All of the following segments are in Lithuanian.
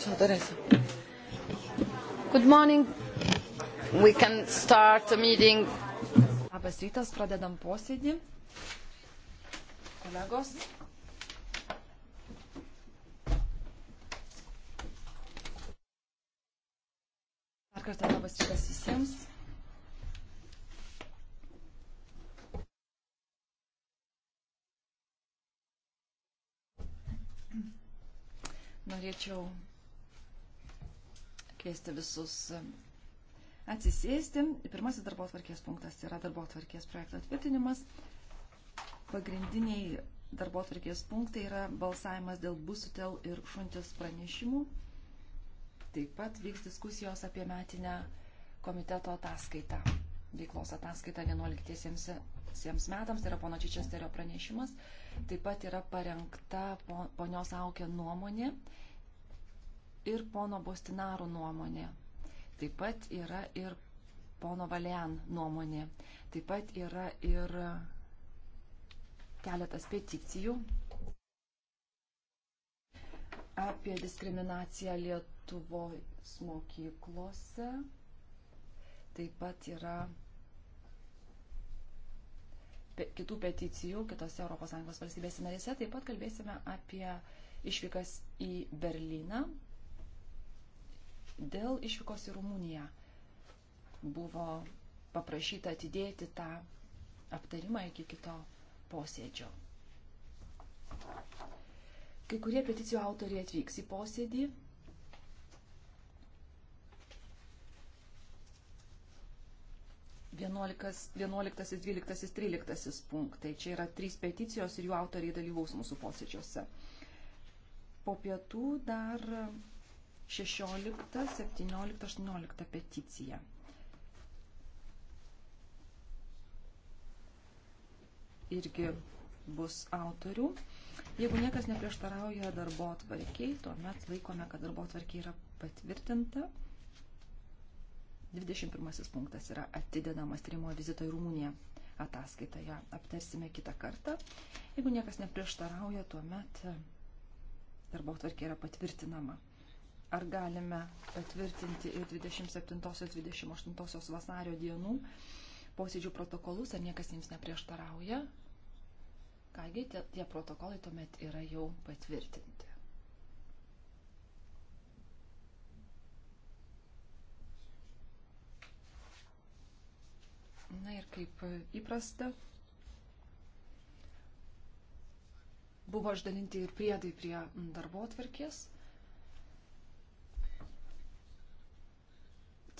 Ciao Teresa. Good morning. We can start the meeting. Labas rytas, pradedam posėdį. Kolegos. Dar kartą labas rytas visiems. norėčiau kviesti visus atsisėsti. Pirmasis darbo atvarkės punktas yra darbo atvarkės projekto atvirtinimas. Pagrindiniai darbo atvarkės punktai yra balsavimas dėl busutel ir šuntis pranešimų. Taip pat vyks diskusijos apie metinę komiteto ataskaitą. Veiklos ataskaita 11 metams, tai yra pono Čičesterio pranešimas. Taip pat yra parengta ponios Aukė nuomonė ir pono Bostinaro nuomonė. Taip pat yra ir pono Valian nuomonė. Taip pat yra ir keletas peticijų apie diskriminaciją Lietuvos mokyklose. Taip pat yra kitų peticijų kitose ES valstybėse narėse. Taip pat kalbėsime apie išvykas į Berliną Dėl išvykos į Rumuniją buvo paprašyta atidėti tą aptarimą iki kito posėdžio. Kai kurie peticijų autoriai atvyks į posėdį. Vienuoliktasis, dvyliktasis, tryliktasis punktai. Čia yra trys peticijos ir jų autoriai dalyvaus mūsų posėdžiuose. Po pietų dar 16, 17, 18 peticiją. Irgi bus autorių. Jeigu niekas neprieštarauja darbo atvarkiai, tuomet laikome, kad darbo atvarkiai yra patvirtinta. 21 punktas yra atidedamas tyrimo vizito į Rumuniją ataskaitą. Ja aptarsime kitą kartą. Jeigu niekas neprieštarauja, tuomet darbo atvarkiai yra patvirtinama ar galime patvirtinti ir 27-28 vasario dienų posėdžių protokolus, ar niekas jums neprieštarauja. Kągi, tie, tie protokolai tuomet yra jau patvirtinti. Na ir kaip įprasta, buvo išdalinti ir priedai prie darbo atvarkės.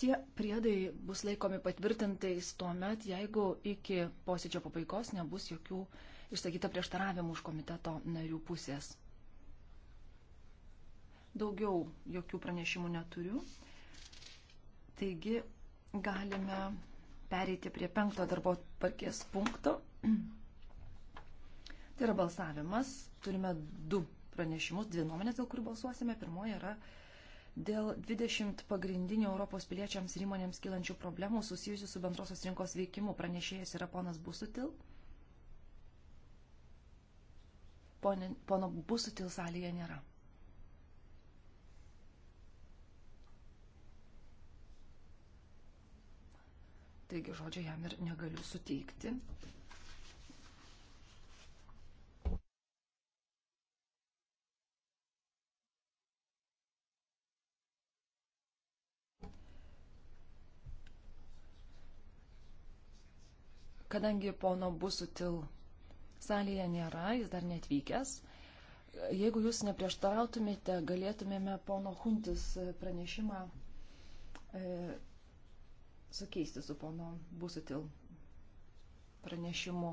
Tie priedai bus laikomi patvirtintais tuo met, jeigu iki posėdžio pabaigos nebus jokių išsakyta prieštaravimų už komiteto narių pusės. Daugiau jokių pranešimų neturiu. Taigi galime pereiti prie penkto darbo parkės punkto. Tai yra balsavimas. Turime du pranešimus, dvi nuomonės, dėl kurių balsuosime. Pirmoji yra dėl 20 pagrindinių Europos piliečiams ir įmonėms kilančių problemų susijusių su bendrosios rinkos veikimu. Pranešėjas yra ponas Busutil. Pone, pono Busutil salėje nėra. Taigi žodžio jam ir negaliu suteikti. Kadangi pono Busutil salėje nėra, jis dar netvykęs, jeigu jūs neprieštarautumėte, galėtumėme pono Huntis e, pranešimą e, sukeisti su pono Busutil pranešimu.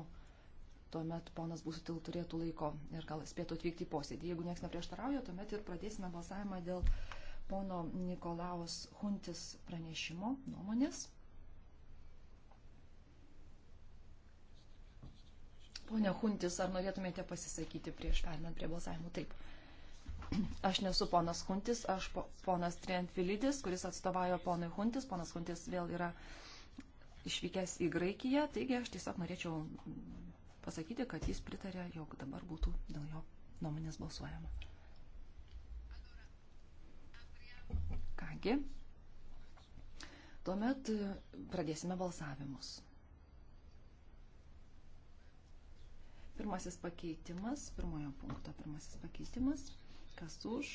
Tuomet ponas Busutil turėtų laiko ir gal spėtų atvykti į posėdį. Jeigu niekas neprieštarauja, tuomet ir pradėsime balsavimą dėl pono Nikolaus Huntis pranešimo nuomonės. Pone Huntis, ar norėtumėte pasisakyti prieš perinant prie balsavimų? Taip. Aš nesu ponas Huntis, aš po, ponas Trientvilidis, kuris atstovauja ponui Huntis. Ponas Huntis vėl yra išvykęs į Graikiją, taigi aš tiesiog norėčiau pasakyti, kad jis pritarė, jog dabar būtų dėl jo nuomonės balsuojama. Kągi, tuomet pradėsime balsavimus. Pirmasis pakeitimas, pirmojo punkto pirmasis pakeitimas, kas už,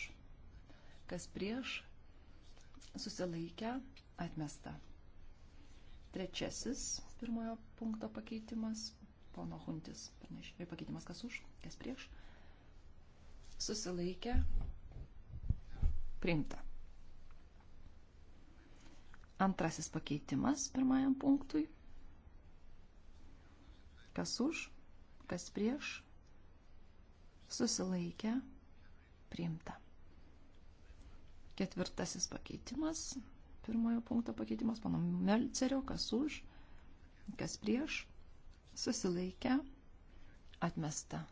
kas prieš, susilaikę, atmesta. Trečiasis pirmojo punkto pakeitimas, pono Huntis, panašiai, pakeitimas kas už, kas prieš, susilaikę, priimta. Antrasis pakeitimas pirmajam punktui. Kas už, kas prieš, susilaikę, priimta. Ketvirtasis pakeitimas, pirmojo punkto pakeitimas, mano Melcerio, kas už, kas prieš, susilaikę, atmesta.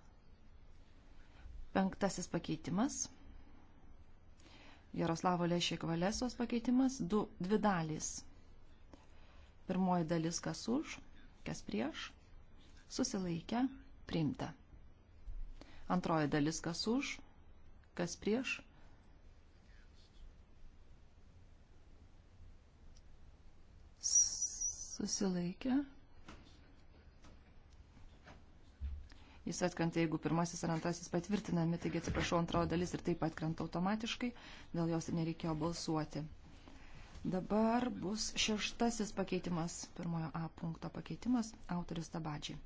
Penktasis pakeitimas. Jaroslavo Lešik Valesos pakeitimas, du, dvi dalys. Pirmoji dalis kas už, kas prieš, susilaikę, priimta. Antroji dalis, kas už, kas prieš. Susilaikė. Jis atkrenta, jeigu pirmasis ar antrasis patvirtinami, taigi atsiprašau, antroji dalis ir taip atkrenta automatiškai, dėl jos ir nereikėjo balsuoti. Dabar bus šeštasis pakeitimas, pirmojo A punkto pakeitimas, autoris Tabadžiai.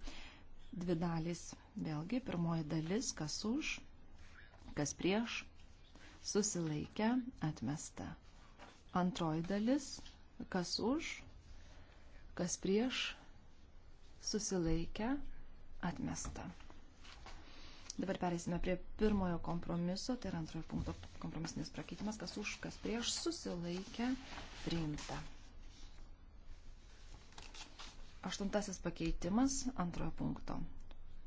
Dvi dalys. Vėlgi, pirmoji dalis, kas už, kas prieš, susilaikę, atmesta. Antroji dalis, kas už, kas prieš, susilaikę, atmesta. Dabar pereisime prie pirmojo kompromiso, tai yra antrojo punkto kompromisinis prakeitimas, kas už, kas prieš, susilaikę, priimta. Aštuntasis pakeitimas antrojo punkto.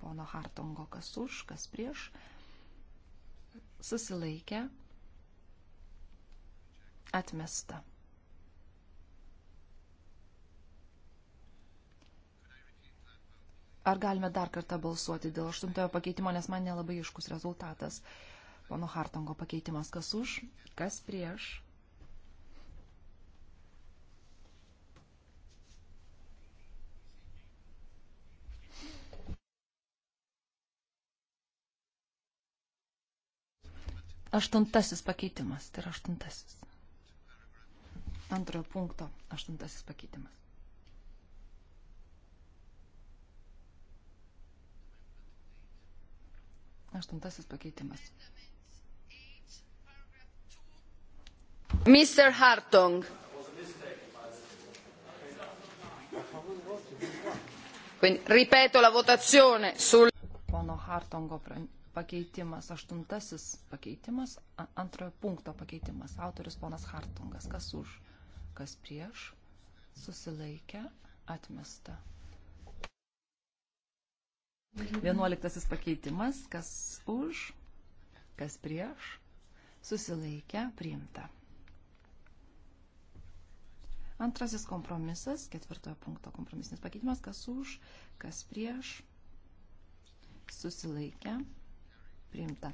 Pono Hartongo kas už, kas prieš. Susilaikę. Atmesta. Ar galime dar kartą balsuoti dėl aštuntojo pakeitimo, nes man nelabai iškus rezultatas. Pono Hartongo pakeitimas kas už, kas prieš Aštuntasis pakeitimas, tai yra aštuntasis. Antrojo punkto aštuntasis pakeitimas. Aštuntasis pakeitimas. Mr. Hartong. Quindi ripeto la votazione sul. Pono Hartongo pakeitimas, aštuntasis pakeitimas, antrojo punkto pakeitimas, autorius ponas Hartungas, kas už, kas prieš, susilaikę, atmesta. Vienuoliktasis pakeitimas, kas už, kas prieš, susilaikę, priimta. Antrasis kompromisas, ketvirtojo punkto kompromisinis pakeitimas, kas už, kas prieš, susilaikę, Priimta.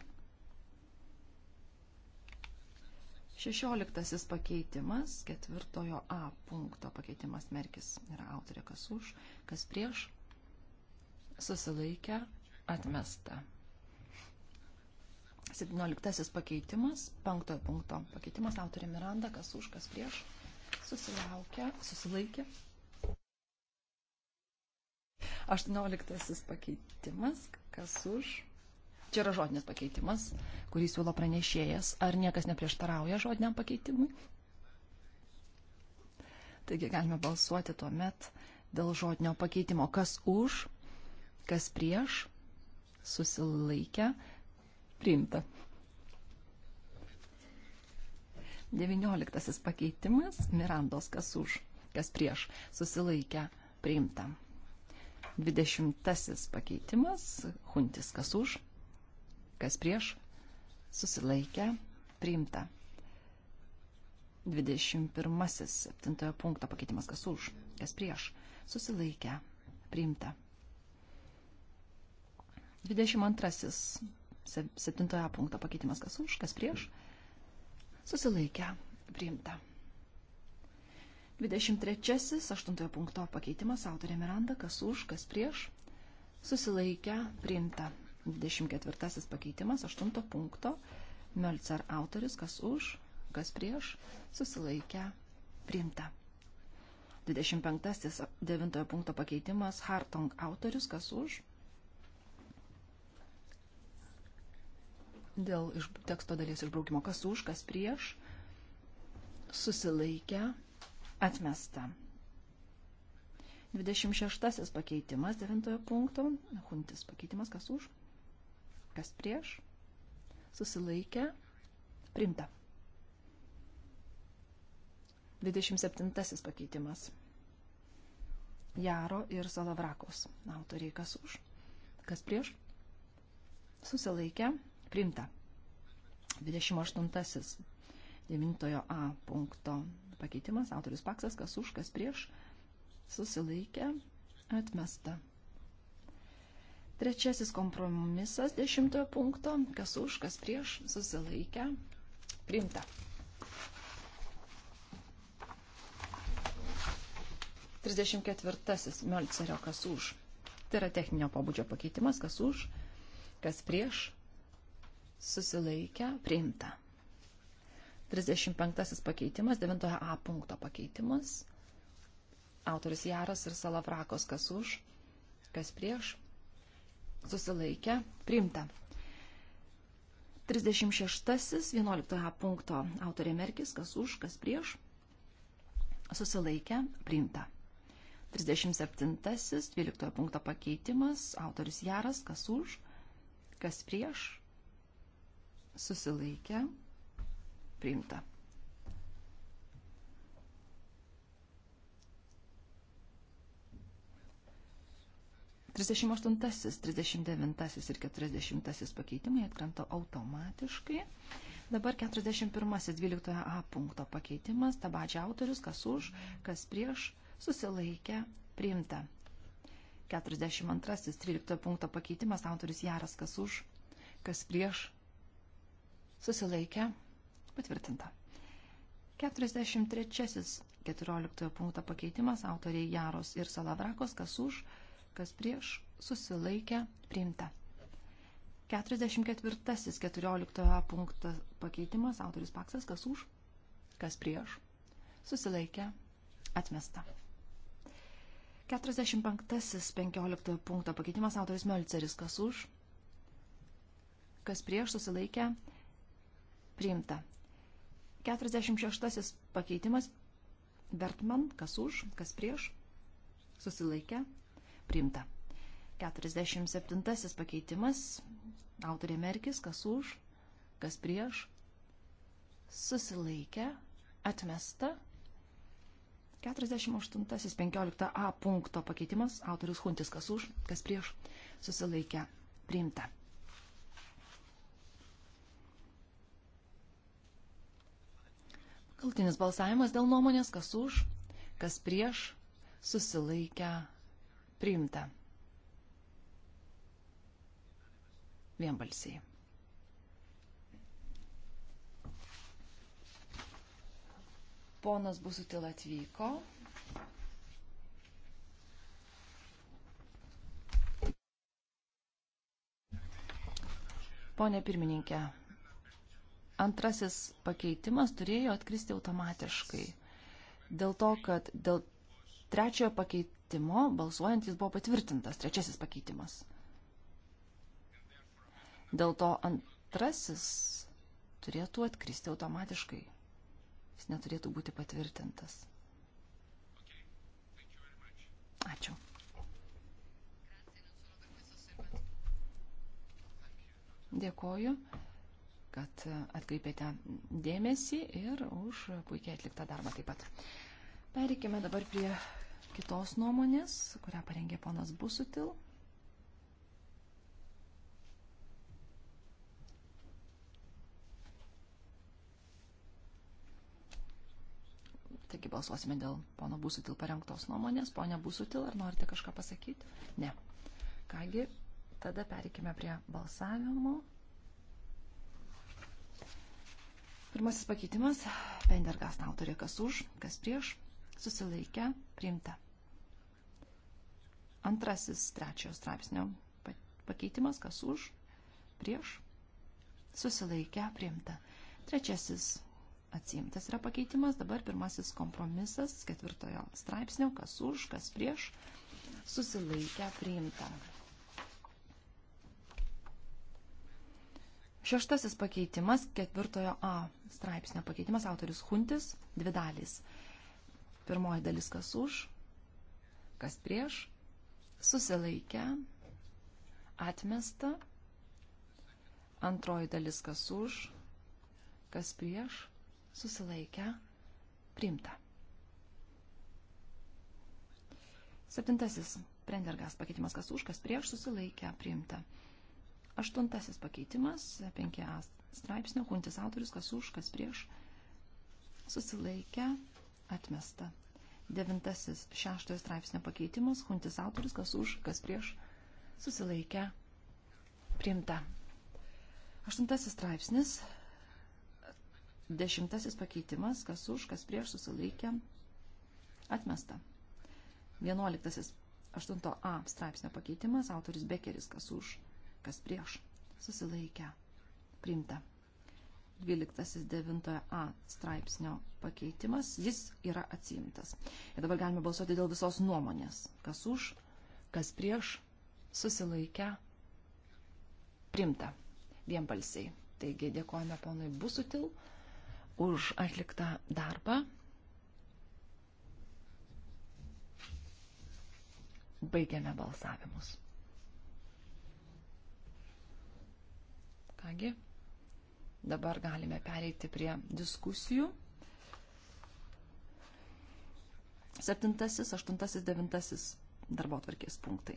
Šešioliktasis pakeitimas, ketvirtojo A punkto pakeitimas merkis yra autorė, kas už, kas prieš, susilaikę, atmesta. Septynioliktasis pakeitimas, penktojo punkto pakeitimas, autorė Miranda, kas už, kas prieš, susilaukę, susilaikė. Aštuonioliktasis pakeitimas, kas už, Čia yra žodinis pakeitimas, kurį siūlo pranešėjas. Ar niekas neprieštarauja žodiniam pakeitimui? Taigi galime balsuoti tuo met dėl žodinio pakeitimo. Kas už, kas prieš, susilaikę, priimta. 19 pakeitimas Mirandos kas už, kas prieš, susilaikę, priimta. 20 pakeitimas Huntis kas už, kas prieš, susilaikę, priimta. 21. 7 punkto pakeitimas kas už, kas prieš, susilaikę, priimta. 22. 7 punkto pakeitimas kas už, kas prieš, susilaikę, priimta. 23. 8 punkto pakeitimas autorė Miranda, kas už, kas prieš, susilaikę, priimta. 24 pakeitimas, 8 punkto. Melcer autoris, kas už, kas prieš, susilaikę, priimta. 25 9 punkto pakeitimas, Hartong autorius, kas už. Dėl iš, teksto dalies išbraukimo, kas už, kas prieš, susilaikę, atmesta. 26 pakeitimas, 9 punkto, Huntis pakeitimas, kas už Kas prieš? Susilaikę. Primta. 27 pakeitimas. Jaro ir Salavrakos. Autoriai kas už? Kas prieš? Susilaikę. Primta. 28. 9a punkto pakeitimas. Autorius Paksas kas už, kas prieš? Susilaikę. Atmesta. Trečiasis kompromisas dešimtojo punkto, kas už, kas prieš, susilaikę, priimta. 34. Melcerio kas už. Tai yra techninio pabudžio pakeitimas, kas už, kas prieš, susilaikę, priimta. 35 pakeitimas, 9a punkto pakeitimas. Autoris Jaras ir Salavrakos kas už, kas prieš, susilaikę, priimta. 36, 11 punkto autorė Merkis, kas už, kas prieš, susilaikę, priimta. 37, 12 punkto pakeitimas, autorius Jaras, kas už, kas prieš, susilaikę, priimta. 38, 39 ir 40 pakeitimai atkrenta automatiškai. Dabar 41, 12a punkto pakeitimas, ta pačia autorius, kas už, kas prieš, susilaikę, priimta. 42, 13 punkto pakeitimas, autorius Jaras, kas už, kas prieš, susilaikę, patvirtinta. 43, 14 punkto pakeitimas, autoriai Jaros ir Salavrakos, kas už, prieš kas prieš, susilaikę, priimta. 44. 14 punktas pakeitimas, autorius paksas, kas už, kas prieš, susilaikę, atmesta. 45. 15 punkto pakeitimas, autorius Melceris, kas už, kas prieš, susilaikę, priimta. 46. pakeitimas, Bertman, kas už, kas prieš, susilaikę, atmesta Primta. 47 pakeitimas. Autorė Merkis, kas už, kas prieš. Susilaikę. Atmesta. 48.15a punkto pakeitimas. Autorius Huntis, kas už, kas prieš. Susilaikę. Primta. Galtinis balsavimas dėl nuomonės, kas už, kas prieš, susilaikę Priimta. Vienbalsiai. Ponas Busutil atvyko. Pone pirmininkė, antrasis pakeitimas turėjo atkristi automatiškai. Dėl to, kad dėl trečiojo pakeitimo balsuojant jis buvo patvirtintas, trečiasis pakeitimas. Dėl to antrasis turėtų atkristi automatiškai. Jis neturėtų būti patvirtintas. Ačiū. Dėkoju, kad atkreipėte dėmesį ir už puikiai atliktą darbą taip pat. Pereikime dabar prie kitos nuomonės, kurią parengė ponas Busutil. Taigi balsuosime dėl pono Busutil parengtos nuomonės. Pone Busutil, ar norite kažką pasakyti? Ne. Kągi, tada pereikime prie balsavimo. Pirmasis pakeitimas. Pendergast autorė kas už, kas prieš susilaikę, priimta. Antrasis trečiojo straipsnio pakeitimas, kas už, prieš, susilaikę, priimta. Trečiasis atsiimtas yra pakeitimas, dabar pirmasis kompromisas ketvirtojo straipsnio, kas už, kas prieš, susilaikę, priimta. Šeštasis pakeitimas, ketvirtojo A straipsnio pakeitimas, autorius Huntis, dvi dalys. Pirmoji dalis kas už, kas prieš, susilaikę, atmesta. Antroji dalis kas už, kas prieš, susilaikę, priimta. Septintasis Prendergas pakeitimas kas už, kas prieš, susilaikę, priimta. Aštuntasis pakeitimas, 5a straipsnio, huntis autorius, kas už, kas prieš, susilaikę, Atmesta. Devintasis šeštojo straipsnio pakeitimas. Huntis autoris, kas už, kas prieš. Susilaikę. Priimta. Aštuntasis straipsnis. Dešimtasis pakeitimas. Kas už, kas prieš. Susilaikę. Atmesta. Vienuoliktasis 8a straipsnio pakeitimas. Autoris Bekeris, kas už, kas prieš. Susilaikę. Priimta. 12.9a straipsnio pakeitimas, jis yra atsiimtas. Ir dabar galime balsuoti dėl visos nuomonės. Kas už, kas prieš, susilaikę, primta vienbalsiai. Taigi dėkojame ponui Busutil už atliktą darbą. Baigiame balsavimus. Kągi. Dabar galime pereiti prie diskusijų. Septintasis, aštuntasis, devintasis darbo atvarkės punktai.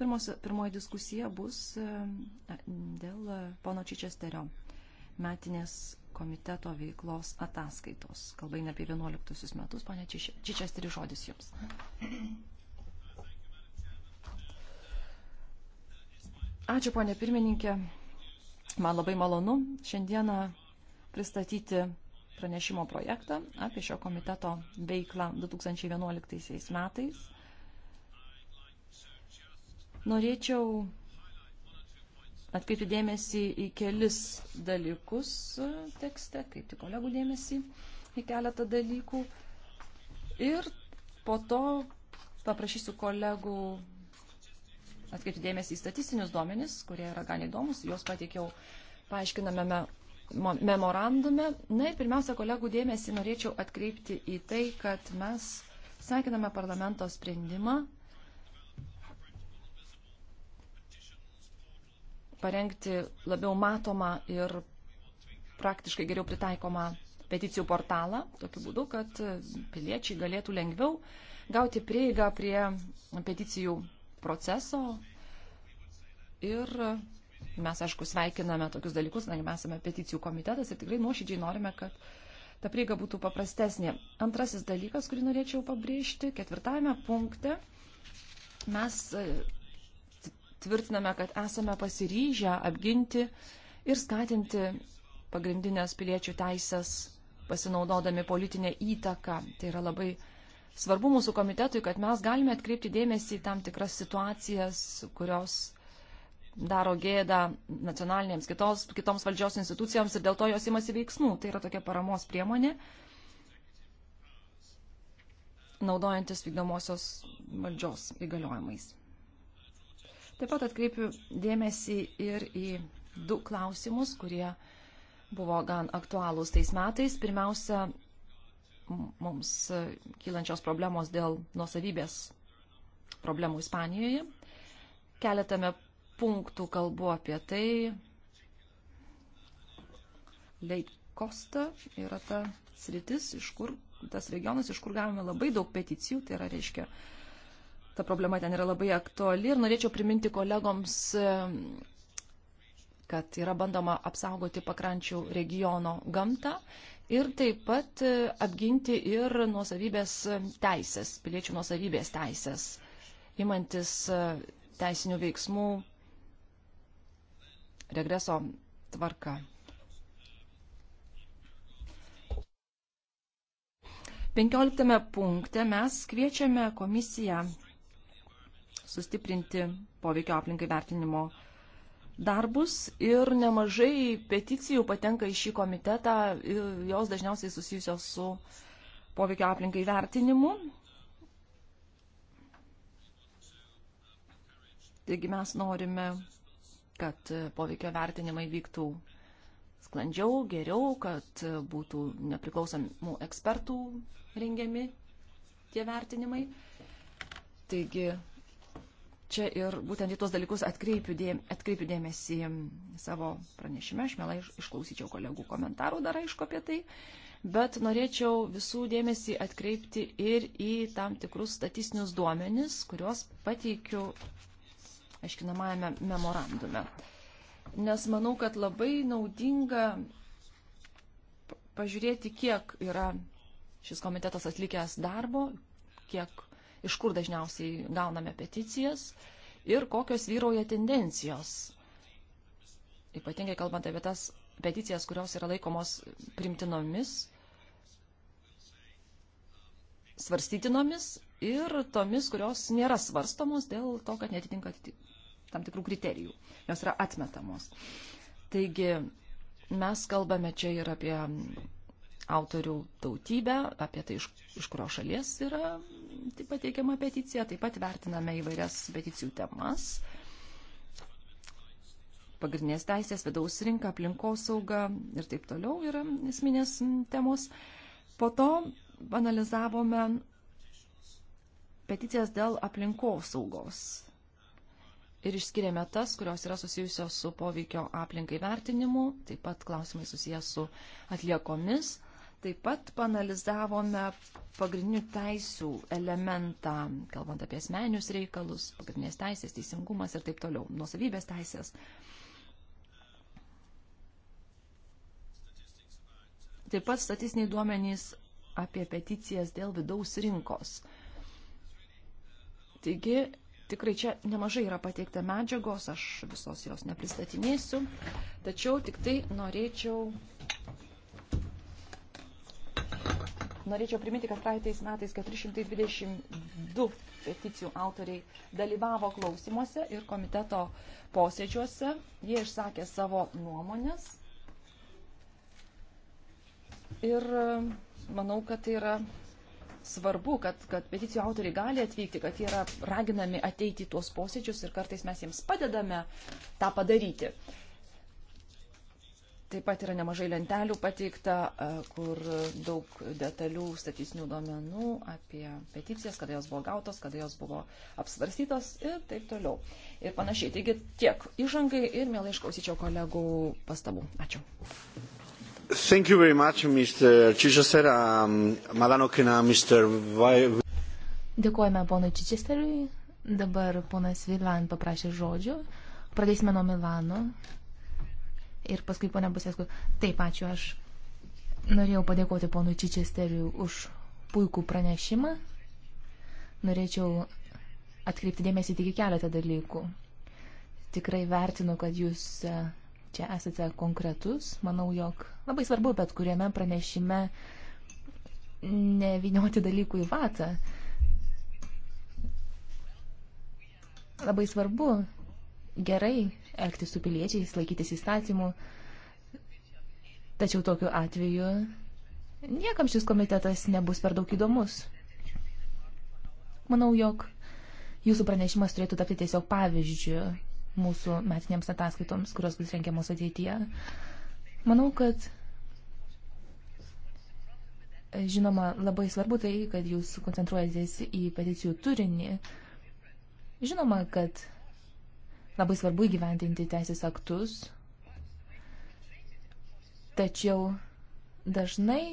Pirmos, pirmoji diskusija bus e, dėl e, pono Čičesterio metinės komiteto veiklos ataskaitos. Kalba eina apie 11 metus. Pone Čičesteri, žodis jums. Ačiū, ponė pirmininkė. Man labai malonu šiandieną pristatyti pranešimo projektą apie šio komiteto veiklą 2011 metais. Norėčiau atkreipti dėmesį į kelis dalykus tekste, kaip tik kolegų dėmesį į keletą dalykų. Ir po to paprašysiu kolegų atkreipti dėmesį į statistinius duomenis, kurie yra gan įdomus, juos pateikiau paaiškinamame memorandume. Na ir pirmiausia, kolegų dėmesį norėčiau atkreipti į tai, kad mes sveikiname parlamento sprendimą parengti labiau matomą ir praktiškai geriau pritaikomą peticijų portalą, tokiu būdu, kad piliečiai galėtų lengviau gauti prieigą prie peticijų proceso. Ir mes, aišku, sveikiname tokius dalykus, nagi mes esame peticijų komitetas ir tikrai nuoširdžiai norime, kad ta prieiga būtų paprastesnė. Antrasis dalykas, kurį norėčiau pabrėžti, ketvirtame punkte mes e, tvirtiname, kad esame pasiryžę apginti ir skatinti pagrindinės piliečių teisės pasinaudodami politinę įtaką. Tai yra labai svarbu mūsų komitetui, kad mes galime atkreipti dėmesį į tam tikras situacijas, kurios daro gėdą nacionalinėms kitos, kitoms valdžios institucijoms ir dėl to jos imasi veiksmų. Tai yra tokia paramos priemonė, naudojantis vykdomosios valdžios įgaliojimais. Taip pat atkreipiu dėmesį ir į du klausimus, kurie buvo gan aktualūs tais metais. Pirmiausia, mums kylančios problemos dėl nuosavybės problemų Ispanijoje. Keletame punktų kalbu apie tai. Leit Kosta yra ta sritis, iš kur, tas regionas, iš kur gavome labai daug peticijų, tai yra, reiškia, ta problema ten yra labai aktuali ir norėčiau priminti kolegoms, kad yra bandoma apsaugoti pakrančių regiono gamtą ir taip pat e, apginti ir nuosavybės teisės, piliečių nuosavybės teisės, imantis e, teisinių veiksmų regreso tvarka. 15 punkte mes kviečiame komisiją sustiprinti poveikio aplinkai vertinimo darbus ir nemažai peticijų patenka į šį komitetą, jos dažniausiai susijusios su poveikio aplinkai vertinimu. Taigi mes norime, kad poveikio vertinimai vyktų sklandžiau, geriau, kad būtų nepriklausomų ekspertų rengiami tie vertinimai. Taigi čia ir būtent į tuos dalykus atkreipiu, dė, atkreipiu dėmesį savo pranešime. Aš mielai išklausyčiau kolegų komentarų dar aišku apie tai, bet norėčiau visų dėmesį atkreipti ir į tam tikrus statistinius duomenis, kuriuos pateikiu aiškinamajame memorandume. Nes manau, kad labai naudinga pažiūrėti, kiek yra šis komitetas atlikęs darbo, kiek iš kur dažniausiai gauname peticijas ir kokios vyrauja tendencijos. Ypatingai kalbant apie tas peticijas, kurios yra laikomos primtinomis, svarstytinomis ir tomis, kurios nėra svarstomos dėl to, kad netitinka tam tikrų kriterijų. Jos yra atmetamos. Taigi mes kalbame čia ir apie autorių tautybę, apie tai, iš, iš kurio šalies yra taip pat teikiama peticija, taip pat vertiname įvairias peticijų temas. Pagrindinės teisės, vidaus rinka, aplinkos sauga ir taip toliau yra esminės temos. Po to analizavome peticijas dėl aplinkos saugos ir išskiriame tas, kurios yra susijusios su poveikio aplinkai vertinimu, taip pat klausimai susijęs su atliekomis Taip pat panalizavome pagrindinių teisių elementą, kalbant apie asmenius reikalus, pagrindinės teisės, teisingumas ir taip toliau, nuosavybės teisės. Taip pat statistiniai duomenys apie peticijas dėl vidaus rinkos. Taigi, tikrai čia nemažai yra pateikta medžiagos, aš visos jos nepristatinėsiu, tačiau tik tai norėčiau Norėčiau priminti, kad praeitais metais 422 peticijų autoriai dalyvavo klausimuose ir komiteto posėdžiuose. Jie išsakė savo nuomonės. Ir e, manau, kad tai yra svarbu, kad, kad peticijų autoriai gali atvykti, kad jie yra raginami ateiti į tuos posėdžius ir kartais mes jiems padedame tą padaryti. Uh, Taip pat yra nemažai lentelių pateikta, e, kur daug detalių statistinių duomenų apie peticijas, kada jos buvo gautos, kada jos buvo apsvarstytos ir taip toliau. Ir panašiai. Taigi tiek įžangai ir mielai išklausyčiau kolegų pastabų. Ačiū. Thank you very much, Mr. Chichester. Um, Madanokina, Mr. Vai... Dėkojame ponui Chichesteriui. Dabar ponas Vilan paprašė žodžio. Pradėsime nuo Milano ir paskui ponia Busesku. Taip, ačiū, aš norėjau padėkoti ponui Čičesteriu už puikų pranešimą. Norėčiau atkreipti dėmesį tik į keletą dalykų. Tikrai vertinu, kad jūs e, čia esate konkretus. Manau, jog labai svarbu, bet kuriame pranešime nevinioti dalykų į vatą. Labai svarbu gerai elgti su piliečiais, laikytis įstatymų. Tačiau tokiu atveju niekam šis komitetas nebus per daug įdomus. Manau, jog jūsų pranešimas turėtų tapti tiesiog pavyzdžių mūsų metinėms ataskaitoms, kurios bus rengiamos ateityje. Manau, kad žinoma labai svarbu tai, kad jūs koncentruojatės į peticijų turinį. Žinoma, kad Labai svarbu įgyvendinti teisės aktus, tačiau dažnai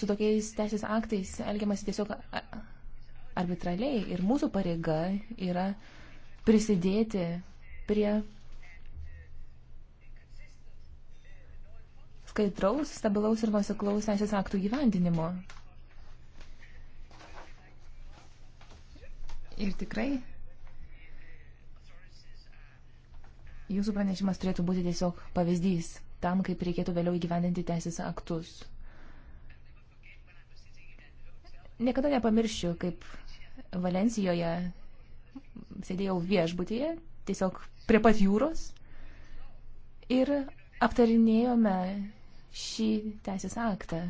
su tokiais teisės aktais elgiamasi tiesiog arbitraliai ir mūsų pareiga yra prisidėti prie skaidraus, stabilaus ir nuoseklaus teisės aktų gyvendinimo. Ir tikrai Jūsų pranešimas turėtų būti tiesiog pavyzdys tam, kaip reikėtų vėliau įgyvendinti teisės aktus. Niekada nepamiršiu, kaip Valencijoje sėdėjau viešbutyje, tiesiog prie pat jūros ir aptarinėjome šį teisės aktą.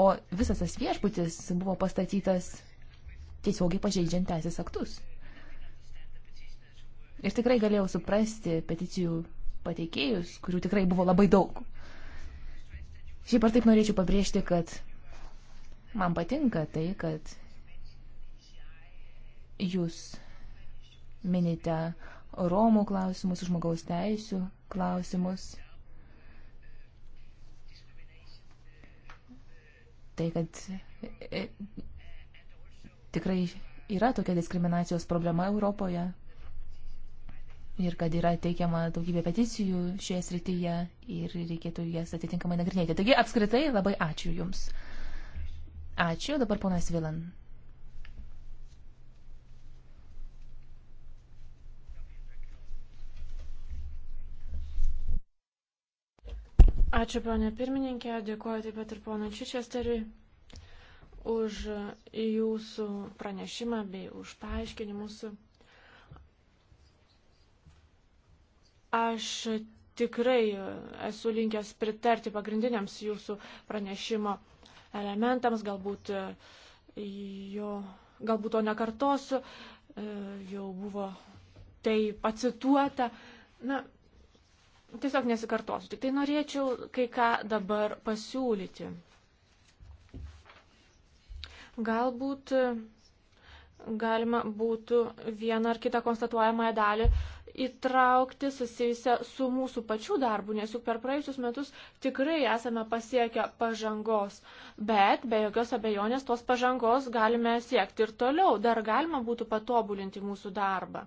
O visas tas viešbutis buvo pastatytas tiesiogiai pažeidžiant teisės aktus. Ir tikrai galėjau suprasti peticijų pateikėjus, kurių tikrai buvo labai daug. Šiaip ar taip norėčiau pabrėžti, kad man patinka tai, kad jūs minite Romų klausimus, žmogaus teisų klausimus. Tai, kad e, e, tikrai yra tokia diskriminacijos problema Europoje ir kad yra teikiama daugybė peticijų šioje srityje ir reikėtų jas atitinkamai nagrinėti. Taigi apskritai labai ačiū Jums. Ačiū, dabar ponas Vilan. Ačiū, ponė pirmininkė, dėkuoju taip pat ir ponui Čičesteriui už jūsų pranešimą bei už paaiškinimus. mūsų. Aš tikrai esu linkęs pritarti pagrindiniams jūsų pranešimo elementams, galbūt e, jo, galbūt to nekartosiu, e, jau buvo tai pacituota. Na, tiesiog nesikartosiu, tik tai norėčiau kai ką dabar pasiūlyti. Galbūt e, galima būtų vieną ar kitą konstatuojamąją dalį įtraukti susijusią su mūsų pačių darbu, nes juk per praėjusius metus tikrai esame pasiekę pažangos, bet be jokios abejonės tos pažangos galime siekti ir toliau, dar galima būtų patobulinti mūsų darbą.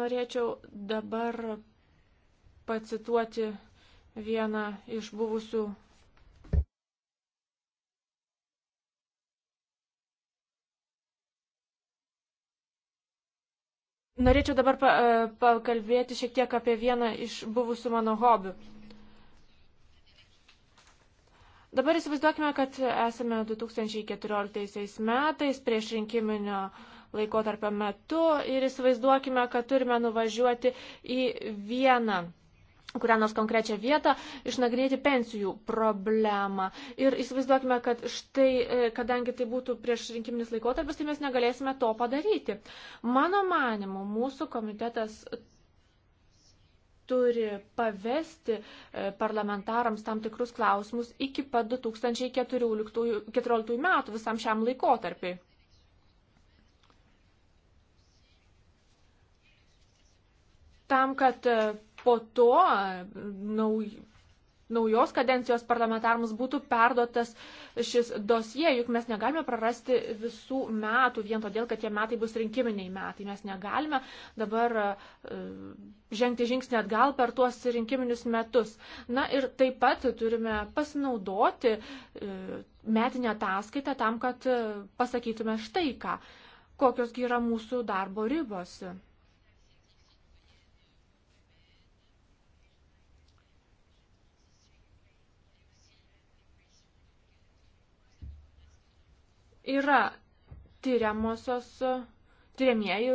Norėčiau dabar pacituoti vieną iš buvusių Norėčiau dabar pa, e, pakalbėti šiek tiek apie vieną iš buvusių mano hobių. Dabar įsivaizduokime, kad esame 2014 metais prieš rinkiminio laikotarpio metu ir įsivaizduokime, kad turime nuvažiuoti į vieną kurią nors konkrečią vietą, išnagrinėti pensijų problemą. Ir įsivaizduokime, kad štai, e, kadangi tai būtų prieš rinkiminis laikotarpis, tai mes negalėsime to padaryti. Mano manimu, mūsų komitetas turi pavesti e, parlamentarams tam tikrus klausimus iki pat 2014 metų visam šiam laikotarpiai. Tam, kad e, po to nauj, naujos kadencijos parlamentarams būtų perduotas šis dosie, juk mes negalime prarasti visų metų vien todėl, kad tie metai bus rinkiminiai metai. Mes negalime dabar e, žengti žingsnį atgal per tuos rinkiminius metus. Na ir taip pat turime pasinaudoti e, metinę ataskaitą tam, kad e, pasakytume štai ką, kokios yra mūsų darbo ribos. yra tyriamosios, tyriamieji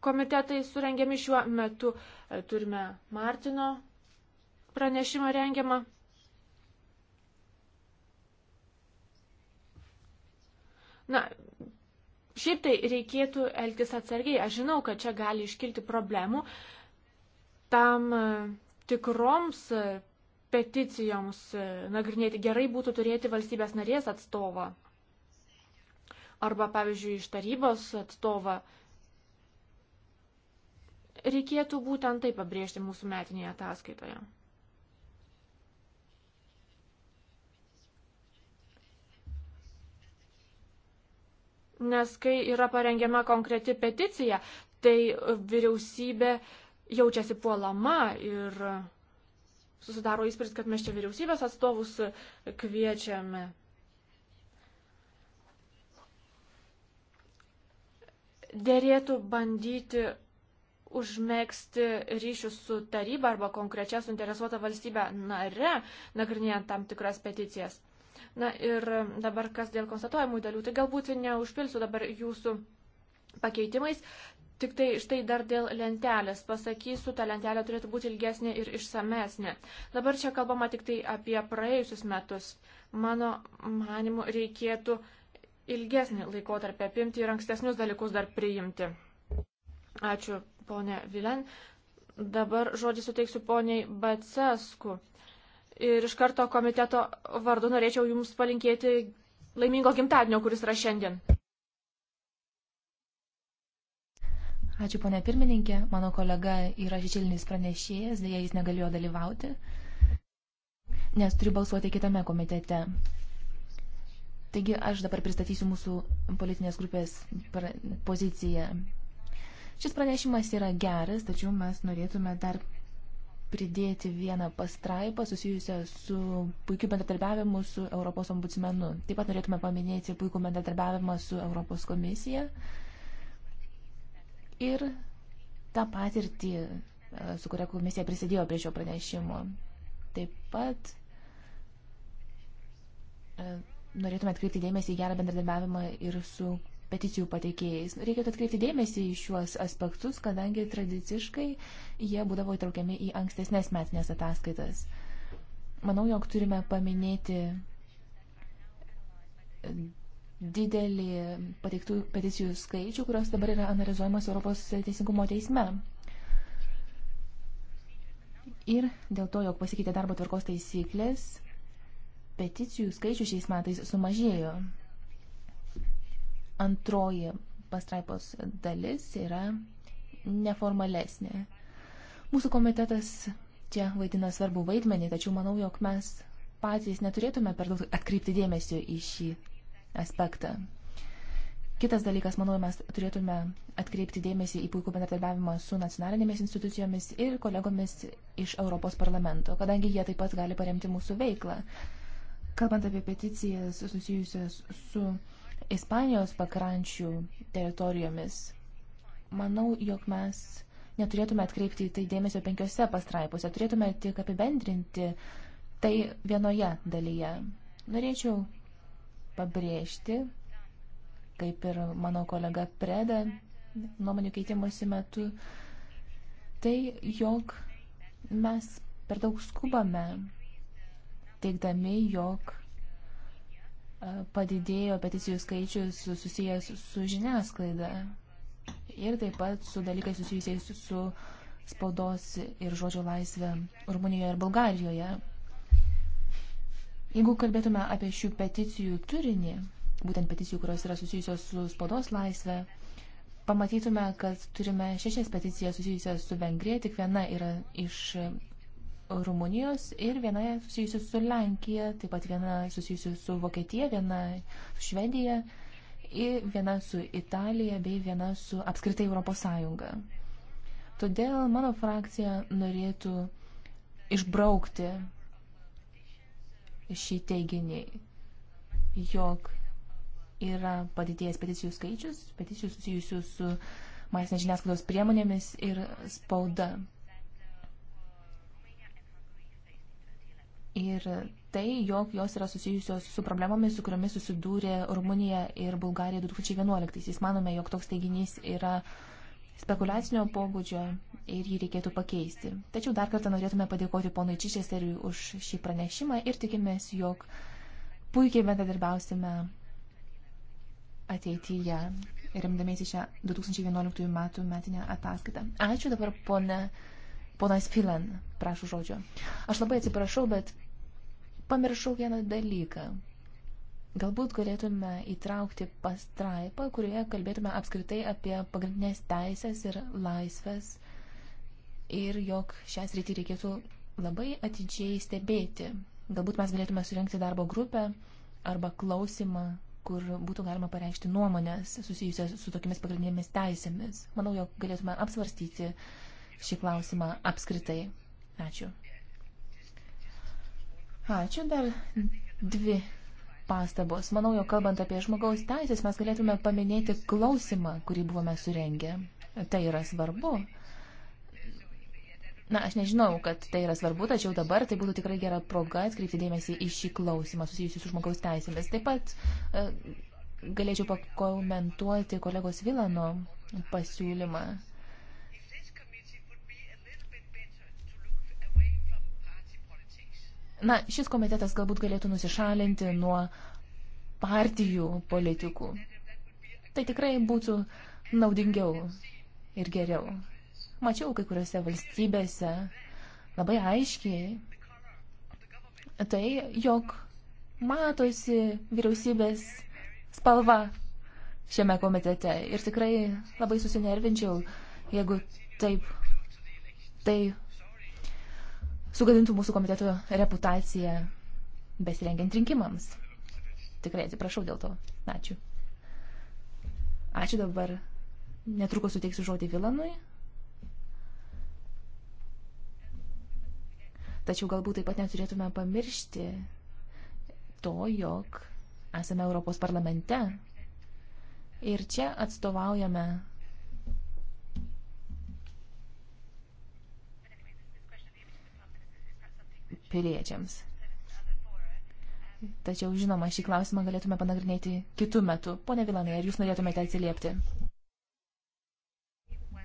komitetai surengiami šiuo metu. E, turime Martino pranešimą rengiamą. Na, šiaip tai reikėtų elgtis atsargiai. Aš žinau, kad čia gali iškilti problemų tam e, tikroms e, peticijoms nagrinėti. Gerai būtų turėti valstybės narės atstovą arba, pavyzdžiui, iš tarybos atstovą, reikėtų būtent tai pabrėžti mūsų metinėje ataskaitoje. Nes kai yra parengiama konkreti peticija, tai vyriausybė jaučiasi puolama ir susidaro įspūdis, kad mes čia vyriausybės atstovus kviečiame. dėrėtų bandyti užmėgsti ryšius su taryba arba konkrečia suinteresuota valstybė nare, nagrinėjant tam tikras peticijas. Na ir dabar kas dėl konstatuojamų dalių, tai galbūt neužpilsiu dabar jūsų pakeitimais, tik tai štai dar dėl lentelės. Pasakysiu, ta lentelė turėtų būti ilgesnė ir išsamesnė. Dabar čia kalbama tik tai apie praėjusius metus. Mano manimu, reikėtų uh, ilgesnį laikotarpį apimti ir ankstesnius dalykus dar priimti. Ačiū, ponė Vilen. Dabar žodį suteiksiu poniai Bacesku. Ir iš karto komiteto vardu norėčiau Jums palinkėti laimingo gimtadienio, kuris yra šiandien. Ačiū, ponė pirmininkė. Mano kolega yra šešėlinis pranešėjas, dėja jis negalėjo dalyvauti, nes turiu balsuoti kitame komitete. Taigi aš dabar pristatysiu mūsų politinės grupės poziciją. Šis pranešimas yra geras, tačiau mes norėtume dar pridėti vieną pastraipą susijusią su puikiu bendradarbiavimu su Europos ombudsmenu. Taip pat norėtume paminėti puikų bendradarbiavimą su Europos komisija ir tą patirtį, e, su kuria komisija prisidėjo prie šio pranešimo. Taip pat e, norėtume atkreipti dėmesį į gerą bendradarbiavimą ir su peticijų pateikėjais. Reikėtų atkreipti dėmesį į šiuos aspektus, kadangi tradiciškai jie būdavo įtraukiami į ankstesnės metinės ataskaitas. Manau, jog turime paminėti didelį pateiktų peticijų skaičių, kurios dabar yra analizuojamas Europos teisingumo teisme. Ir dėl to, jog pasikeitė darbo tvarkos taisyklės, peticijų skaičius šiais metais sumažėjo. Antroji pastraipos dalis yra neformalesnė. Mūsų komitetas čia vaidina svarbu vaidmenį, tačiau manau, jog mes patys neturėtume per daug atkreipti dėmesio į šį aspektą. Kitas dalykas, manau, mes turėtume atkreipti dėmesį į puikų bendradarbiavimą su nacionalinėmis institucijomis ir kolegomis iš Europos parlamento, kadangi jie taip pat gali paremti mūsų veiklą. Kalbant apie peticijas susijusias su Ispanijos pakrančių teritorijomis, manau, jog mes neturėtume atkreipti į tai dėmesio penkiose pastraipose, turėtume tik apibendrinti tai vienoje dalyje. Norėčiau pabrėžti, kaip ir mano kolega Preda nuomonių keitimosi metu, tai jog mes per daug skubame teikdami, jog e, padidėjo peticijų skaičius susijęs su žiniasklaida ir taip pat su dalykais susijusiais su spaudos ir žodžio laisvė Rumunijoje ir Bulgarijoje. Jeigu kalbėtume apie šių peticijų turinį, būtent peticijų, kurios yra susijusios su spaudos laisvė, pamatytume, kad turime šešias peticijas susijusias su Vengrija, tik viena yra iš Rumunijos ir viena susijusi su Lenkija, taip pat viena susijusi su Vokietija, viena su Švedija, viena su Italija bei viena su apskritai Europos Sąjunga. Todėl mano frakcija norėtų išbraukti šį teiginį, jog yra padidėjęs peticijų skaičius, peticijų susijusių su masinės žiniasklaidos priemonėmis ir spauda. Ir tai, jog jos yra susijusios su problemomis, su kuriomis susidūrė Rumunija ir Bulgarija 2011-aisiais. Manome, jog toks teiginys yra spekulacinio pobūdžio ir jį reikėtų pakeisti. Tačiau dar kartą norėtume padėkoti ponui Čičesteriui už šį pranešimą ir tikimės, jog puikiai bendradarbiausime ateityje, remdamiesi šią 2011 metų metinę ataskaitą. Ačiū dabar, pone. Ponas Filan, prašau žodžio. Aš labai atsiprašau, bet Pamiršau vieną dalyką. Galbūt galėtume įtraukti pastraipą, kurioje kalbėtume apskritai apie pagrindinės teisės ir laisvės ir jog šias rytį reikėtų labai atidžiai stebėti. Galbūt mes galėtume surinkti darbo grupę arba klausimą, kur būtų galima pareikšti nuomonės susijusias su tokiamis pagrindinėmis teisėmis. Manau, jog galėtume apsvarstyti šį klausimą apskritai. Ačiū. Ačiū dar dvi pastabos. Manau, jau kalbant apie žmogaus teisės, mes galėtume paminėti klausimą, kurį buvome surengę. Tai yra svarbu. Na, aš nežinau, kad tai yra svarbu, tačiau dabar tai būtų tikrai gera proga atkreipti dėmesį į šį klausimą susijusiu su žmogaus teisėmis. Taip pat e, galėčiau pakomentuoti kolegos Vilano pasiūlymą Na, šis komitetas galbūt galėtų nusišalinti nuo partijų politikų. Tai tikrai būtų naudingiau ir geriau. Mačiau kai kuriuose valstybėse labai aiškiai tai, jog matosi vyriausybės spalva šiame komitete. Ir tikrai labai susinervinčiau, jeigu taip tai sugadintų mūsų komiteto reputaciją besirengiant rinkimams. Tikrai atsiprašau dėl to. Ačiū. Ačiū dabar. Netrukus suteiksiu žodį Vilanui. Tačiau galbūt taip pat neturėtume pamiršti to, jog esame Europos parlamente. Ir čia atstovaujame piliečiams. Tačiau, žinoma, šį klausimą galėtume panagrinėti kitų metų. Pone Vilanai, ar jūs norėtumėte atsiliepti?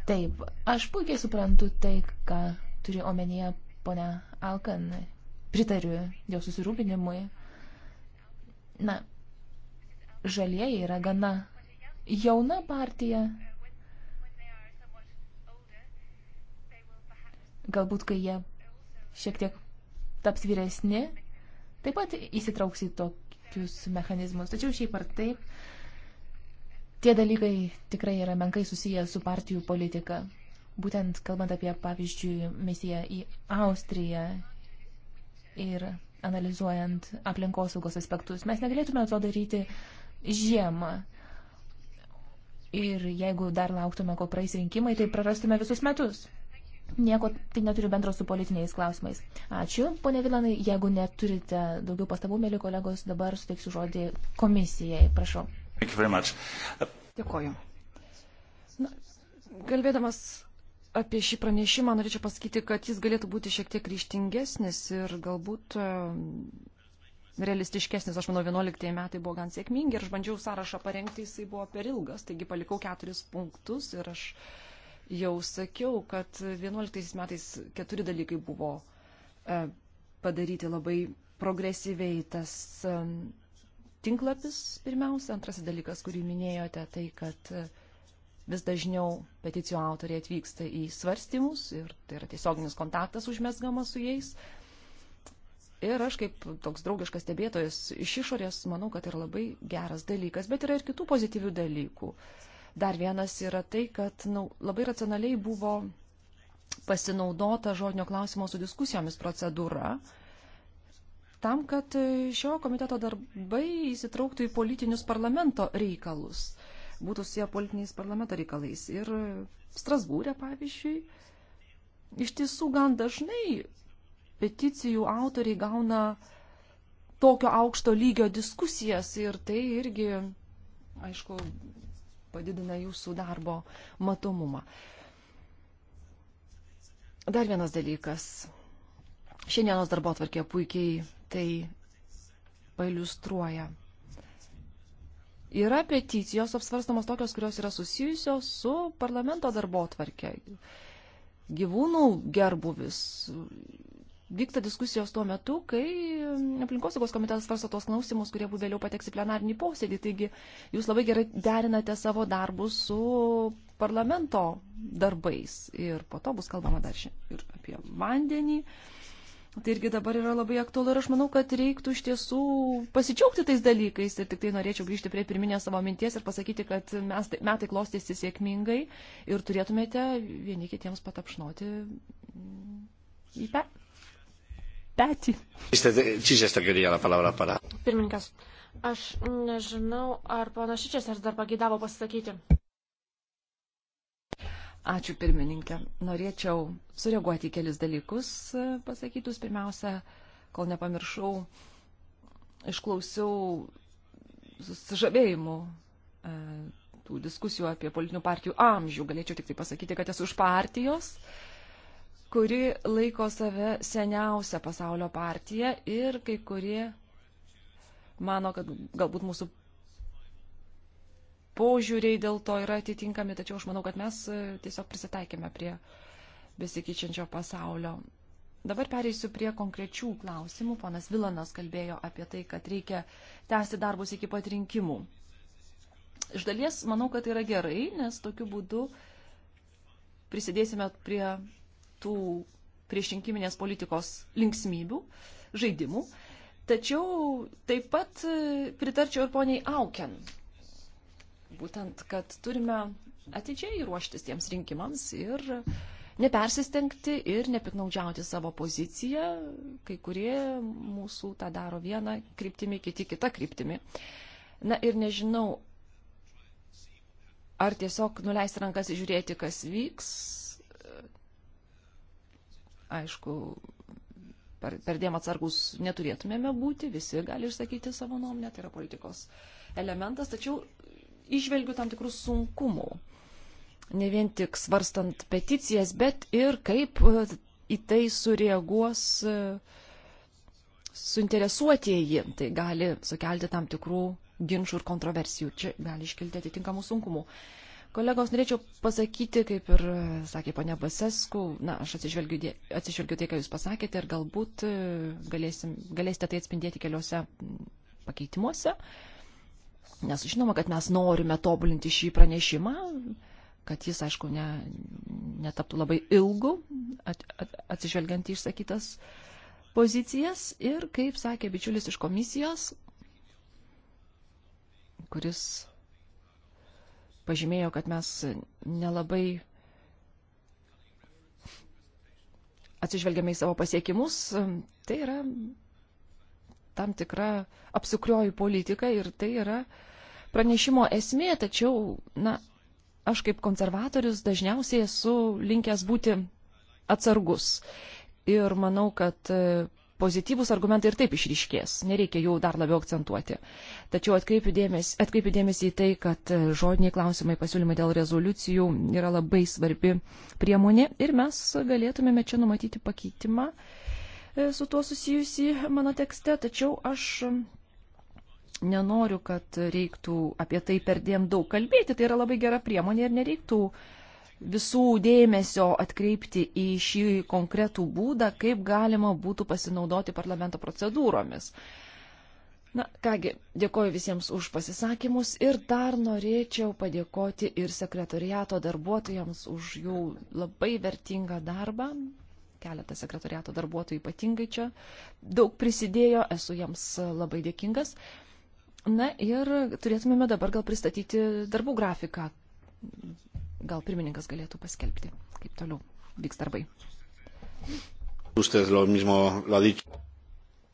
Taip, aš puikiai suprantu tai, ką turi omenyje ponia Alkan. Pritariu jo susirūpinimui. Na, žalieji yra gana jauna partija. Galbūt, kai jie šiek tiek taps vyresni, taip pat įsitrauks į tokius mechanizmus. Tačiau šiaip ar taip, tie dalykai tikrai yra menkai susiję su partijų politika. Būtent kalbant apie, pavyzdžiui, misiją į Austriją ir analizuojant aplinkosaugos aspektus, mes negalėtume to daryti žiemą. Ir jeigu dar lauktume, kol praeis rinkimai, tai prarastume visus metus. Nieko tai neturi bendro su politiniais klausimais. Ačiū, ponė Vilanai. Jeigu neturite daugiau pastabų, mėly kolegos, dabar suteiksiu žodį komisijai. Prašau. Dėkoju. Na, kalbėdamas apie šį pranešimą, norėčiau pasakyti, kad jis galėtų būti šiek tiek ryštingesnis ir galbūt um, realistiškesnis. Aš manau, 11 metai buvo gan sėkmingi ir aš bandžiau sąrašą parengti, jisai buvo per ilgas, taigi palikau keturis punktus ir aš uh, jau sakiau, kad 11 metais keturi dalykai buvo e, padaryti labai progresyviai tas e, tinklapis pirmiausia. Antrasis dalykas, kurį minėjote, tai kad e, vis dažniau peticijų autoriai atvyksta į svarstymus ir tai yra tiesioginis kontaktas užmesgamas su jais. Ir aš kaip toks draugiškas stebėtojas iš išorės manau, kad tai yra labai geras dalykas, bet yra ir kitų pozityvių dalykų. Uh, Dar vienas yra tai, kad nu, labai racionaliai buvo pasinaudota žodinio klausimo su diskusijomis procedūra, tam, kad šio komiteto darbai įsitrauktų į politinius parlamento reikalus, būtų su jie politiniais parlamento reikalais. Ir Strasbūrė, pavyzdžiui, iš tiesų gan dažnai peticijų autoriai gauna tokio aukšto lygio diskusijas ir tai irgi, aišku, padidina jūsų darbo matomumą. Dar vienas dalykas. Šiandienos darbo atvarkė puikiai tai pailustruoja. Yra peticijos apsvarstamos tokios, kurios yra susijusios su parlamento darbo atvarkė. Gyvūnų gerbuvis vyksta diskusijos tuo metu, kai aplinkosaugos komitetas svarsto tos klausimus, kurie būtų vėliau pateks į plenarinį posėdį. Taigi jūs labai gerai derinate savo darbus su parlamento darbais. Ir po to bus kalbama dar ir apie vandenį. Tai irgi dabar yra labai aktualu ir aš manau, kad reiktų iš tiesų pasidžiaugti tais dalykais ir tik tai norėčiau grįžti prie pirminės savo minties ir pasakyti, kad mes, tai- metai klostėsi sėkmingai ir turėtumėte vieni kitiems patapšnoti į, pe, petį. Pirmininkas, aš nežinau, ar pono Šičias ar dar pagėdavo pasisakyti. Ačiū pirmininkė. Norėčiau sureaguoti į kelis dalykus e, pasakytus. Pirmiausia, kol nepamiršau, išklausiau susižavėjimu e, tų diskusijų apie politinių partijų amžių. Galėčiau tik tai pasakyti, kad esu už partijos, uh, kuri laiko save seniausia pasaulio partija ir kai kurie mano, kad galbūt mūsų požiūriai dėl to yra atitinkami, tačiau aš manau, kad mes e, tiesiog prisitaikėme prie besikeičiančio pasaulio. Dabar pereisiu prie konkrečių klausimų. Ponas Vilanas kalbėjo apie tai, kad reikia tęsti darbus iki pat rinkimų. Iš dalies manau, kad tai yra gerai, nes tokiu būdu prisidėsime prie tų priešrinkiminės politikos linksmybių, žaidimų. Tačiau taip pat e, pritarčiau ir poniai Auken. Būtent, kad turime atidžiai ruoštis tiems rinkimams ir nepersistengti ir nepiknaudžiauti savo poziciją. Kai kurie mūsų tą daro vieną kryptimį, kiti kitą kryptimį. Na ir nežinau, ar tiesiog nuleisti rankas ir žiūrėti, kas vyks, aišku, per, per dėm atsargus neturėtumėme būti, visi gali išsakyti savo nuomonę, tai yra politikos elementas, tačiau išvelgiu tam tikrų sunkumų. Ne vien tik svarstant peticijas, bet ir kaip e, į tai sureaguos e, suinteresuotieji. Tai gali sukelti tam tikrų ginčių ir kontroversijų. Čia gali iškilti atitinkamų sunkumų. Uh, Kolegos, norėčiau pasakyti, kaip ir e, sakė ponia Basesku, na, aš atsižvelgiu, atsižvelgiu tai, ką jūs pasakėte ir galbūt e, galėsim, galėsite tai atspindėti keliuose pakeitimuose, nes žinoma, kad mes norime tobulinti šį pranešimą, kad jis, aišku, ne, netaptų labai ilgu, at, at, atsižvelgiant į išsakytas pozicijas ir, kaip sakė bičiulis iš komisijos, kuris pažymėjo, kad mes nelabai atsižvelgiame į savo pasiekimus, tai yra tam tikra apsukrioji politika ir tai yra pranešimo esmė, tačiau, na, aš kaip konservatorius dažniausiai esu linkęs būti atsargus. Ir manau, kad pozityvus argumentai ir taip išryškės, nereikia jų dar labiau akcentuoti. Tačiau atkreipiu dėmesį, atkreipiu dėmesį į tai, kad e, žodiniai klausimai pasiūlymai dėl rezoliucijų yra labai svarbi priemonė ir mes galėtumėme čia numatyti pakeitimą e, su tuo susijusi mano tekste, tačiau aš nenoriu, kad reiktų apie tai perdėm daug kalbėti, tai yra labai gera priemonė ir nereiktų uh, visų dėmesio atkreipti į šį konkretų būdą, kaip galima būtų pasinaudoti parlamento procedūromis. Na kągi, dėkoju visiems už pasisakymus ir dar norėčiau padėkoti ir sekretariato darbuotojams už jų labai vertingą darbą. Keletas sekretariato darbuotojų ypatingai čia daug prisidėjo, esu jiems labai dėkingas. Na ir turėtumėme dabar gal pristatyti darbų grafiką gal pirmininkas galėtų paskelbti, kaip toliau vyks darbai.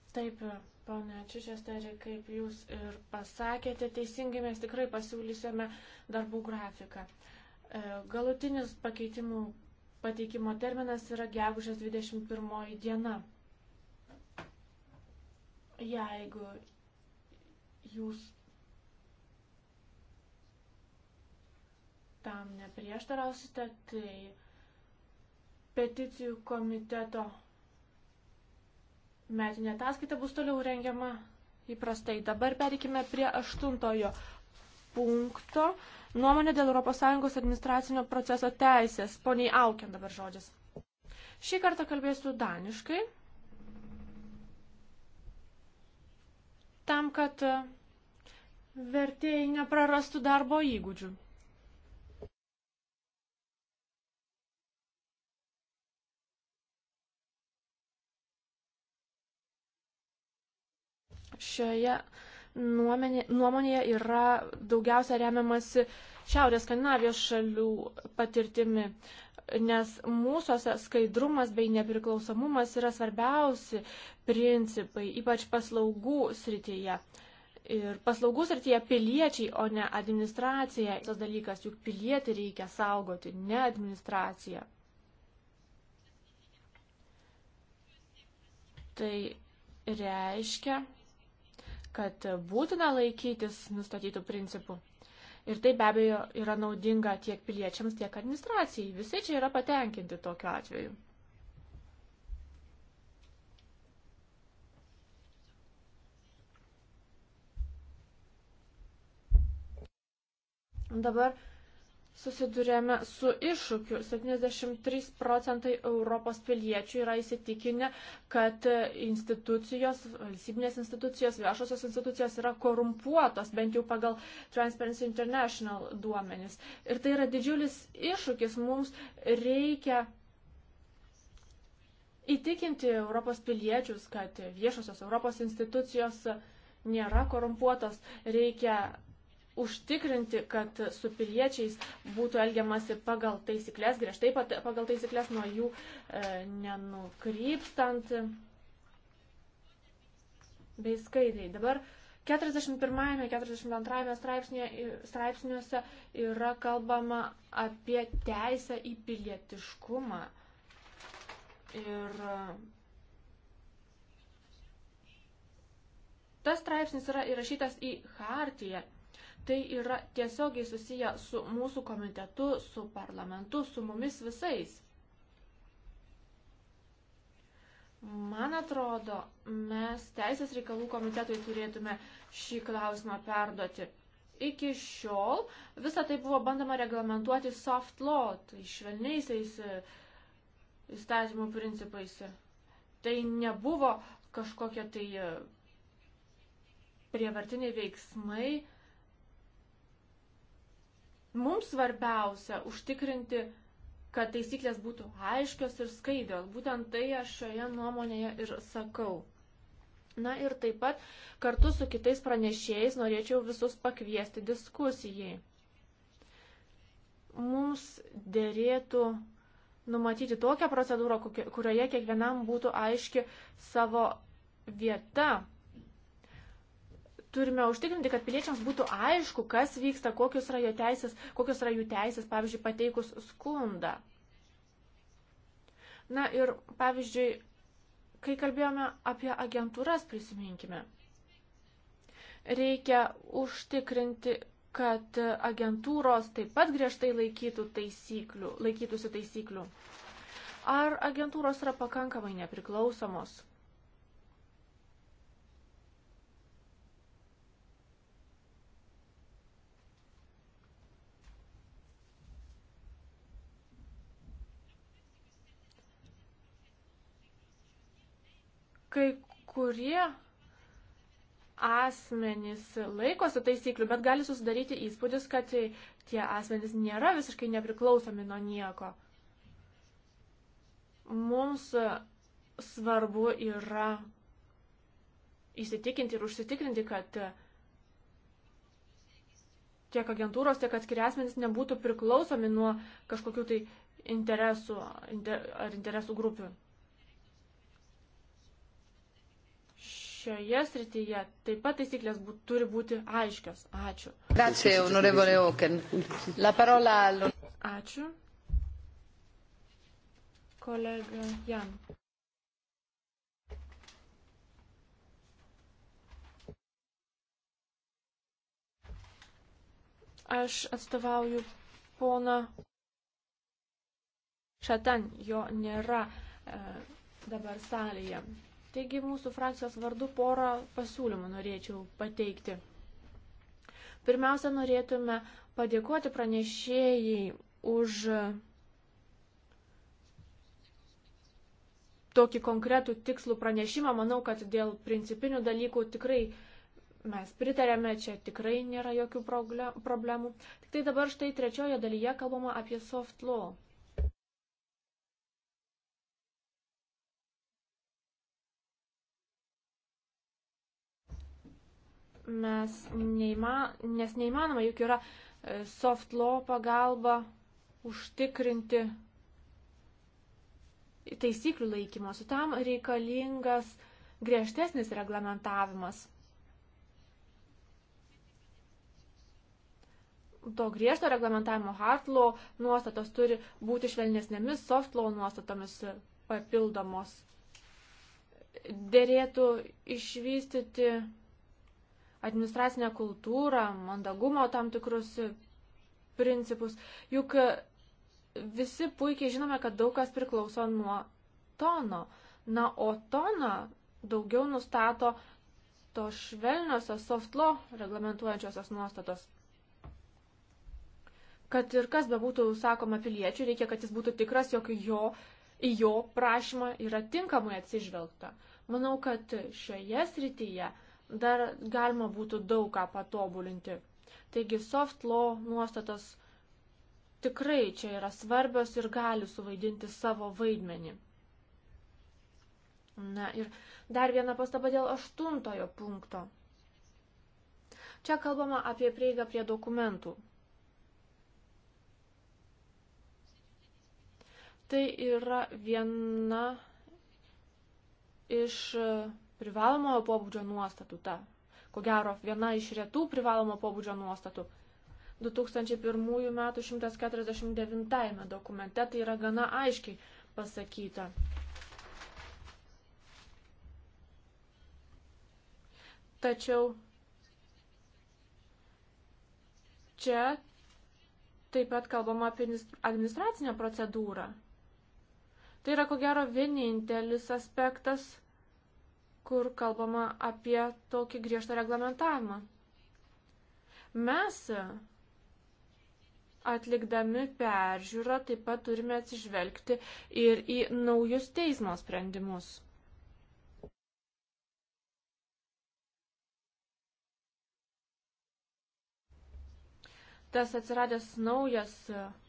Taip, Pane Čišesterį, kaip jūs ir pasakėte, teisingai mes tikrai pasiūlysime darbų grafiką. E, galutinis pakeitimų pateikimo terminas yra gegužės 21 diena. Jeigu jūs tam neprieštarausite, tai peticijų komiteto metinė ataskaita bus toliau rengiama įprastai. Dabar perikime prie aštuntojo punkto. Nuomonė dėl ES administracinio proceso teisės. Poniai Aukiam dabar žodis. Šį kartą kalbėsiu daniškai. Tam, kad vertėjai neprarastų darbo įgūdžių. šioje nuomenė, nuomonėje yra daugiausia remiamasi Šiaurės Skandinavijos šalių patirtimi, nes mūsųse skaidrumas bei nepriklausomumas yra svarbiausi principai, ypač paslaugų srityje. Ir paslaugų srityje piliečiai, o ne administracija. Tas dalykas, juk pilietį reikia saugoti, ne administraciją. Tai reiškia, kad būtina laikytis nustatytų principų. Ir tai be abejo yra naudinga tiek piliečiams, tiek administracijai. Visi čia yra patenkinti tokiu atveju. Dabar susidurėme su iššūkiu. 73 procentai Europos piliečių yra įsitikinę, kad institucijos, valstybinės institucijos, viešosios institucijos yra korumpuotos, bent jau pagal Transparency International duomenis. Ir tai yra didžiulis iššūkis, mums reikia įtikinti Europos piliečius, kad viešosios Europos institucijos nėra korumpuotos, reikia užtikrinti, kad su piliečiais būtų elgiamasi pagal taisyklės, griežtai pagal taisyklės nuo jų e, nenukrypstant bei skaidriai. Dabar 41-42 straipsniuose yra kalbama apie teisę į pilietiškumą. Ir e, tas straipsnis yra įrašytas į hartiją Tai yra tiesiogiai susiję su mūsų komitetu, su parlamentu, su mumis visais. Man atrodo, mes Teisės reikalų komitetui turėtume šį klausimą perduoti. Iki šiol visą tai buvo bandama reglamentuoti soft law, tai švelniaisiais e, įstatymų principais. Tai nebuvo kažkokie tai e, prievartiniai veiksmai, Mums svarbiausia užtikrinti, kad taisyklės būtų aiškios ir skaidrios. Būtent tai aš šioje nuomonėje ir sakau. Na ir taip pat kartu su kitais pranešėjais norėčiau visus pakviesti diskusijai. Mums dėrėtų numatyti tokią procedūrą, kurioje kiekvienam būtų aiški savo vieta turime užtikrinti, kad piliečiams būtų aišku, kas vyksta, kokios yra, teisės, kokios yra jų teisės, pavyzdžiui, pateikus skundą. Na ir, pavyzdžiui, kai kalbėjome apie agentūras, prisiminkime, reikia užtikrinti, kad agentūros taip pat griežtai laikytų taisyklių, laikytųsi taisyklių. Ar agentūros yra pakankamai nepriklausomos? kai kurie asmenys laikosi taisyklių, bet gali susidaryti įspūdis, kad tie asmenys nėra visiškai nepriklausomi nuo nieko. Mums svarbu yra įsitikinti ir užsitikrinti, kad tiek agentūros, tiek atskiri asmenys nebūtų priklausomi nuo kažkokių tai interesų inter, ar interesų grupių. šioje srityje taip pat taisyklės būt, turi būti aiškios. Ačiū. Grazie, onorevole Oken. La parola allo. Ačiū. Kolega Jan. Aš atstovauju poną Šatan, jo nėra e, dabar salėje. Taigi mūsų frakcijos vardu porą pasiūlymų norėčiau pateikti. Pirmiausia, norėtume padėkoti pranešėjai už tokį konkretų tikslų pranešimą. Manau, kad dėl principinių dalykų tikrai mes pritarėme, čia tikrai nėra jokių problemų. Tik tai dabar štai trečiojo dalyje kalbama apie soft law. mes neįma, nes neįmanoma, juk yra e, soft law pagalba užtikrinti taisyklių laikymosi. Tam reikalingas griežtesnis reglamentavimas. To griežto reglamentavimo hard law nuostatos turi būti švelnesnėmis soft law nuostatomis papildomos. Dėrėtų išvystyti administracinę kultūrą, mandagumo tam tikrus principus. Juk visi puikiai žinome, kad daug kas priklauso nuo tono. Na, o toną daugiau nustato tos švelniosios soft law reglamentuojančiosios nuostatos. Kad ir kas bebūtų sakoma piliečiui, reikia, kad jis būtų tikras, jog jo, į jo prašymą yra tinkamai atsižvelgta. Manau, kad šioje srityje uh, dar galima būtų daug ką patobulinti. Taigi soft law nuostatos tikrai čia yra svarbios ir gali suvaidinti savo vaidmenį. Na ir dar viena pastaba dėl aštuntojo punkto. Čia kalbama apie prieigą prie dokumentų. Tai yra viena iš privalomojo pobūdžio nuostatų ta. Ko gero, viena iš retų privalomo pobūdžio nuostatų. 2001 m. 149 dokumente tai yra gana aiškiai pasakyta. Tačiau čia taip pat kalbama apie administracinę procedūrą. Tai yra ko gero vienintelis aspektas – kur kalbama apie tokį griežtą reglamentavimą. Mes e, atlikdami peržiūrą taip pat turime atsižvelgti ir į naujus teismo sprendimus. tas atsiradęs naujas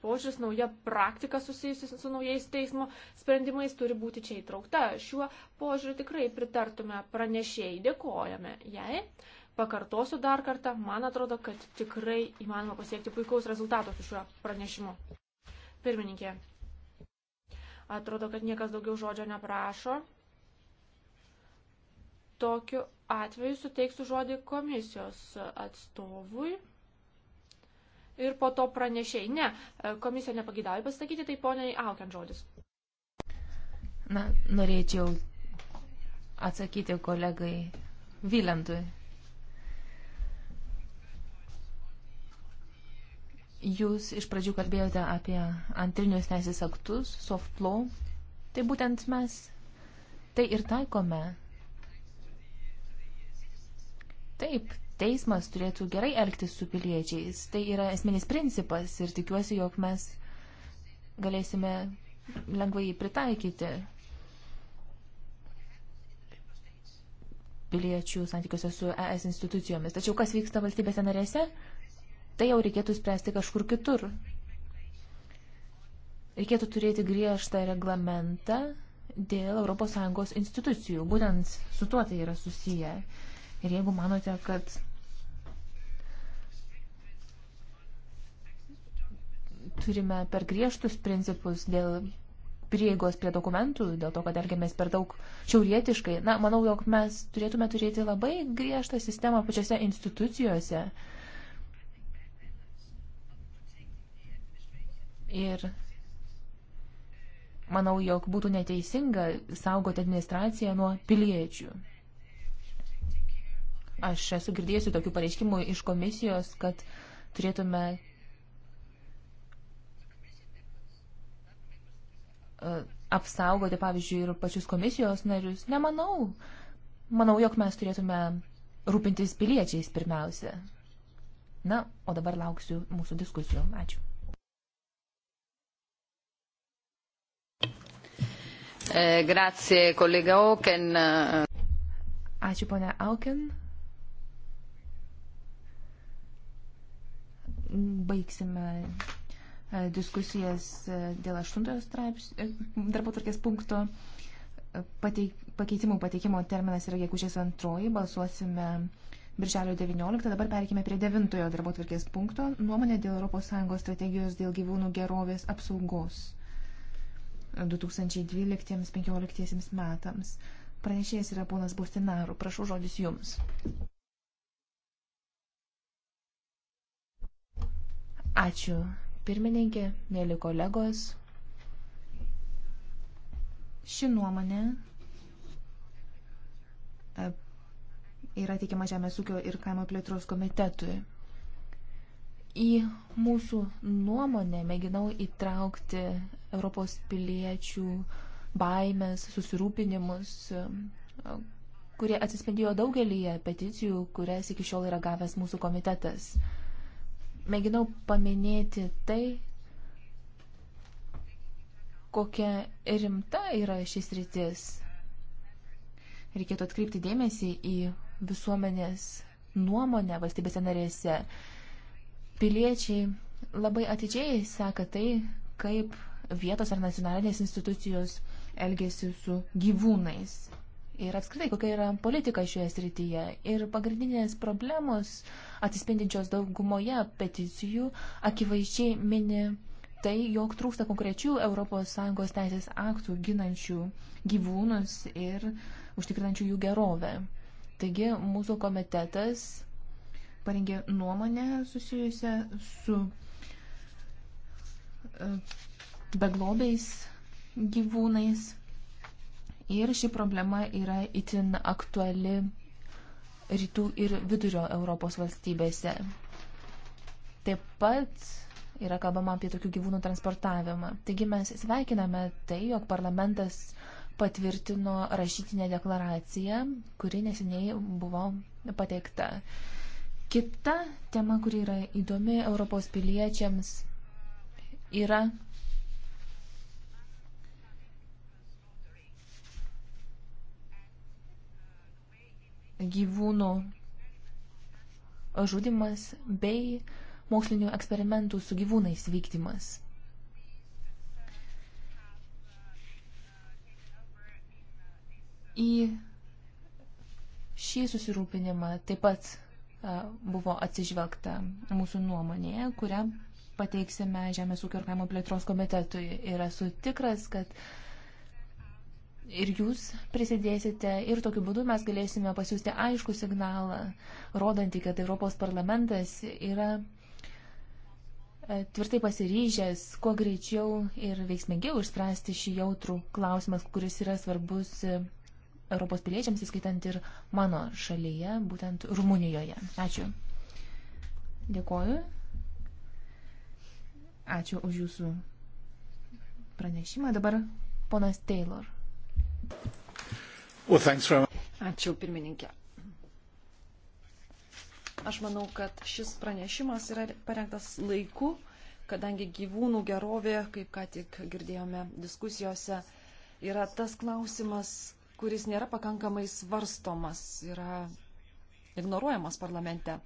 požiūris, nauja praktika susijusi su naujais teismo sprendimais turi būti čia įtraukta. Šiuo požiūriu tikrai pritartume pranešėjai, dėkojame jai. Pakartosiu dar kartą, man atrodo, kad tikrai įmanoma pasiekti puikaus rezultato su šiuo pranešimu. Pirmininkė, atrodo, kad niekas daugiau žodžio neprašo. Tokiu atveju suteiksiu žodį komisijos atstovui ir po to pranešėjai. Ne, e, komisija nepagidavo pasakyti, tai poniai Aukiant žodis. Na, norėčiau atsakyti kolegai Vilentui. Jūs iš pradžių kalbėjote apie antrinius teisės aktus, soft law. Tai būtent mes tai ir taikome. Taip, teismas turėtų gerai elgtis su piliečiais. Tai yra esminis principas ir tikiuosi, jog mes galėsime lengvai jį pritaikyti piliečių santykiuose su ES institucijomis. Tačiau kas vyksta valstybėse narėse, tai jau reikėtų spręsti kažkur kitur. Reikėtų turėti griežtą reglamentą dėl ES institucijų. Būtent su tuo tai yra susiję. Ir jeigu manote, kad turime per griežtus principus dėl prieigos prie dokumentų, dėl to, kad elgiamės per daug šiaurietiškai. Na, manau, jog mes turėtume turėti labai griežtą sistemą pačiose institucijose. Ir manau, jog būtų neteisinga saugoti administraciją nuo piliečių. Aš esu girdėjusi tokių pareiškimų iš komisijos, kad turėtume apsaugoti, pavyzdžiui, ir pačius komisijos narius? Nemanau. Manau, jog mes turėtume rūpintis piliečiais pirmiausia. Na, o dabar lauksiu mūsų diskusijų. Ačiū. E, grazie, kolega Auken. Ačiū, ponia Auken. Baigsime E, diskusijas e, dėl aštuntojo e, darbo tvarkės punkto. Pateik, pakeitimų pateikimo terminas yra gegužės antroji, balsuosime birželio 19. Dabar perkime prie devintojo darbo tvarkės punkto. Nuomonė dėl ES strategijos dėl gyvūnų gerovės apsaugos 2012-2015 metams. Pranešėjas yra ponas Bustinaru. Prašau žodis jums. Ačiū, pirmininkė, mėly kolegos. Ši nuomonė e, yra teikiama Žemės ūkio ir kaimo plėtros komitetui. Į mūsų nuomonę mėginau įtraukti Europos piliečių baimės, susirūpinimus, e, kurie atsispindėjo daugelį peticijų, kurias iki šiol yra gavęs mūsų komitetas mėginau paminėti tai, kokia rimta yra šis rytis. Reikėtų atkreipti dėmesį į visuomenės nuomonę valstybėse narėse. Piliečiai labai atidžiai seka tai, kaip vietos ar nacionalinės institucijos elgesi su gyvūnais ir apskritai kokia yra politika šioje srityje. Ir pagrindinės problemos atsispindinčios daugumoje peticijų akivaizdžiai mini tai, jog trūksta konkrečių ES teisės aktų ginančių gyvūnus ir užtikrinančių jų gerovę. Taigi mūsų komitetas parengė nuomonę susijusią su e, beglobiais gyvūnais Ir ši problema yra itin aktuali rytų ir vidurio Europos valstybėse. Taip pat yra kalbama apie tokių gyvūnų transportavimą. Taigi mes sveikiname tai, jog parlamentas patvirtino rašytinę deklaraciją, kuri neseniai buvo pateikta. Kita tema, kuri yra įdomi Europos piliečiams, yra gyvūnų žudimas bei mokslinių eksperimentų su gyvūnais vykdymas. Į šį susirūpinimą taip pat buvo atsižvelgta mūsų nuomonėje, kurią pateiksime Žemės ūkio ir kaimo plėtros komitetui. Ir esu tikras, kad uh, ir jūs prisidėsite ir tokiu būdu mes galėsime pasiūsti aišku signalą, rodantį, kad Europos parlamentas yra e, tvirtai pasiryžęs kuo greičiau ir veiksmingiau išspręsti šį jautrų klausimą, kuris yra svarbus e, Europos piliečiams, įskaitant ir mano šalyje, būtent Rumunijoje. Ačiū. Dėkoju. Ačiū už jūsų pranešimą. Dabar ponas Taylor. Well, for... Ačiū pirmininkė. Aš manau, kad šis pranešimas yra parengtas laiku, kadangi gyvūnų gerovė, kaip ką tik girdėjome diskusijose, yra tas klausimas, kuris nėra pakankamai svarstomas, yra ignoruojamas parlamente.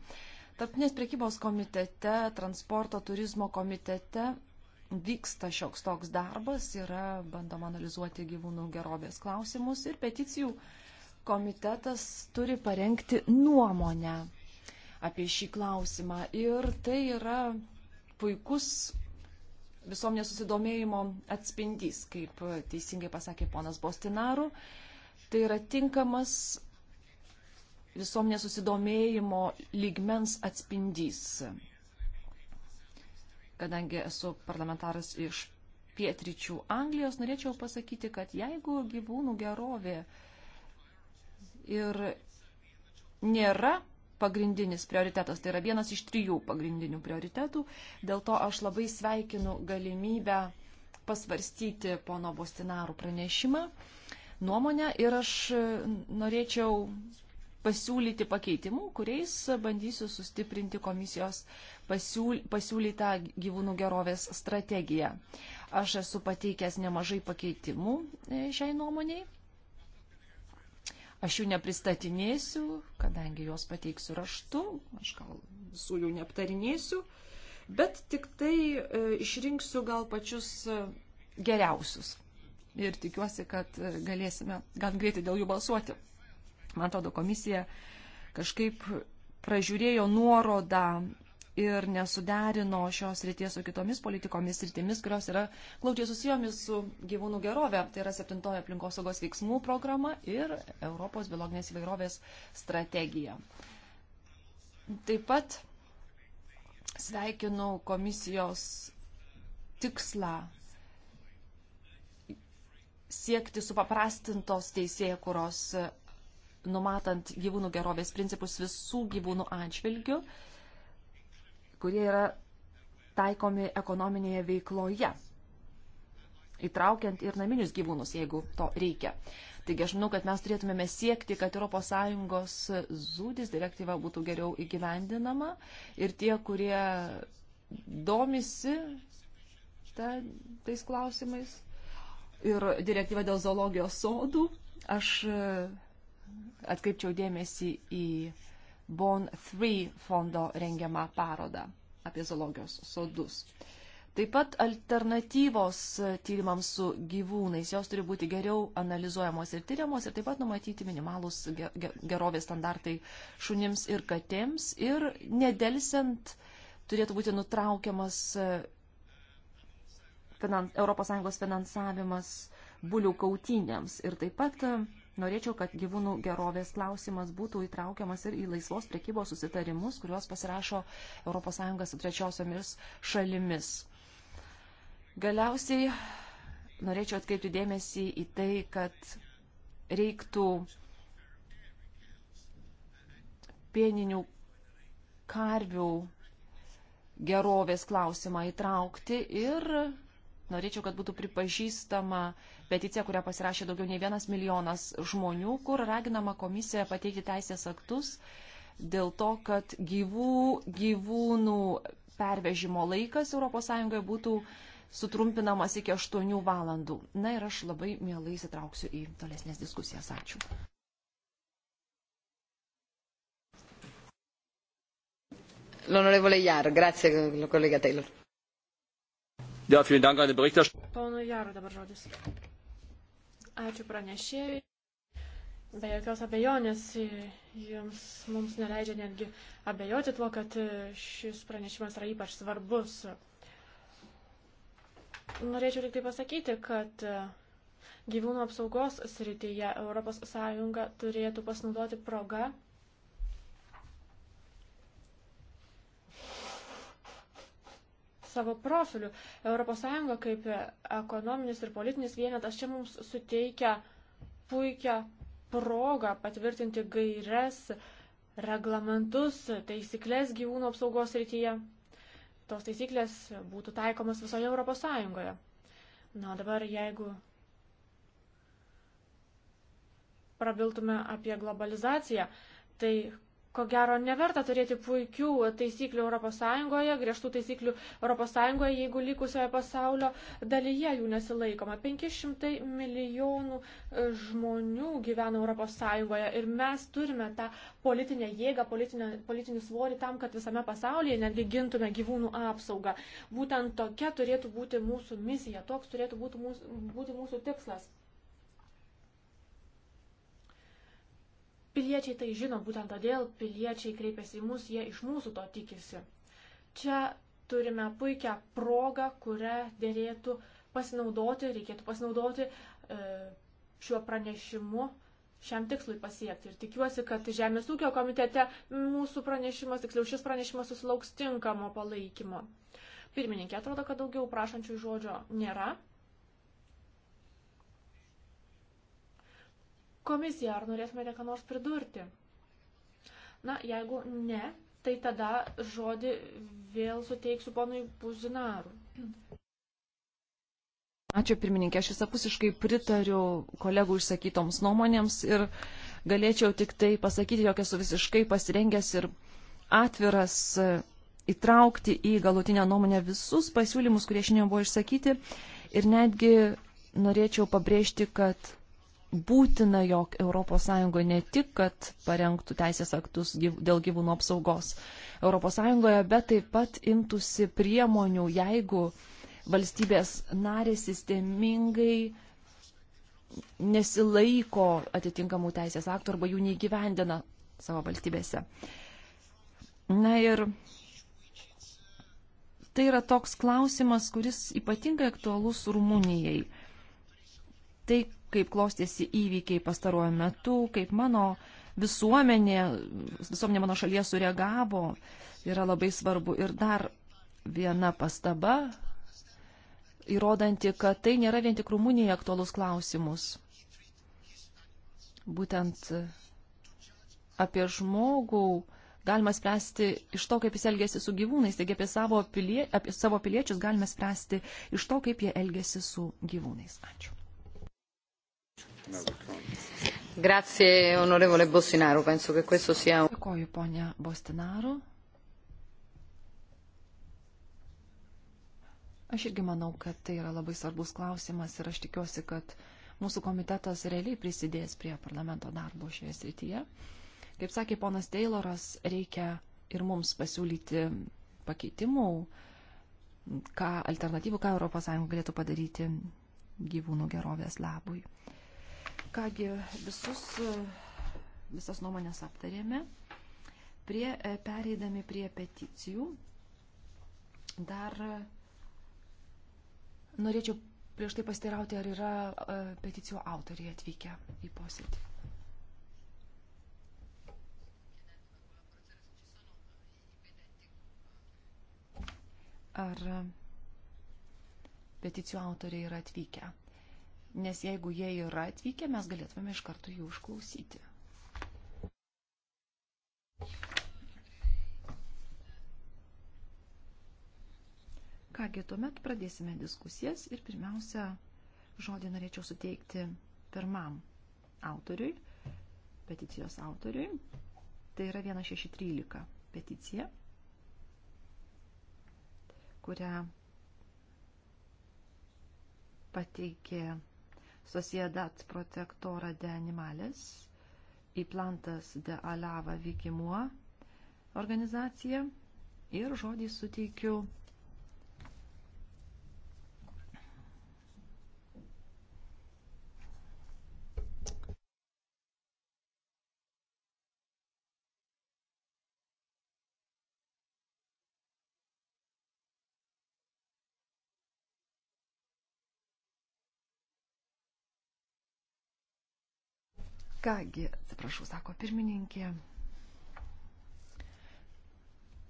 Tarptinės priekybos komitete, transporto turizmo komitete vyksta šioks toks darbas, yra bandoma analizuoti gyvūnų gerovės klausimus ir peticijų komitetas turi parengti nuomonę apie šį klausimą. Ir tai yra puikus visuomenės susidomėjimo atspindys, kaip teisingai pasakė ponas Bostinaru. Tai yra tinkamas visuomenės susidomėjimo lygmens atspindys kadangi esu parlamentaras iš pietryčių Anglijos, norėčiau pasakyti, kad jeigu gyvūnų gerovė ir nėra pagrindinis prioritetas, tai yra vienas iš trijų pagrindinių prioritetų, dėl to aš labai sveikinu galimybę pasvarstyti pono Bostinarų pranešimą, nuomonę ir aš norėčiau pasiūlyti pakeitimų, kuriais bandysiu sustiprinti komisijos pasiūlytą gyvūnų gerovės strategiją. Aš esu pateikęs nemažai pakeitimų e, šiai nuomoniai. Aš jų nepristatinėsiu, kadangi juos pateiksiu raštu, aš gal visų jų neaptarinėsiu, bet tik tai e, išrinksiu gal pačius e, geriausius. Ir tikiuosi, kad galėsime gan greitai dėl jų balsuoti. Man atrodo, komisija kažkaip pražiūrėjo nuorodą ir nesuderino šios ryties su kitomis politikomis rytimis, kurios yra glaudžiai susijomis su gyvūnų gerove. Tai yra septintoji aplinkosaugos veiksmų programa ir Europos biologinės įvairovės strategija. Taip pat sveikinu komisijos tikslą siekti supaprastintos teisėkuros numatant gyvūnų gerovės principus visų gyvūnų atžvilgių, kurie yra taikomi ekonominėje veikloje, įtraukiant ir naminius gyvūnus, jeigu to reikia. Taigi aš manau, kad mes turėtumėme siekti, kad ES zūdis direktyva būtų geriau įgyvendinama ir tie, kurie domisi ta, tais klausimais ir direktyva dėl zoologijos sodų, aš atkreipčiau dėmesį į Bon 3 fondo rengiamą parodą apie zoologijos sodus. Taip pat alternatyvos tyrimams su gyvūnais, jos turi būti geriau analizuojamos ir tyriamos ir taip pat numatyti minimalus gerovės standartai šunims ir katėms ir nedelsiant turėtų būti nutraukiamas finan, ES finansavimas bulių kautynėms ir taip pat Norėčiau, kad gyvūnų gerovės klausimas būtų įtraukiamas ir į laisvos prekybos susitarimus, kuriuos pasirašo ES su trečiosiomis šalimis. Galiausiai norėčiau atkreipti dėmesį į tai, kad reiktų pieninių karvių gerovės klausimą įtraukti ir Norėčiau, kad būtų pripažįstama peticija, kurią pasirašė daugiau nei vienas milijonas žmonių, kur raginama komisija pateikti teisės aktus dėl to, kad gyvų, gyvūnų pervežimo laikas ES būtų sutrumpinamas iki 8 valandų. Na ir aš labai mielai įsitrauksiu į tolesnės diskusijas. Ačiū. L'onorevole Jar, grazie collega Taylor. Ja, vielen Dank an den Berichterstatter. Pono Jaro dabar žodis. Ačiū pranešėjai. Be jokios abejonės, jums mums neleidžia netgi abejoti tuo, kad šis pranešimas yra ypač svarbus. Norėčiau tik tai pasakyti, kad gyvūnų apsaugos srityje ES turėtų pasinaudoti progą savo profiliu. ES kaip ekonominis ir politinis vienetas čia mums suteikia puikią progą patvirtinti gairias, reglamentus, taisyklės gyvūnų apsaugos rytyje. Tos taisyklės būtų taikomas visoje ES. Na, dabar jeigu prabiltume apie globalizaciją, tai ko gero neverta turėti puikių taisyklių ES, griežtų taisyklių ES, jeigu likusioje pasaulio dalyje jų nesilaikoma. 500 milijonų e, žmonių gyvena ES ir mes turime tą politinę jėgą, politinę, politinį svorį tam, kad visame pasaulyje netgi gintume gyvūnų apsaugą. Būtent tokia turėtų būti mūsų misija, toks turėtų būti mūsų, būti mūsų tikslas. Piliečiai tai žino, būtent todėl piliečiai kreipiasi į mus, jie iš mūsų to tikisi. Čia turime puikią progą, kurią dėlėtų pasinaudoti, reikėtų pasinaudoti e, šiuo pranešimu šiam tikslui pasiekti. Ir tikiuosi, kad Žemės ūkio komitete mūsų pranešimas, tiksliau šis pranešimas susilauks tinkamo palaikymo. Pirmininkė, atrodo, kad daugiau prašančių žodžio nėra. Komisija, ar norėtumėte ką nors pridurti? Na, jeigu ne, tai tada žodį vėl suteiksiu ponui Buzinaru. Ačiū pirmininkė, aš visapusiškai pritariu kolegų išsakytoms nuomonėms ir galėčiau tik tai pasakyti, jog esu visiškai pasirengęs ir atviras e, įtraukti į galutinę nuomonę visus pasiūlymus, kurie šiandien buvo išsakyti ir netgi norėčiau pabrėžti, kad būtina, jog ES ne tik, kad parengtų teisės aktus dėl gyvūnų apsaugos ES, bet taip pat imtųsi priemonių, jeigu valstybės narės sistemingai nesilaiko atitinkamų teisės aktų arba jų neįgyvendina savo valstybėse. Na ir tai yra toks klausimas, kuris ypatingai aktualus Rumunijai. Tai kaip klostėsi įvykiai pastaruoju metu, kaip mano visuomenė, visuomenė mano šalyje sureagavo, yra labai svarbu. Ir dar viena pastaba, įrodanti, kad tai nėra vien tik Rumunijai aktualus klausimus. Būtent apie žmogų galima spręsti iš to, kaip jis elgėsi su gyvūnais, taigi apie savo, pilie, apie savo piliečius galime spręsti iš to, kaip jie elgėsi su gyvūnais. Ačiū. Grazie, onorevole Bostinaro. Penso che questo sia un. Dėkoju, ponia Bostinaro. Aš irgi manau, kad tai yra labai svarbus klausimas ir aš tikiuosi, kad mūsų komitetas realiai prisidės prie parlamento darbo šioje srityje. Kaip sakė ponas Tayloras, reikia ir mums pasiūlyti pakeitimų, ką alternatyvų, ką ES galėtų padaryti gyvūnų gerovės labui. Kągi, visus, visas nuomonės aptarėme. Prie, e, pereidami prie peticijų, dar norėčiau prieš tai pastirauti, ar yra e, peticijų autoriai atvykę į posėdį. Ar e, peticijų autoriai yra atvykę? nes jeigu jie yra atvykę, mes galėtume iš karto jų užklausyti. Kągi, tuomet pradėsime diskusijas ir pirmiausia, žodį norėčiau suteikti pirmam autoriui, peticijos autoriui. Tai yra 1613 peticija, kurią pateikė Sociedad Protectora de Animales į Plantas de Alava Vikimua organizaciją ir žodį suteikiu Kągi, atsiprašau, sako pirmininkė.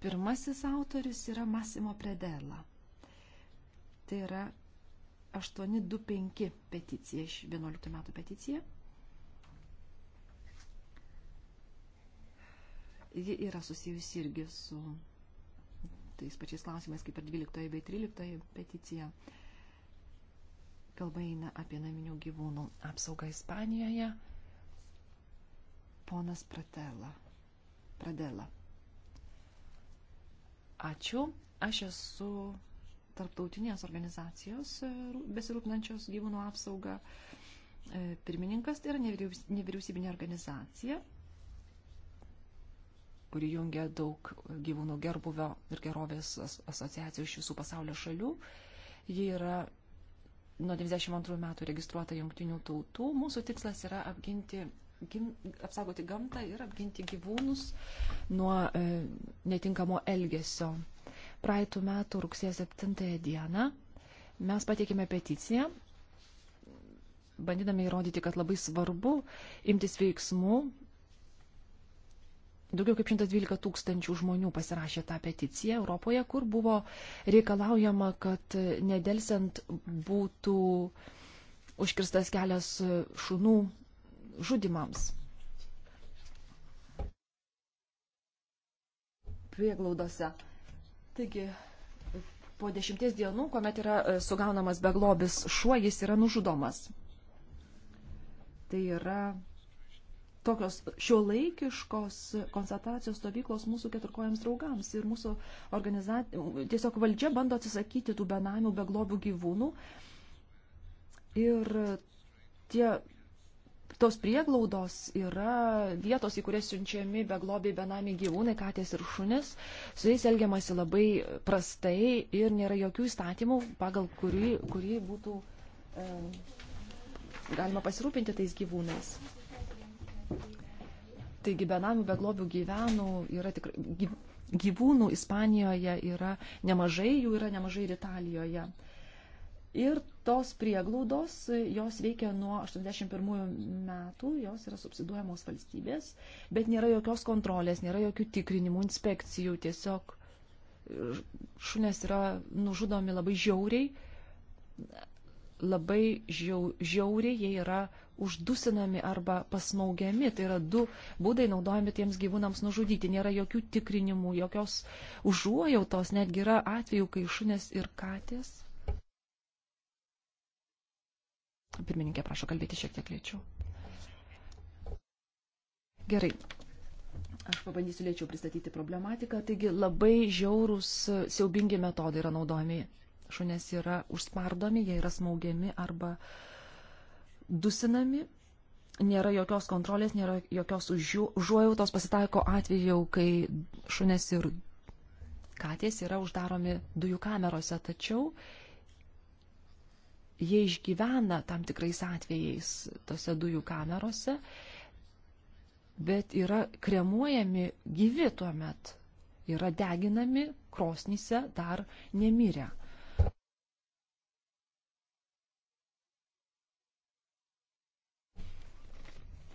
Pirmasis autorius yra Masimo Predela. Tai yra 825 peticija iš 11 metų peticija. Ji yra susijusi irgi su tais pačiais klausimais kaip ir 12 bei 13 peticija. Kalba eina apie naminių gyvūnų apsaugą Ispanijoje ponas Pratela. Pradela. Ačiū. Aš esu tarptautinės organizacijos e, besirūpinančios gyvūnų apsaugą e, pirmininkas. Tai yra nevyriausybinė organizacija, kuri jungia daug gyvūnų gerbuvio ir gerovės asociacijų iš visų pasaulio šalių. Ji yra nuo 92 metų registruota jungtinių tautų. Mūsų tikslas yra apginti gim, apsaugoti gamtą ir apginti gyvūnus nuo e, netinkamo elgesio. Praeitų metų rugsėjo 7 dieną mes pateikėme peticiją, bandydami įrodyti, kad labai svarbu imtis veiksmų. Daugiau kaip 112 tūkstančių žmonių pasirašė tą peticiją Europoje, kur buvo reikalaujama, kad nedelsiant būtų užkirstas kelias šunų žudimams. Prieglaudose. Taigi, po dešimties dienų, kuomet yra e, sugaunamas beglobis šuo, jis yra nužudomas. Tai yra tokios šio laikiškos konstatacijos stovyklos mūsų keturkojams draugams ir mūsų organizacija, tiesiog valdžia bando atsisakyti tų benamių beglobių gyvūnų. Ir tie tos prieglaudos yra vietos, į kurias siunčiami beglobiai benami gyvūnai, katės ir šunis. Su jais elgiamasi labai prastai ir nėra jokių įstatymų, pagal kurį, kurį būtų e, galima pasirūpinti tais gyvūnais. Taigi benamių beglobių gyvenų yra tikrai. Gyvūnų Ispanijoje yra nemažai, jų yra nemažai ir Italijoje. Uh, Ir tos prieglaudos, jos veikia nuo 81 metų, jos yra subsiduojamos valstybės, bet nėra jokios kontrolės, nėra jokių tikrinimų, inspekcijų, tiesiog uh, šunės yra nužudomi labai žiauriai, labai žiauriai jie yra uždusinami arba pasmaugiami. Tai yra du būdai naudojami tiems gyvūnams nužudyti. Nėra jokių tikrinimų, jokios užuojautos, netgi yra atvejų, kai šunės ir katės Pirmininkė prašo kalbėti šiek tiek lėčiau. Gerai. Aš pabandysiu lėčiau pristatyti problematiką. Taigi labai žiaurūs, siaubingi metodai yra naudojami. Šunės yra užspardomi, jie yra smaugiami arba dusinami. Nėra jokios kontrolės, nėra jokios užuojautos. Pasitaiko atveju, kai šunės ir katės yra uždaromi dujų kamerose, tačiau jie išgyvena tam tikrais atvejais tose dujų kamerose, bet yra kremuojami gyvi tuo met, yra deginami krosnyse dar nemirę.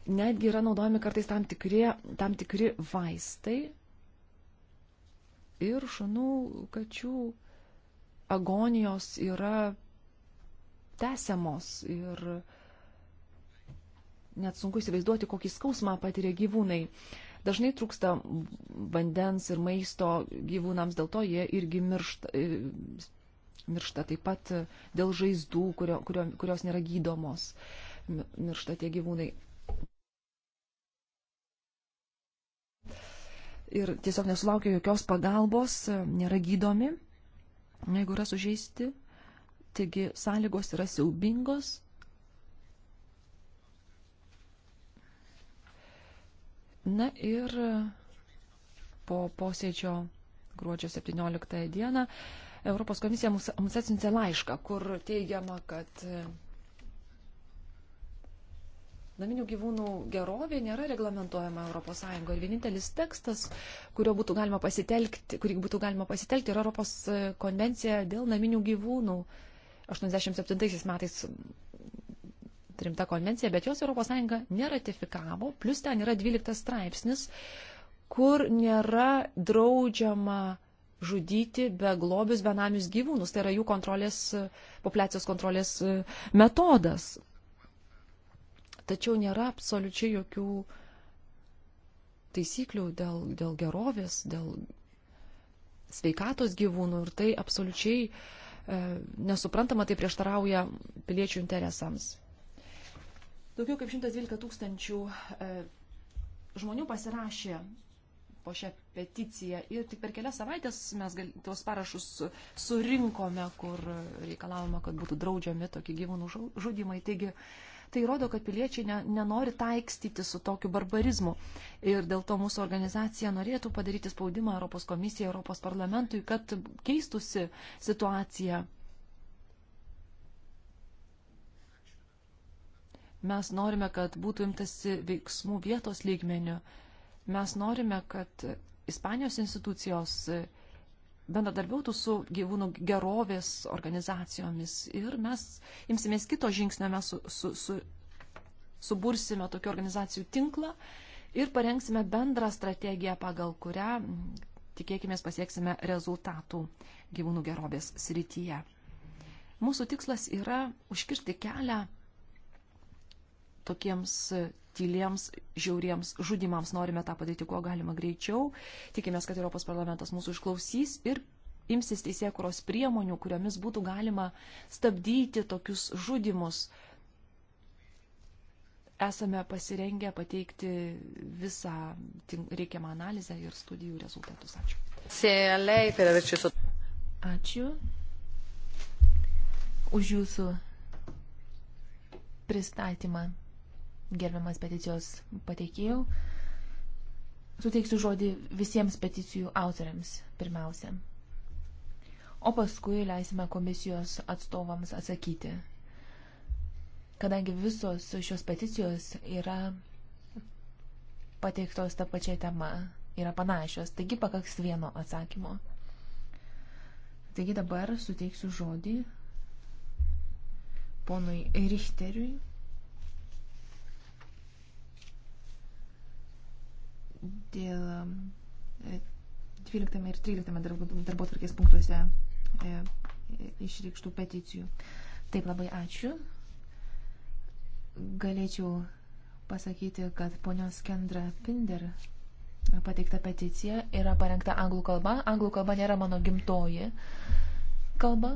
Netgi yra naudojami kartais tam tikri, tam tikri vaistai ir šunų, kačių agonijos yra tęsiamos ir net sunku įsivaizduoti, kokį skausmą patiria gyvūnai. Dažnai trūksta vandens ir maisto gyvūnams, dėl to jie irgi miršta, e, miršta taip pat dėl žaizdų, kurio, kurio, kurios nėra gydomos, miršta tie gyvūnai. Ir tiesiog nesulaukia jokios pagalbos, nėra gydomi, jeigu yra sužeisti. Taigi sąlygos yra siaubingos. Na ir po posėdžio gruodžio 17 dieną Europos komisija mums, mums atsiuntė laišką, kur teigiama, kad e, naminių gyvūnų gerovė nėra reglamentuojama ES. Ir vienintelis tekstas, kurio būtų galima pasitelkti, kurį būtų galima pasitelkti, yra Europos e, konvencija dėl naminių gyvūnų. Uh, 87 metais rimta konvencija, bet jos ES neratifikavo, plus ten yra 12 straipsnis, kur nėra draudžiama žudyti beglobius benamius gyvūnus. Tai yra jų kontrolės, populiacijos kontrolės e, metodas. Tačiau nėra absoliučiai jokių taisyklių dėl, dėl gerovės, dėl sveikatos gyvūnų ir tai absoliučiai uh, E, nesuprantama, tai prieštarauja piliečių interesams. Daugiau kaip 112 tūkstančių e, žmonių pasirašė po šią peticiją ir tik per kelias savaitės mes gal, tuos parašus surinkome, kur reikalavome, kad būtų draudžiami tokie gyvūnų žudimai. Taigi tai rodo, kad piliečiai ne, nenori taikstyti su tokiu barbarizmu. Ir dėl to mūsų organizacija norėtų padaryti spaudimą Europos komisijai, Europos parlamentui, kad keistusi situacija. Mes norime, kad būtų imtasi veiksmų vietos lygmenių. Mes norime, kad Ispanijos institucijos bendradarbiautų su gyvūnų gerovės organizacijomis ir mes imsimės kito žingsnio, mes su, su, su, subursime tokių organizacijų tinklą ir parengsime bendrą strategiją, pagal kurią mm, tikėkime pasieksime rezultatų gyvūnų gerovės srityje. Mūsų tikslas yra užkirsti kelią tokiems tyliems, žiauriems žudimams. Norime tą padaryti kuo galima greičiau. Tikimės, kad Europos parlamentas mūsų išklausys ir imsis teisėkuros priemonių, kuriomis būtų galima stabdyti tokius žudimus. Esame pasirengę pateikti visą reikiamą analizę ir studijų rezultatus. Ačiū. Ačiū už jūsų pristatymą gerbiamas peticijos pateikėjau. Suteiksiu žodį visiems peticijų autoriams pirmiausia. O paskui leisime komisijos atstovams atsakyti. Kadangi visos šios peticijos yra pateiktos tą pačią temą, yra panašios, taigi pakaks vieno atsakymo. Taigi dabar suteiksiu žodį ponui Richteriui. dėl 12 e, ir 13 darbo tvarkės punktuose e, išreikštų peticijų. Taip labai ačiū. Galėčiau pasakyti, kad ponios Kendra Pinder pateikta peticija yra parengta anglų kalba. Anglų kalba nėra mano gimtoji kalba.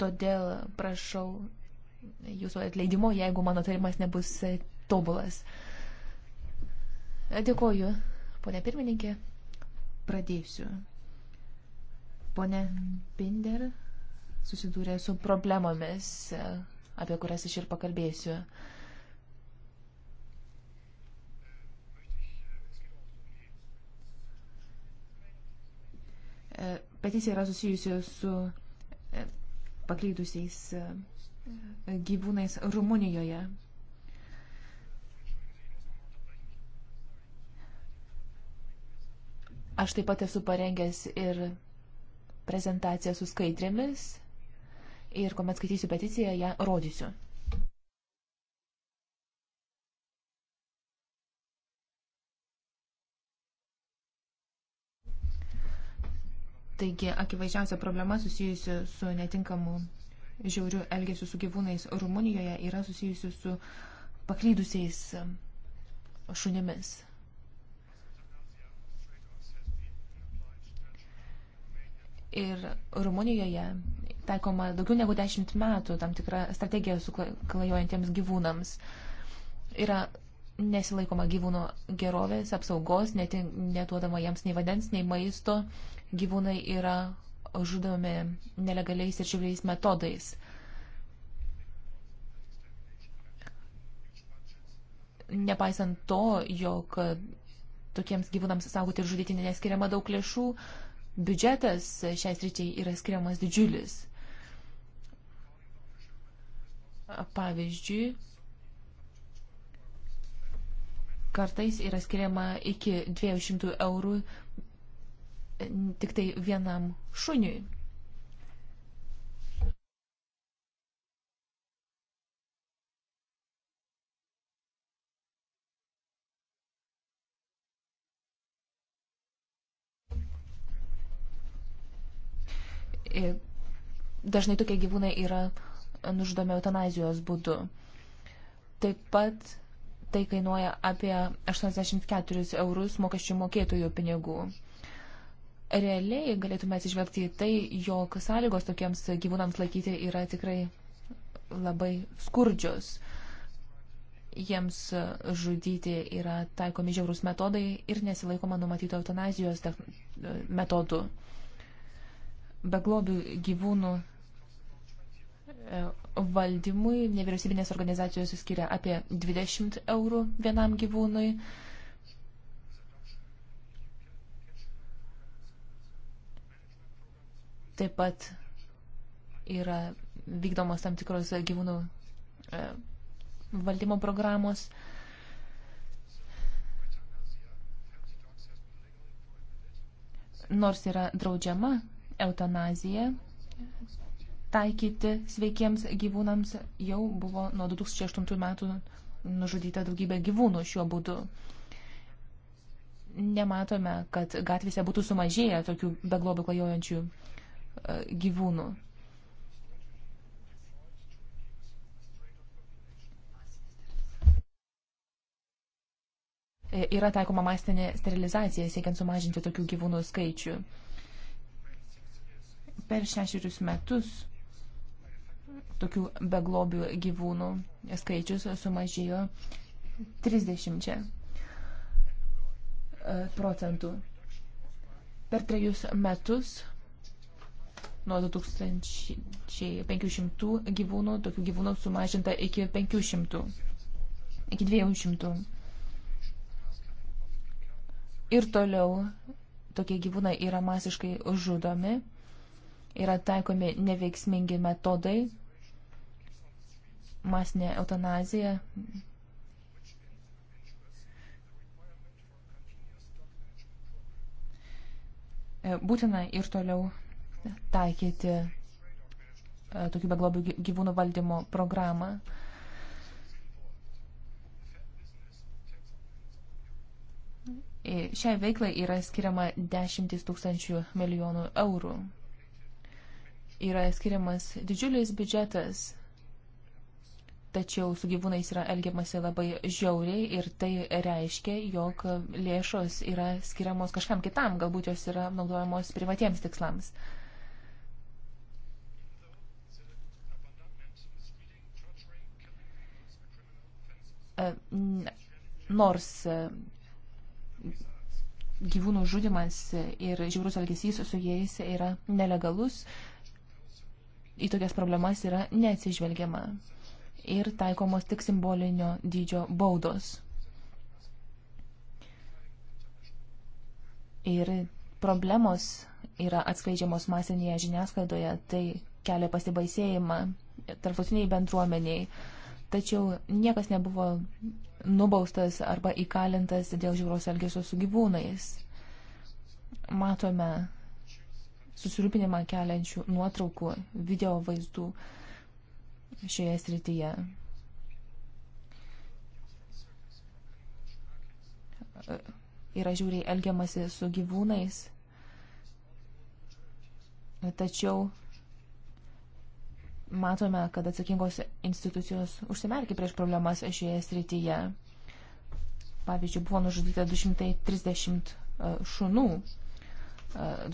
Todėl prašau jūsų atleidimo, jeigu mano tarimas nebus e, tobulas. Dėkoju, ponė pirmininkė. Pradėsiu. Pone Binder susidūrė su problemomis, e, apie kurias aš ir pakalbėsiu. E, peticija yra susijusi su paklydusiais gyvūnais Rumunijoje. Aš taip pat esu parengęs ir prezentaciją su skaidrėmis ir kuomet skaitysiu peticiją, ją rodysiu. Taigi, akivaizdžiausia problema susijusi su netinkamu žiaurių elgesių su gyvūnais Rumunijoje yra susijusi su paklydusiais um, šunimis. Ir Rumunijoje taikoma daugiau negu dešimt metų tam tikra strategija su klajojantiems gyvūnams. Yra nesilaikoma gyvūno gerovės, apsaugos, net, netuodama jiems nei vandens, nei maisto. Gyvūnai yra žudomi nelegaliais ir žiauriais metodais. Nepaisant to, jog tokiems gyvūnams saugoti ir žudyti neskiriama daug lėšų, biudžetas šiai sričiai yra skiriamas didžiulis. Pavyzdžiui, kartais yra skiriama iki 200 eurų tik tai vienam šuniui. Dažnai tokie gyvūnai yra nužudomi eutanazijos būdu. Taip pat tai kainuoja apie 84 eurus mokesčių mokėtojų pinigų realiai galėtume atsižvelgti į tai, jog sąlygos tokiems gyvūnams laikyti yra tikrai labai skurdžios. Jiems žudyti yra taikomi žiaurūs metodai ir nesilaikoma numatyto eutanazijos metodų. Beglobių gyvūnų e, valdymui nevyriausybinės organizacijos skiria apie 20 eurų vienam gyvūnui Taip pat yra vykdomos tam tikros gyvūnų e, valdymo programos. Nors yra draudžiama eutanazija, taikyti sveikiems gyvūnams jau buvo nuo 2008 metų nužudyta daugybė gyvūnų šiuo būdu. Nematome, kad gatvėse būtų sumažėję tokių beglobių klajojančių E, gyvūnų. E, yra taikoma mastinė sterilizacija, siekiant sumažinti tokių gyvūnų skaičių. Per šešerius metus tokių beglobių gyvūnų skaičius sumažėjo 30 e, procentų. Per trejus metus nuo 2500 gyvūnų, tokių gyvūnų sumažinta iki 500, iki 200. Ir toliau tokie gyvūnai yra masiškai žudomi, yra taikomi neveiksmingi metodai, masinė eutanazija. Būtina ir toliau taikyti e, tokių beglobių gyvūnų valdymo programą. E, šiai veiklai yra skiriama dešimtis tūkstančių milijonų eurų. Yra skiriamas didžiulis biudžetas, tačiau su gyvūnais yra elgiamasi labai žiauriai ir tai reiškia, jog lėšos yra skiriamos kažkam kitam, galbūt jos yra naudojamos privatiems tikslams. E, nors e, gyvūnų žudimas ir žiaurus elgesys su jais yra nelegalus, į tokias problemas yra neatsižvelgiama ir taikomos tik simbolinio dydžio baudos. Ir problemos yra atskleidžiamos masinėje žiniasklaidoje, tai kelia pasibaisėjimą tarptautiniai bendruomeniai tačiau niekas nebuvo nubaustas arba įkalintas dėl žiūros elgesio su gyvūnais. Matome susirūpinimą keliančių nuotraukų, video vaizdų šioje srityje. Yra žiūriai elgiamasi su gyvūnais, tačiau matome, kad atsakingos institucijos užsimerkė prieš problemas šioje srityje. Pavyzdžiui, buvo nužudyta 230 e, šunų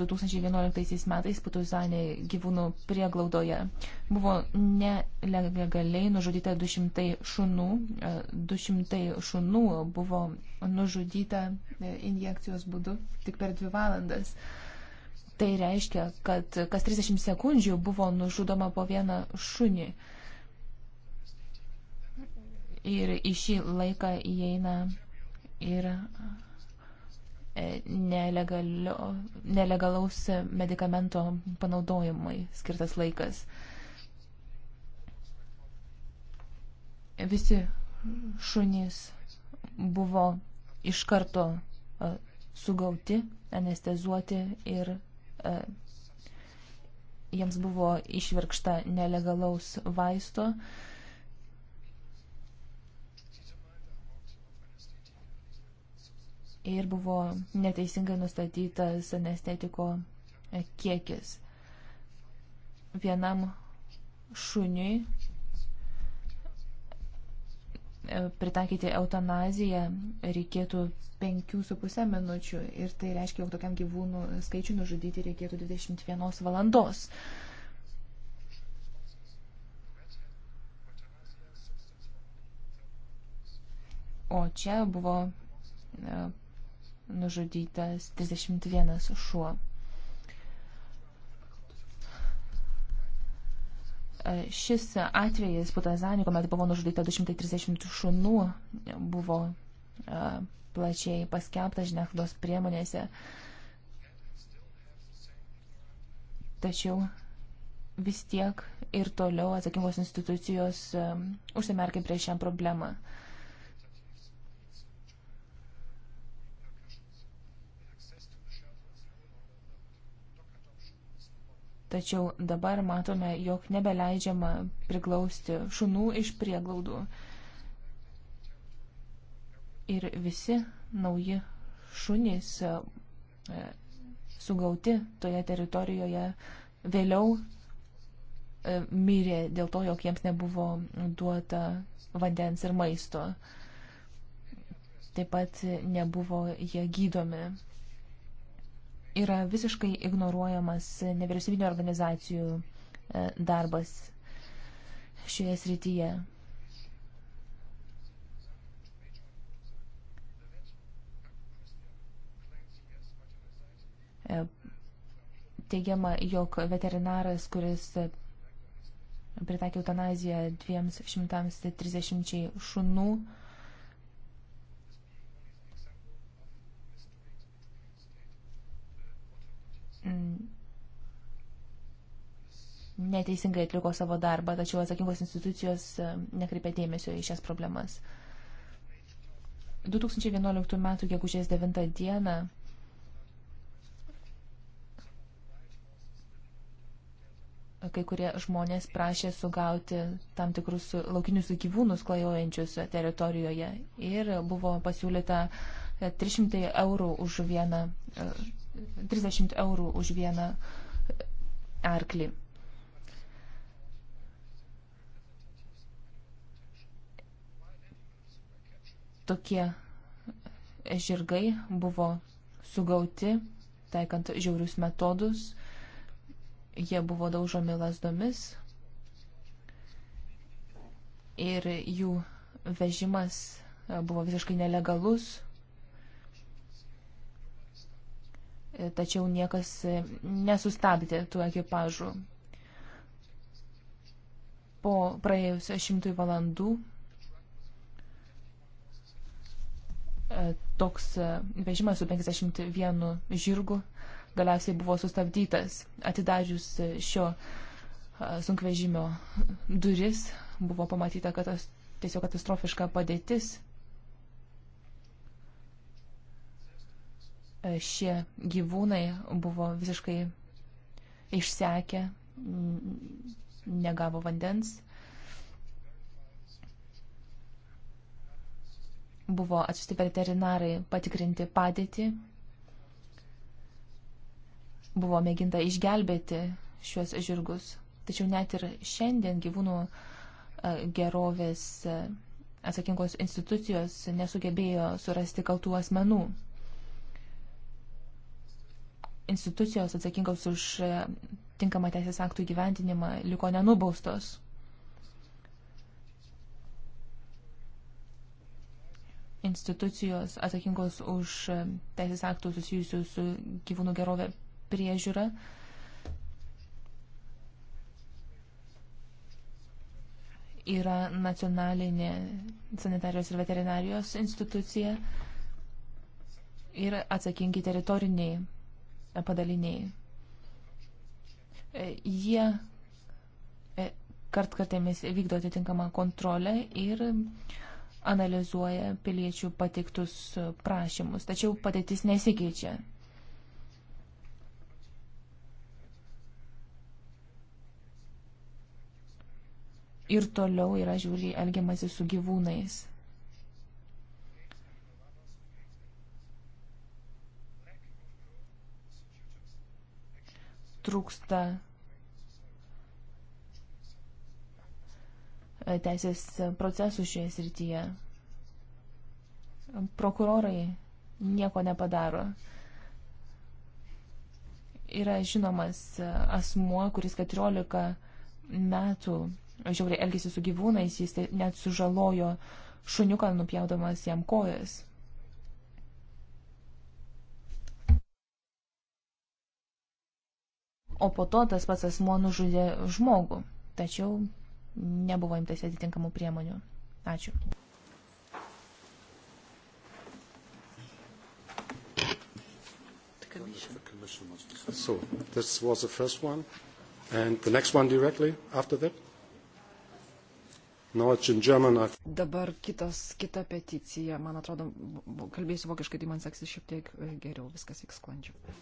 2011 e, metais Putuzanė gyvūnų prieglaudoje. Buvo nelegaliai nužudyta 200 šunų, 200 e, šunų buvo nužudyta injekcijos būdu tik per dvi valandas. Tai reiškia, kad kas 30 sekundžių buvo nužudoma po vieną šunį. Ir į šį laiką įeina ir e, nelegalaus medikamento panaudojimui skirtas laikas. Visi šunys buvo iš karto e, sugauti, anestezuoti ir E, jiems buvo išvirkšta nelegalaus vaisto. Ir buvo neteisingai nustatytas anestetiko kiekis. Vienam šuniui E, pritaikyti eutanaziją reikėtų 5,5 minučių ir tai reiškia, jog tokiam gyvūnų skaičiu nužudyti reikėtų 21 valandos. O čia buvo e, nužudytas 31 šuo. Šis atvejis Putazani, kuomet buvo nužudyta 230 šunų, buvo plačiai paskelbtas žiniasklaidos priemonėse. Tačiau vis tiek ir toliau atsakingos institucijos užsimerkia prieš šią problemą. Tačiau dabar matome, jog nebeleidžiama priglausti šunų iš prieglaudų. Ir visi nauji šunys e, sugauti toje teritorijoje vėliau e, mirė dėl to, jog jiems nebuvo duota vandens ir maisto. Taip pat nebuvo jie gydomi yra visiškai ignoruojamas nevyriausybinio organizacijų e, darbas šioje srityje. E, teigiama, jog veterinaras, kuris pritaikė eutanaziją 230 šunų, Mm. neteisingai atliko savo darbą, tačiau atsakingos institucijos nekreipia dėmesio į šias problemas. 2011 m. gegužės 9 d. kai kurie žmonės prašė sugauti tam tikrus laukinius gyvūnus klajojančius teritorijoje ir buvo pasiūlyta 300 e, eurų už vieną e, 30 eurų už vieną arklį. Tokie žirgai buvo sugauti, taikant žiaurius metodus. Jie buvo daužomi lasdomis ir jų vežimas buvo visiškai nelegalus, tačiau niekas e, nesustabdė tų ekipažų. Po praėjusio šimtui valandų e, toks e, vežimas su 51 žirgu galiausiai buvo sustabdytas. Atidarius šio sunkvežimio duris buvo pamatyta, kad tas tiesiog katastrofiška padėtis šie gyvūnai buvo visiškai išsekę, negavo vandens, buvo atsiusti veterinarai patikrinti padėtį, buvo mėginta išgelbėti šiuos žirgus. Tačiau net ir šiandien gyvūnų e, gerovės e, atsakingos institucijos nesugebėjo surasti kaltų asmenų institucijos atsakingos už e, tinkamą teisės aktų įgyvendinimą liko nenubaustos. Institucijos atsakingos už e, teisės aktų susijusių su gyvūnų gerovė priežiūra yra nacionalinė sanitarijos ir veterinarijos institucija ir atsakingi teritoriniai padaliniai. Jie e, kartkartėmis vykdo atitinkamą kontrolę ir analizuoja piliečių pateiktus prašymus, tačiau padėtis nesikeičia. Ir toliau yra žiūri elgiamasi su gyvūnais. trūksta teisės procesų šioje srityje. Prokurorai nieko nepadaro. Yra žinomas asmuo, kuris 14 metų žiauriai elgėsi su gyvūnais, jis net sužalojo šuniuką nupjaudamas jam kojas. o po to tas pats asmo nužudė žmogų, tačiau nebuvo imtas atitinkamų priemonių. Ačiū. So, this was the first one. And the next one directly after that? No, it's in German. I... Dabar kitas, kita peticija. Man atrodo, kalbėsiu vokiškai, tai man seksis šiek tiek e, geriau, viskas vyks sklandžiau.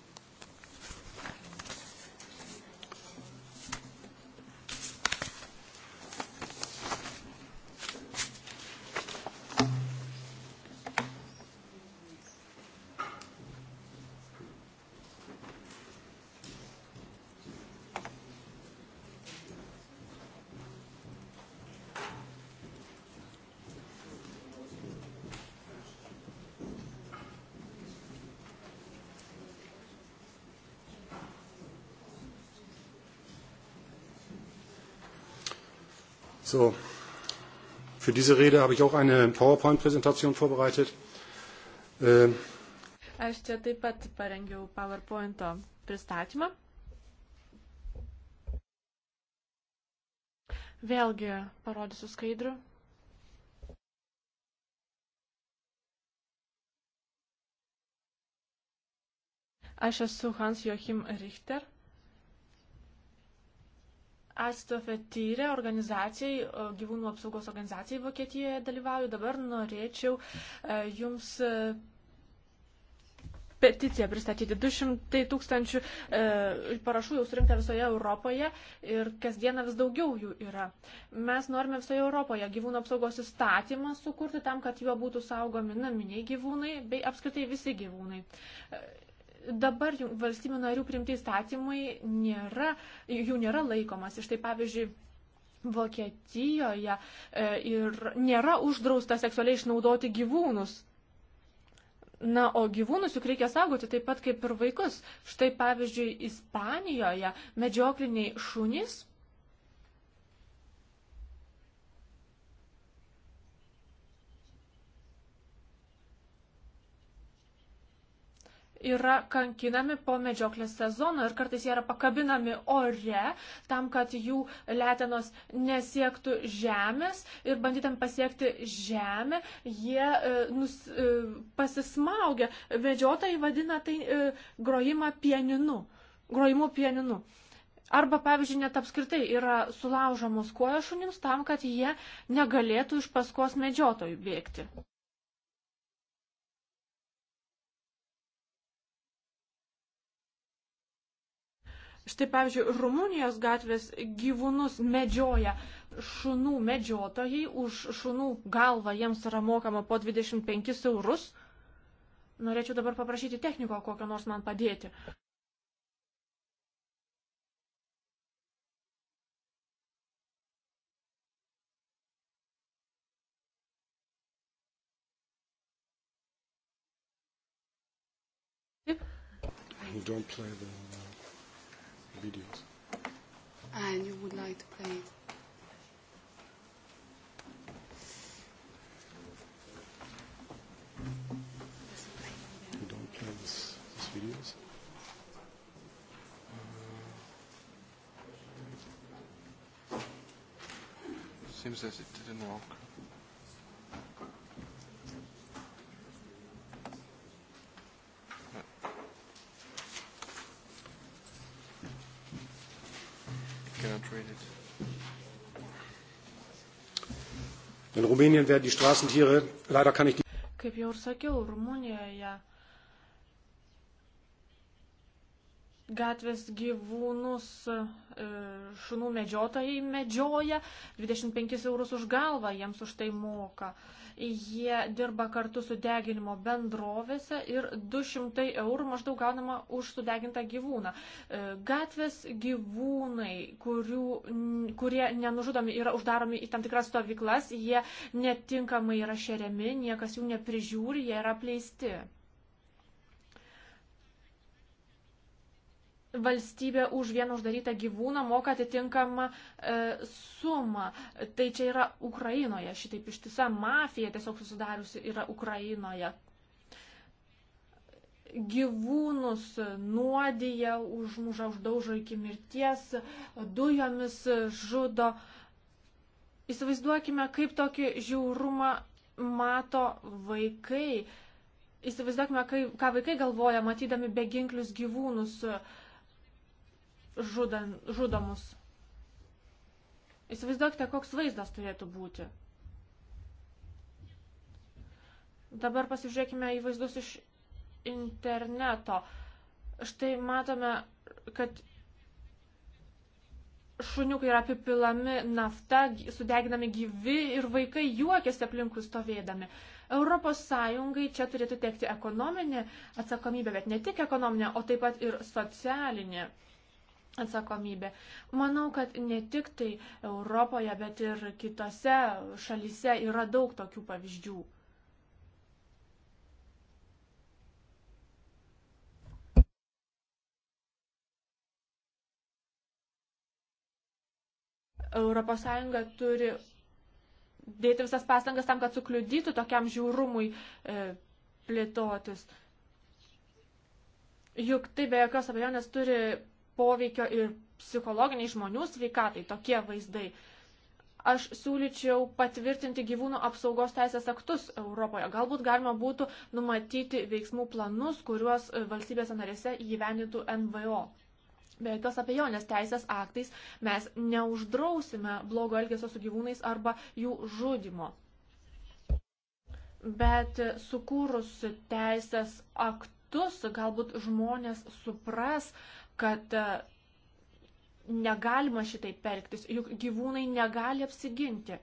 So. Für diese Rede habe ich auch eine PowerPoint-Präsentation vorbereitet. Ähm. Aš čia taip pat parengiau PowerPoint pristatymą. Vėlgi parodysiu skaidrių. Aš esu Hans Joachim Richter. Atstovė tyrė organizacijai, e, gyvūnų apsaugos organizacijai Vokietijoje dalyvauju. Dabar norėčiau e, jums e, peticiją pristatyti. 200 tūkstančių e, parašų jau surinkta visoje Europoje ir kasdieną vis daugiau jų yra. Mes norime visoje Europoje gyvūnų apsaugos įstatymą sukurti tam, kad juo būtų saugomi naminiai gyvūnai bei apskritai visi gyvūnai. E, dabar valstybių narių primti įstatymai nėra, jų nėra laikomas. Štai pavyzdžiui, Vokietijoje e, ir nėra uždrausta seksualiai išnaudoti gyvūnus. Na, o gyvūnus juk reikia saugoti taip pat kaip ir vaikus. Štai pavyzdžiui, Ispanijoje medžiokliniai šunys yra kankinami po medžioklės sezono ir kartais jie yra pakabinami ore tam, kad jų letenos nesiektų žemės ir bandytam pasiekti žemę, jie e, nus, e, pasismaugia. Medžiotojai vadina tai e, grojimą pieninu, grojimu pieninu. Arba, pavyzdžiui, net apskritai yra sulaužomos kojos šunims tam, kad jie negalėtų iš paskos medžiotojų bėgti. Štai pavyzdžiui, Rumunijos gatvės gyvūnus medžioja šunų medžiotojai, už šunų galvą jiems yra mokama po 25 eurus. Norėčiau dabar paprašyti techniko kokio nors man padėti. You don't play the... Uh, videos. And you would like to play it? You don't play this, these videos? Uh, seems as it didn't work. In Rumänien werden die Straßentiere, leider kann ich die. Kaip jau ir sakiau, Rumunijoje gatvės gyvūnus e, šunų medžiotojai medžioja, 25 eurus už galvą jiems už tai moka jie dirba kartu sudeginimo bendrovėse ir 200 eurų maždaug gaunama už sudegintą gyvūną. E, gatvės gyvūnai, kurių, kurie nenužudomi, yra uždaromi į tam tikras stovyklas, jie netinkamai yra šeriami, niekas jų neprižiūri, jie yra pleisti. valstybė už vieną uždarytą gyvūną moka atitinkamą e, sumą. Tai čia yra Ukrainoje, šitaip ištisa mafija tiesiog susidariusi yra Ukrainoje. Gyvūnus nuodija, užmuža, uždaužo iki mirties, dujomis žudo. Įsivaizduokime, kaip tokį žiaurumą mato vaikai. Įsivaizduokime, kai, ką vaikai galvoja, matydami beginklius gyvūnus. E, žudan, žudomus. Įsivaizduokite, koks vaizdas turėtų būti. Dabar pasižiūrėkime į vaizdus iš interneto. Štai matome, kad šuniukai yra apipilami nafta, sudeginami gyvi ir vaikai juokiasi aplinkui stovėdami. Europos Sąjungai čia turėtų tekti ekonominė atsakomybė, bet ne tik ekonominė, o taip pat ir socialinė atsakomybė atsakomybė. Manau, kad ne tik tai Europoje, bet ir kitose šalise yra daug tokių pavyzdžių. ES turi dėti visas pastangas tam, kad sukliudytų tokiam žiaurumui e, plėtotis. Juk tai be jokios abejonės turi poveikio ir psichologiniai žmonių sveikatai tokie vaizdai. Aš siūlyčiau patvirtinti gyvūnų apsaugos teisės aktus Europoje. Galbūt galima būtų numatyti veiksmų planus, kuriuos e, valstybėse narėse įgyvendintų NVO. Be jokios abejonės teisės aktais mes neuždrausime blogo elgesio su gyvūnais arba jų žudimo. Bet e, sukūrus teisės aktus, metus galbūt žmonės supras, kad e, negalima šitai perktis, juk gyvūnai negali apsiginti.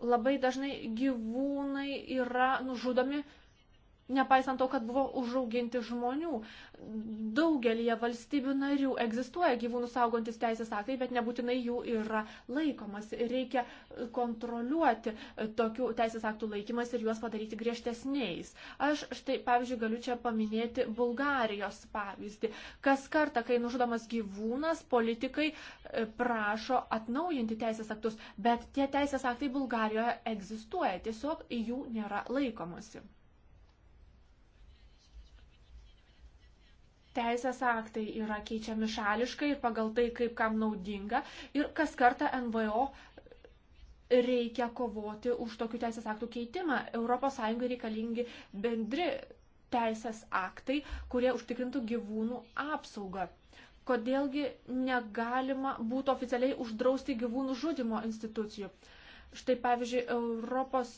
Labai dažnai gyvūnai yra nužudomi nepaisant to, kad buvo užauginti žmonių. Daugelie valstybių narių egzistuoja gyvūnų saugantis teisės aktai, bet nebūtinai jų yra laikomas. Reikia kontroliuoti tokių teisės aktų laikymas ir juos padaryti griežtesniais. Aš štai, pavyzdžiui, galiu čia paminėti Bulgarijos pavyzdį. Kas kartą, kai nužudomas gyvūnas, politikai e, prašo atnaujinti teisės aktus, bet tie teisės aktai Bulgarijoje egzistuoja, tiesiog jų nėra laikomasi. teisės aktai yra keičiami šališkai ir pagal tai, kaip kam naudinga. Ir kas kartą NVO reikia kovoti už tokių teisės aktų keitimą. ES reikalingi bendri teisės aktai, kurie užtikrintų gyvūnų apsaugą. Kodėlgi negalima būtų oficialiai uždrausti gyvūnų žudimo institucijų? Štai pavyzdžiui, Europos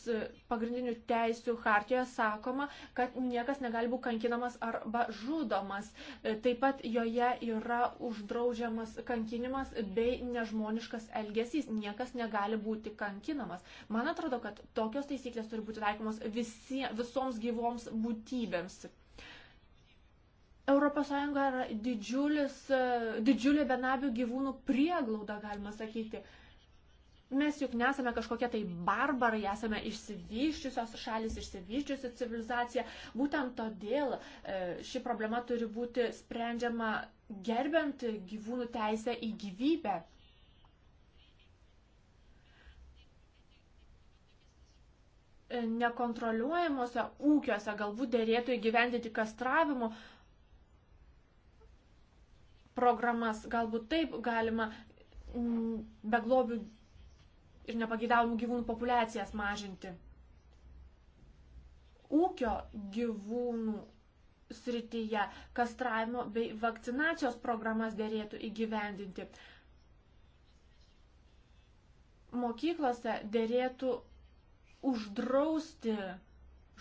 pagrindinių teisių hartijoje sakoma, kad niekas negali būti kankinamas arba žudomas. Taip pat joje yra uždraudžiamas kankinimas bei nežmoniškas elgesys. Niekas negali būti kankinamas. Man atrodo, kad tokios taisyklės turi būti taikomos visi, visoms gyvoms būtybėms. ES yra didžiulis, didžiulė benabių gyvūnų prieglauda, galima sakyti. Mes juk nesame kažkokie tai barbarai, esame išsivyščiusios šalis, išsivyščiusi civilizacija. Būtent todėl e, ši problema turi būti sprendžiama gerbent gyvūnų teisę į gyvybę. E, nekontroliuojamuose ūkiuose galbūt dėrėtų įgyvendinti kastravimo programas, galbūt taip galima beglobių ir nepagydavimų gyvūnų populiacijas mažinti. Ūkio gyvūnų srityje kastravimo bei vakcinacijos programas dėrėtų įgyvendinti. Mokyklose dėrėtų uždrausti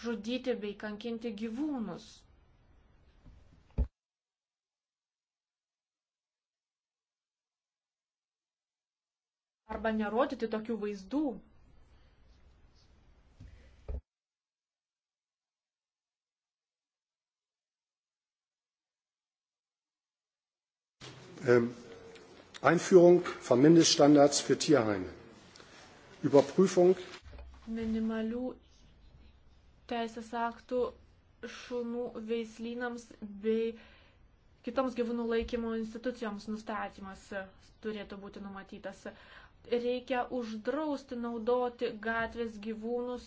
žudyti bei kankinti gyvūnus. arba nerodyti tokių vaizdų. Ähm, Einführung von Mindeststandards für Tierheime. Überprüfung minimalių teisės aktų šunų veislynams bei kitoms gyvūnų laikymo institucijoms nustatymas turėtų būti numatytas reikia uždrausti naudoti gatvės gyvūnus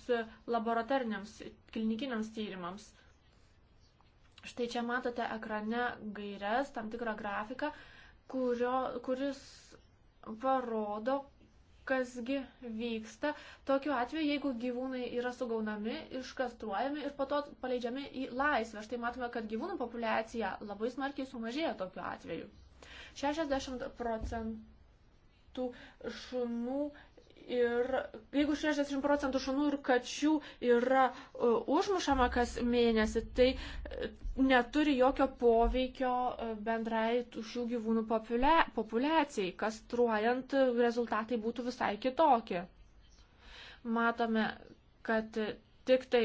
laboratoriniams, klinikiniams tyrimams. Štai čia matote ekrane gairias, tam tikrą grafiką, kurio, kuris parodo, kasgi vyksta. Tokiu atveju, jeigu gyvūnai yra sugaunami, iškastruojami ir po to paleidžiami į laisvę. Štai matome, kad gyvūnų populiacija labai smarkiai sumažėjo tokiu atveju. 60 procentų procentų šunų ir jeigu 60 procentų šunų ir kačių yra uh, užmušama kas mėnesį, tai e, neturi jokio poveikio e, bendrai šių gyvūnų populiacijai, kastruojant rezultatai būtų visai kitokie. Matome, kad tik tai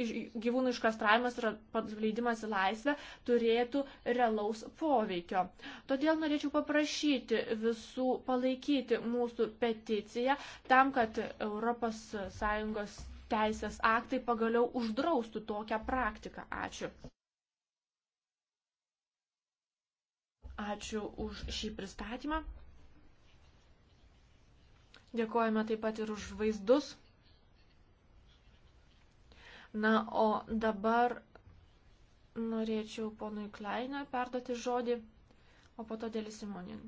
gyvūnų iškastravimas ir leidimas į laisvę turėtų realaus poveikio. Todėl norėčiau paprašyti visų palaikyti mūsų peticiją tam, kad ES teisės aktai pagaliau uždraustų tokią praktiką. Ačiū. Ačiū už šį pristatymą. Dėkojame taip pat ir už vaizdus. Na, o dabar norėčiau ponui Kleinui perduoti žodį, o po to dėl Simonin.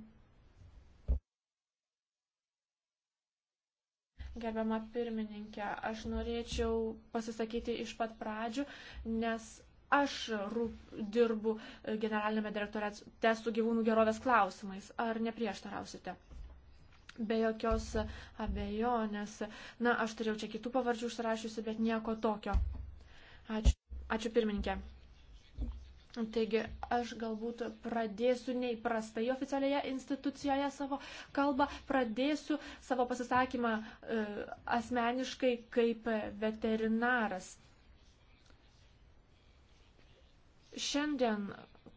Gerbiama pirmininkė, aš norėčiau pasisakyti iš pat pradžių, nes aš rūp, dirbu generalinėme direktorėte su gyvūnų gerovės klausimais. Ar neprieštarausite? be jokios abejonės. Na, aš turėjau čia kitų pavardžių užsirašiusi, bet nieko tokio. Ačiū, ačiū pirmininkė. Taigi, aš galbūt pradėsiu neįprastai oficialioje institucijoje savo kalbą, pradėsiu savo pasisakymą e, asmeniškai kaip veterinaras. Šiandien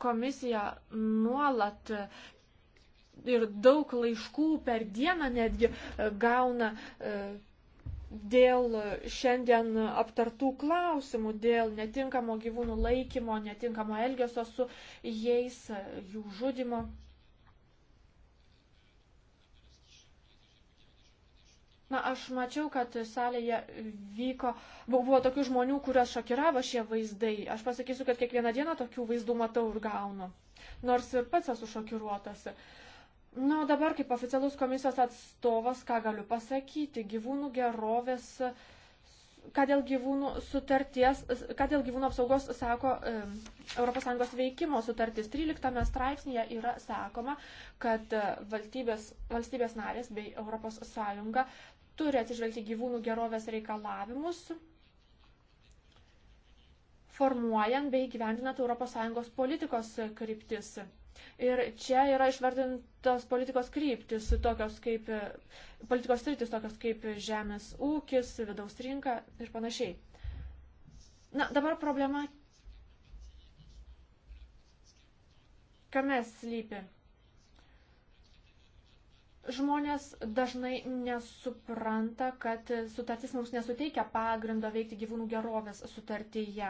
komisija nuolat ir daug laiškų per dieną netgi e, gauna e, dėl šiandien aptartų klausimų, dėl netinkamo gyvūnų laikymo, netinkamo elgesio su jais, e, jų žudimo. Na, aš mačiau, kad salėje vyko, buvo tokių žmonių, kurios šokiravo šie vaizdai. Aš pasakysiu, kad kiekvieną dieną tokių vaizdų matau ir gaunu. Nors ir pats esu šokiruotas. Uh, Na, o dabar kaip oficialus komisijos atstovas, ką galiu pasakyti, gyvūnų gerovės, ką dėl gyvūnų sutarties, ką dėl gyvūnų apsaugos sako ES veikimo sutartis 13 straipsnėje yra sakoma, kad e, valstybės, valstybės narės bei ES turi atsižvelgti gyvūnų gerovės reikalavimus formuojant bei gyvendinant ES politikos kryptis. Ir čia yra išvardintos politikos kryptis, tokios kaip, politikos rytis, tokios kaip žemės ūkis, vidaus rinka ir panašiai. Na, dabar problema, kame slypi. Žmonės dažnai nesupranta, kad sutartis mums nesuteikia pagrindo veikti gyvūnų gerovės sutartyje,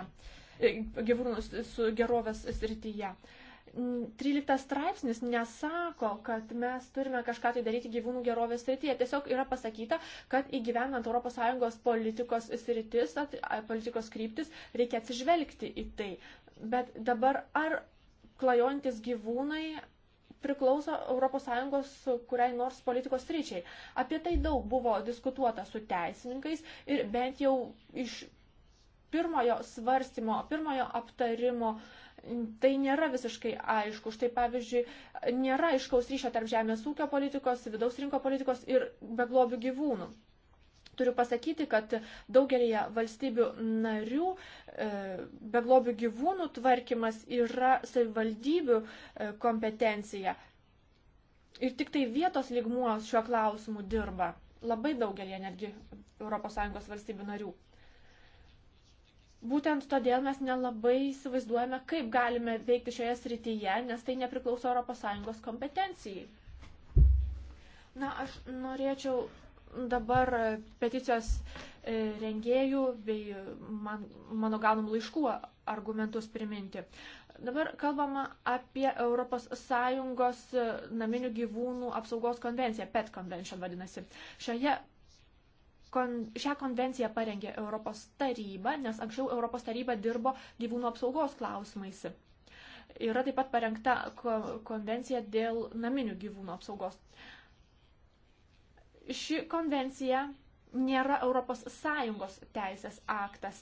e, gyvūnų su gerovės srityje. 13 straipsnis nesako, kad mes turime kažką tai daryti gyvūnų gerovės srityje. Tiesiog yra pasakyta, kad įgyvenant ES politikos sritis, politikos kryptis, reikia atsižvelgti į tai. Bet dabar ar klajojantis gyvūnai priklauso ES kuriai nors politikos sryčiai. Apie tai daug buvo diskutuota su teisininkais ir bent jau iš pirmojo svarstymo, pirmojo aptarimo uh, tai nėra visiškai aišku. Štai pavyzdžiui, nėra aiškaus ryšio tarp žemės ūkio politikos, vidaus rinko politikos ir beglobių gyvūnų. Turiu pasakyti, kad daugelėje valstybių narių e, beglobių gyvūnų tvarkymas yra savivaldybių e, kompetencija. Ir tik tai vietos lygmuos šiuo klausimu dirba labai daugelį netgi ES valstybių narių. Būtent todėl mes nelabai įsivaizduojame, kaip galime veikti šioje srityje, nes tai nepriklauso ES kompetencijai. Na, aš norėčiau dabar peticijos e, rengėjų bei man, mano gaunam laiškų argumentus priminti. Dabar kalbama apie ES e, naminių gyvūnų apsaugos konvenciją, PET Convention vadinasi. Šioje kon, šią konvenciją parengė Europos taryba, nes anksčiau Europos taryba dirbo gyvūnų apsaugos klausimais. Yra taip pat parengta konvencija dėl naminių gyvūnų apsaugos. Ši konvencija nėra ES teisės aktas.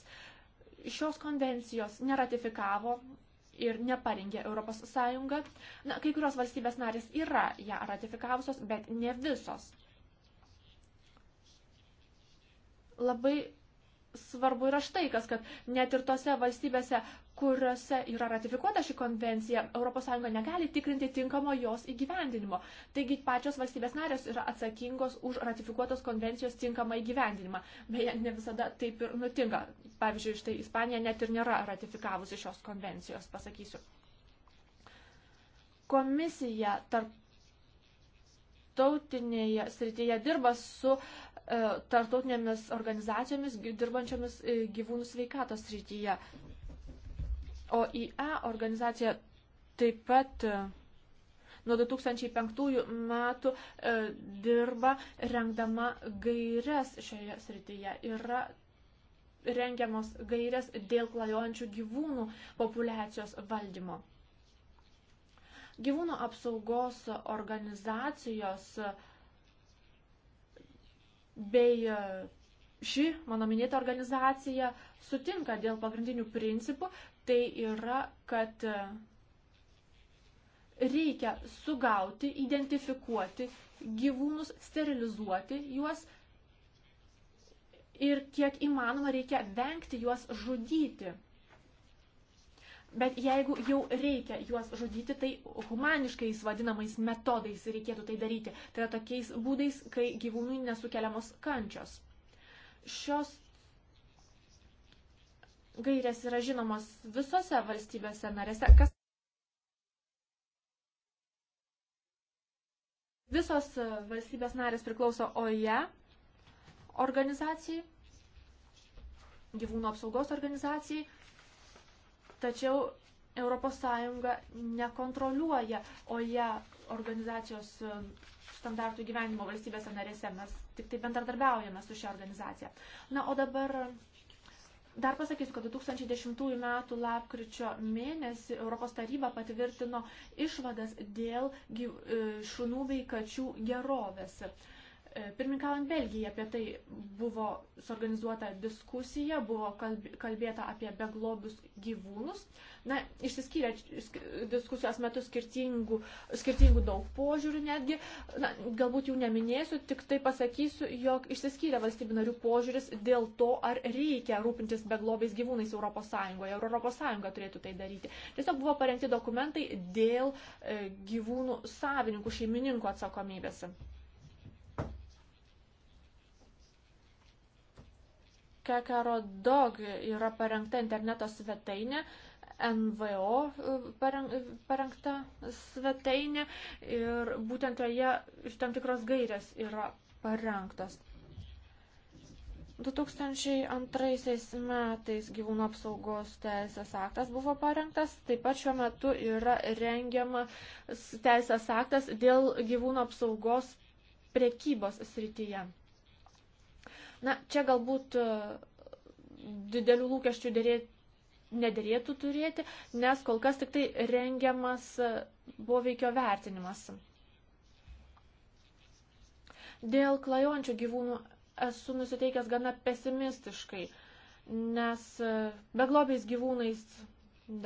Šios konvencijos neratifikavo ir neparengė ES. Na, kai kurios valstybės narės yra ją ratifikavusios, bet ne visos. labai svarbu yra štai kas, kad net ir tose valstybėse, kuriuose yra ratifikuota ši konvencija, ES negali tikrinti tinkamo jos įgyvendinimo. Taigi pačios valstybės narės yra atsakingos už ratifikuotos konvencijos tinkamą įgyvendinimą. Beje, ne visada taip ir nutinka. Pavyzdžiui, štai Ispanija net ir nėra ratifikavusi šios konvencijos, pasakysiu. Komisija tarp tautinėje srityje dirba su uh, E, tartautinėmis organizacijomis dirbančiomis e, gyvūnų sveikatos rytyje. O IE organizacija taip pat e, nuo 2005 metų dirba rengdama gairias šioje srityje. Yra rengiamos gairias dėl klajojančių gyvūnų populiacijos valdymo. Gyvūnų apsaugos organizacijos uh, bei e, ši mano minėta organizacija sutinka dėl pagrindinių principų, tai yra, kad e, reikia sugauti, identifikuoti gyvūnus, sterilizuoti juos ir kiek įmanoma reikia vengti juos žudyti. Bet jeigu jau reikia juos žudyti, tai humaniškais vadinamais metodais reikėtų tai daryti. Tai yra tokiais būdais, kai gyvūnui nesukeliamos kančios. Šios gairės yra žinomos visose valstybėse narėse. Kas Visos valstybės narės priklauso OIE organizacijai, gyvūnų apsaugos organizacijai tačiau ES nekontroliuoja, o ją organizacijos e, standartų gyvenimo valstybėse narėse. Mes tik tai bendradarbiaujame su šia organizacija. Na, o dabar dar pasakysiu, kad 2010 m. lapkričio mėnesį Europos taryba patvirtino išvadas dėl e, šunų bei kačių gerovės. E, Pirminkaujant Belgijai apie tai buvo suorganizuota diskusija, buvo kalbėta apie beglobius gyvūnus. Na, išsiskyrė diskusijos metu skirtingų, skirtingų daug požiūrių netgi. Na, galbūt jų neminėsiu, tik tai pasakysiu, jog išsiskyrė valstybių narių požiūris dėl to, ar reikia rūpintis beglobiais gyvūnais ES. Ir ES turėtų tai daryti. Tiesiog buvo parengti dokumentai dėl e, gyvūnų savininkų, šeimininkų atsakomybės. Kekarodog yra parengta interneto svetainė, NVO uh, parengta svetainė ir būtent joje iš tam tikros gairės yra parengtas. 2002 metais gyvūnų apsaugos teisės aktas buvo parengtas, taip pat šiuo metu yra rengiama teisės aktas dėl gyvūnų apsaugos prekybos srityje. Na, čia galbūt e, didelių lūkesčių dėrėtų nedėrėtų turėti, nes kol kas tik tai rengiamas e, poveikio vertinimas. Dėl klajončių gyvūnų esu nusiteikęs gana pesimistiškai, nes e, beglobiais gyvūnais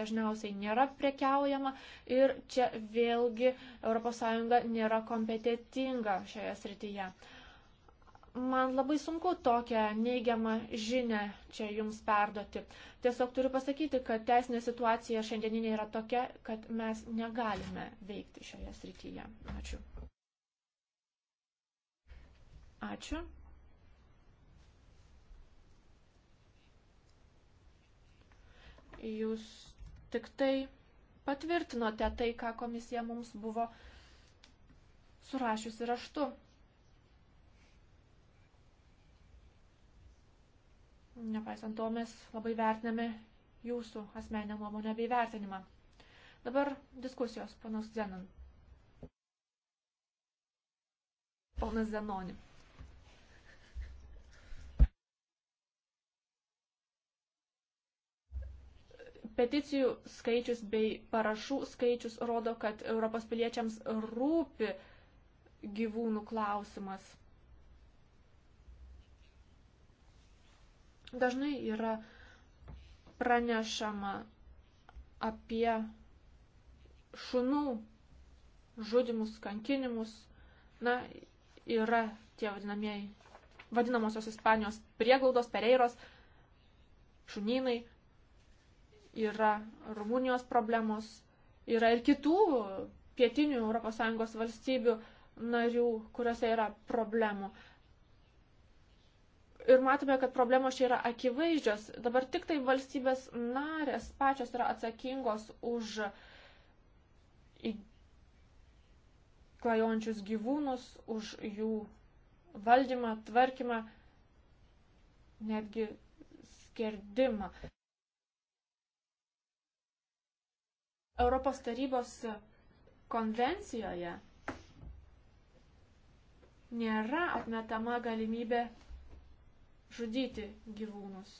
dažniausiai nėra prekiaujama ir čia vėlgi ES nėra kompetitinga šioje srityje. Man labai sunku tokią neigiamą žinę čia jums perduoti. Tiesiog turiu pasakyti, kad teisinė situacija šiandieninė yra tokia, kad mes negalime veikti šioje srityje. Ačiū. Ačiū. Jūs tik tai patvirtinote tai, ką komisija mums buvo surašiusi raštu. Nepaisant to, mes labai vertiname jūsų asmenę nuomonę bei vertinimą. Dabar diskusijos, panas Zenon. Ponas Zenoni. Peticijų skaičius bei parašų skaičius rodo, kad Europos piliečiams rūpi gyvūnų klausimas. Dažnai yra pranešama apie šunų žudimus, kankinimus. Na, yra tie vadinamieji, vadinamosios Ispanijos prieglaudos, pereiros, šunynai, yra Rumunijos problemos, yra ir kitų pietinių ES valstybių narių, kuriuose yra problemų. Ir matome, kad problemos čia yra akivaizdžios. Dabar tik tai valstybės narės pačios yra atsakingos už klajončius gyvūnus, už jų valdymą, tvarkymą, netgi skerdimą. Europos tarybos konvencijoje nėra atmetama galimybė žudyti gyvūnus.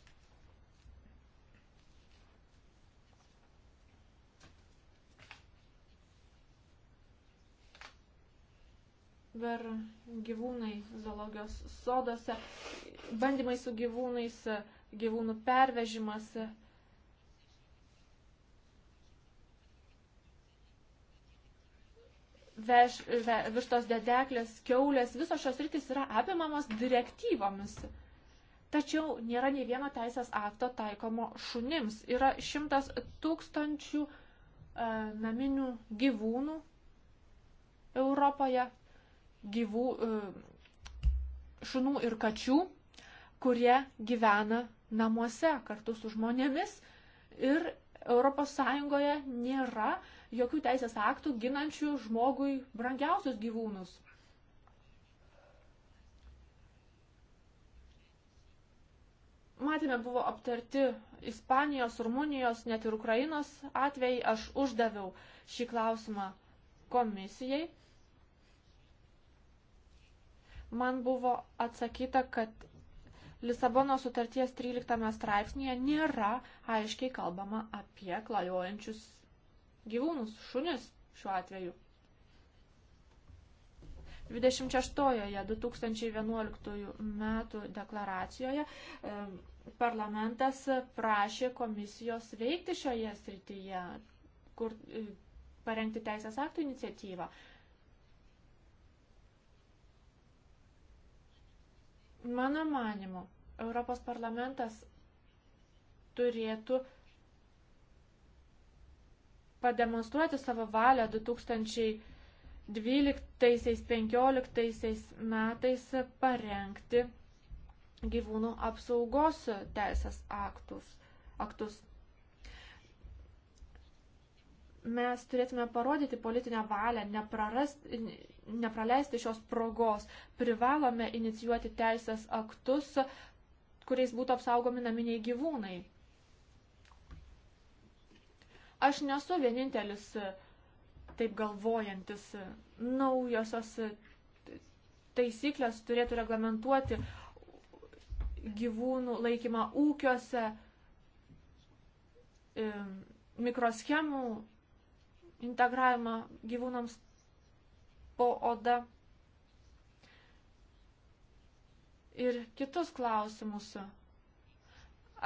per gyvūnai zoologijos sodose, bandymai su gyvūnais, gyvūnų pervežimas. Veš, ve, vištos dedeklės, keulės, visos šios rytis yra apimamos direktyvomis. Tačiau nėra nei vieno teisės akto taikomo šunims. Yra šimtas tūkstančių e, naminių gyvūnų Europoje, gyvų, e, šunų ir kačių, kurie gyvena namuose kartu su žmonėmis ir ES nėra jokių teisės aktų ginančių žmogui brangiausius gyvūnus. matėme, buvo aptarti Ispanijos, Rumunijos, net ir Ukrainos atvejai. Aš uždaviau šį klausimą komisijai. Man buvo atsakyta, kad Lisabono sutarties 13 straipsnėje nėra aiškiai kalbama apie klajojančius gyvūnus, šunis šiuo atveju. 26-oje 2011 metų deklaracijoje e, parlamentas prašė komisijos veikti šioje srityje, kur e, parengti teisės aktų iniciatyvą. Mano manimu, Europos parlamentas turėtų pademonstruoti savo valią 2000 12-15 metais parengti gyvūnų apsaugos teisės aktus. aktus. Mes turėtume parodyti politinę valią, nepraleisti šios progos. Privalome inicijuoti teisės aktus, kuriais būtų apsaugomi naminiai gyvūnai. Aš nesu vienintelis uh, taip galvojantis. Naujosios taisyklės turėtų reglamentuoti gyvūnų laikymą ūkiuose, mikroschemų integravimą gyvūnams po oda ir kitus klausimus.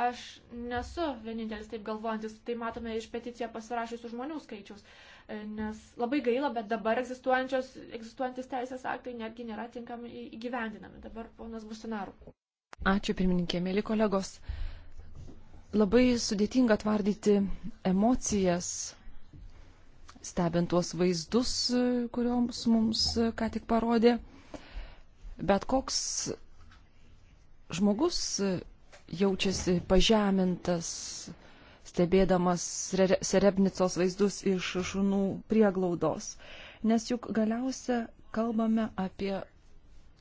Aš nesu vienintelis taip galvojantis, tai matome iš peticiją pasirašysių žmonių skaičiaus nes labai gaila, bet dabar egzistuojantis teisės aktai netgi nėra tinkami įgyvendinami. Dabar ponas Bustinaru. Ačiū pirmininkė, mėly kolegos. Labai sudėtinga atvardyti emocijas, stebint tuos vaizdus, kuriuoms mums ką tik parodė. Bet koks žmogus jaučiasi pažemintas, stebėdamas Serebnicos vaizdus iš šunų prieglaudos. Nes juk galiausia kalbame apie,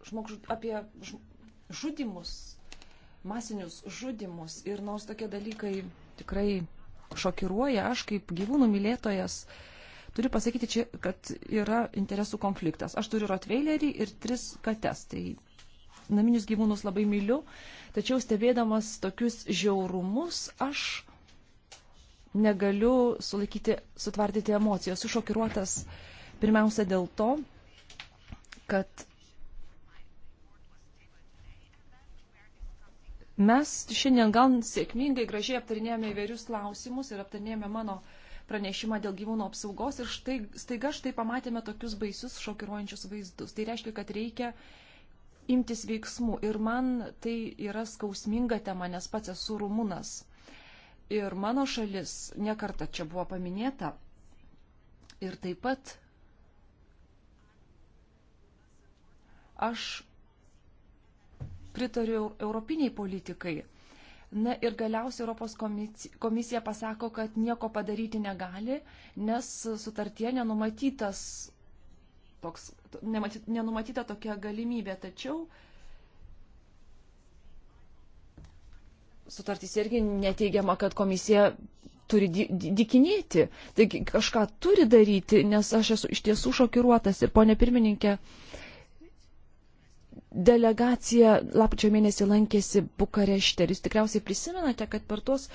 žmog, apie žudimus, masinius žudimus. Ir nors tokie dalykai tikrai šokiruoja, aš kaip gyvūnų mylėtojas turiu pasakyti čia, kad yra interesų konfliktas. Aš turiu rotveilerį ir tris kates. Tai naminius gyvūnus labai myliu, tačiau stebėdamas tokius žiaurumus, aš negaliu sulaikyti, sutvardyti emocijų. Esu šokiruotas pirmiausia dėl to, kad mes šiandien gan sėkmingai, gražiai aptarinėjome įvairius klausimus ir aptarinėjome mano pranešimą dėl gyvūnų apsaugos ir štai, staiga štai pamatėme tokius baisius, šokiruojančius vaizdus. Tai reiškia, kad reikia imtis veiksmų ir man tai yra skausminga tema, nes pats esu rumunas ir mano šalis nekarta čia buvo paminėta. Ir taip pat aš pritariu europiniai politikai. Na ir galiausiai Europos komisija, komisija pasako, kad nieko padaryti negali, nes sutartie nenumatytas toks, nematyt, nenumatyta tokia galimybė. Tačiau uh, sutartys irgi neteigiama, kad komisija turi dikinėti. Taigi kažką turi daryti, nes aš esu iš tiesų šokiruotas. Ir ponė pirmininkė, delegacija lapčio mėnesį lankėsi Bukarešte. Jūs tikriausiai prisimenate, kad per tuos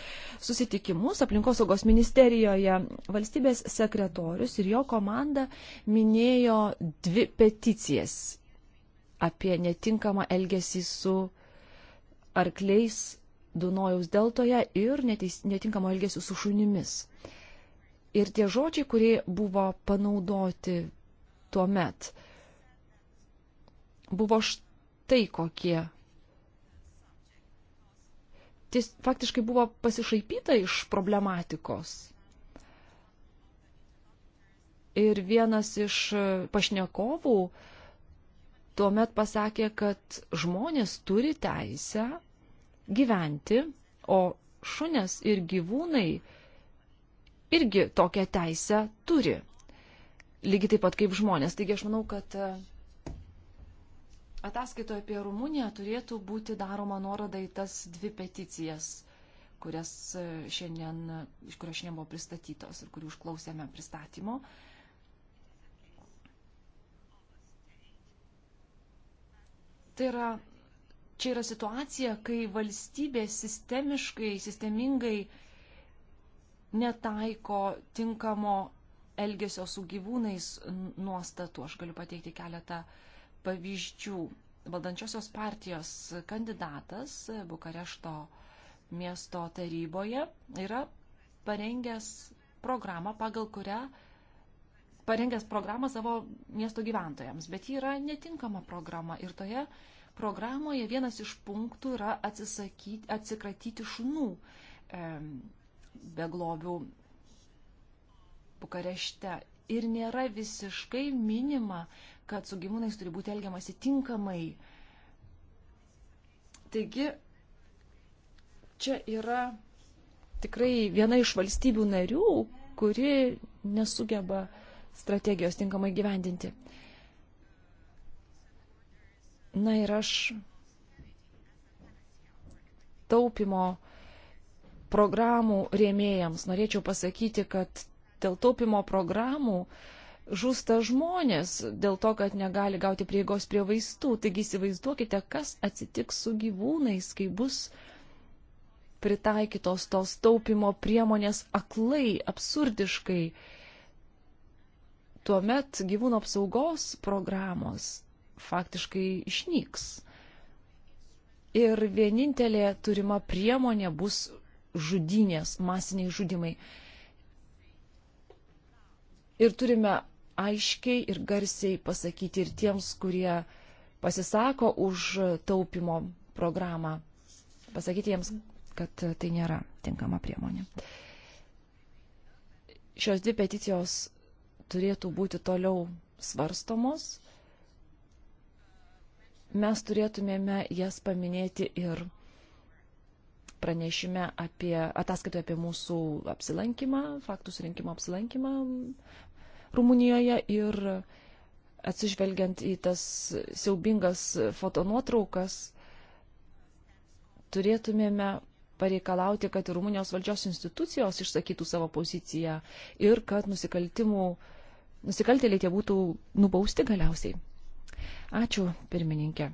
susitikimus aplinkosaugos ministerijoje valstybės sekretorius ir jo komanda minėjo dvi peticijas apie netinkamą elgesį su arkliais Dunojaus deltoje ir neteis, netinkamo elgesio su šunimis. Ir tie žodžiai, kurie buvo panaudoti tuo met, buvo štai kokie. Ties, faktiškai buvo pasišaipyta iš problematikos. Ir vienas iš pašnekovų tuomet pasakė, kad žmonės turi teisę gyventi, o šunės ir gyvūnai irgi tokią teisę turi. Lygiai taip pat kaip žmonės. Taigi aš manau, kad e, ataskaitoje apie Rumuniją turėtų būti daroma nuoroda į tas dvi peticijas, kurias e, šiandien, iš kurios šiandien buvo pristatytos ir kurių užklausėme pristatymo. Tai yra Čia yra situacija, kai valstybė sistemiškai, sistemingai netaiko tinkamo elgesio su gyvūnais nuostatų. Aš galiu pateikti keletą pavyzdžių. Valdančiosios partijos kandidatas Bukarešto miesto taryboje yra parengęs programą, pagal kurią parengęs programą savo miesto gyventojams, bet ji yra netinkama programa ir toje programoje vienas iš punktų yra atsisakyti, atsikratyti šunų e, beglobių Bukarešte. Ir nėra visiškai minima, kad su gyvūnais turi būti elgiamasi tinkamai. Taigi, čia yra tikrai viena iš valstybių narių, kuri nesugeba strategijos tinkamai gyvendinti. Na ir aš taupimo programų rėmėjams norėčiau pasakyti, kad dėl taupimo programų žūsta žmonės dėl to, kad negali gauti prieigos prie vaistų. Taigi įsivaizduokite, kas atsitiks su gyvūnais, kai bus pritaikytos tos taupimo priemonės aklai, absurdiškai. Tuomet gyvūnų apsaugos programos faktiškai išnyks. Ir vienintelė turima priemonė bus žudynės, masiniai žudimai. Ir turime aiškiai ir garsiai pasakyti ir tiems, kurie pasisako už taupimo programą, pasakyti jiems, kad tai nėra tinkama priemonė. Šios dvi peticijos turėtų būti toliau svarstomos mes turėtumėme jas paminėti ir pranešime apie ataskaitą apie mūsų apsilankymą, faktų surinkimo apsilankymą Rumunijoje ir atsižvelgiant į tas siaubingas fotonuotraukas, turėtumėme pareikalauti, kad ir Rumunijos valdžios institucijos išsakytų savo poziciją ir kad nusikaltimų, nusikaltėliai tie būtų nubausti galiausiai. Ačiū, pirmininkė.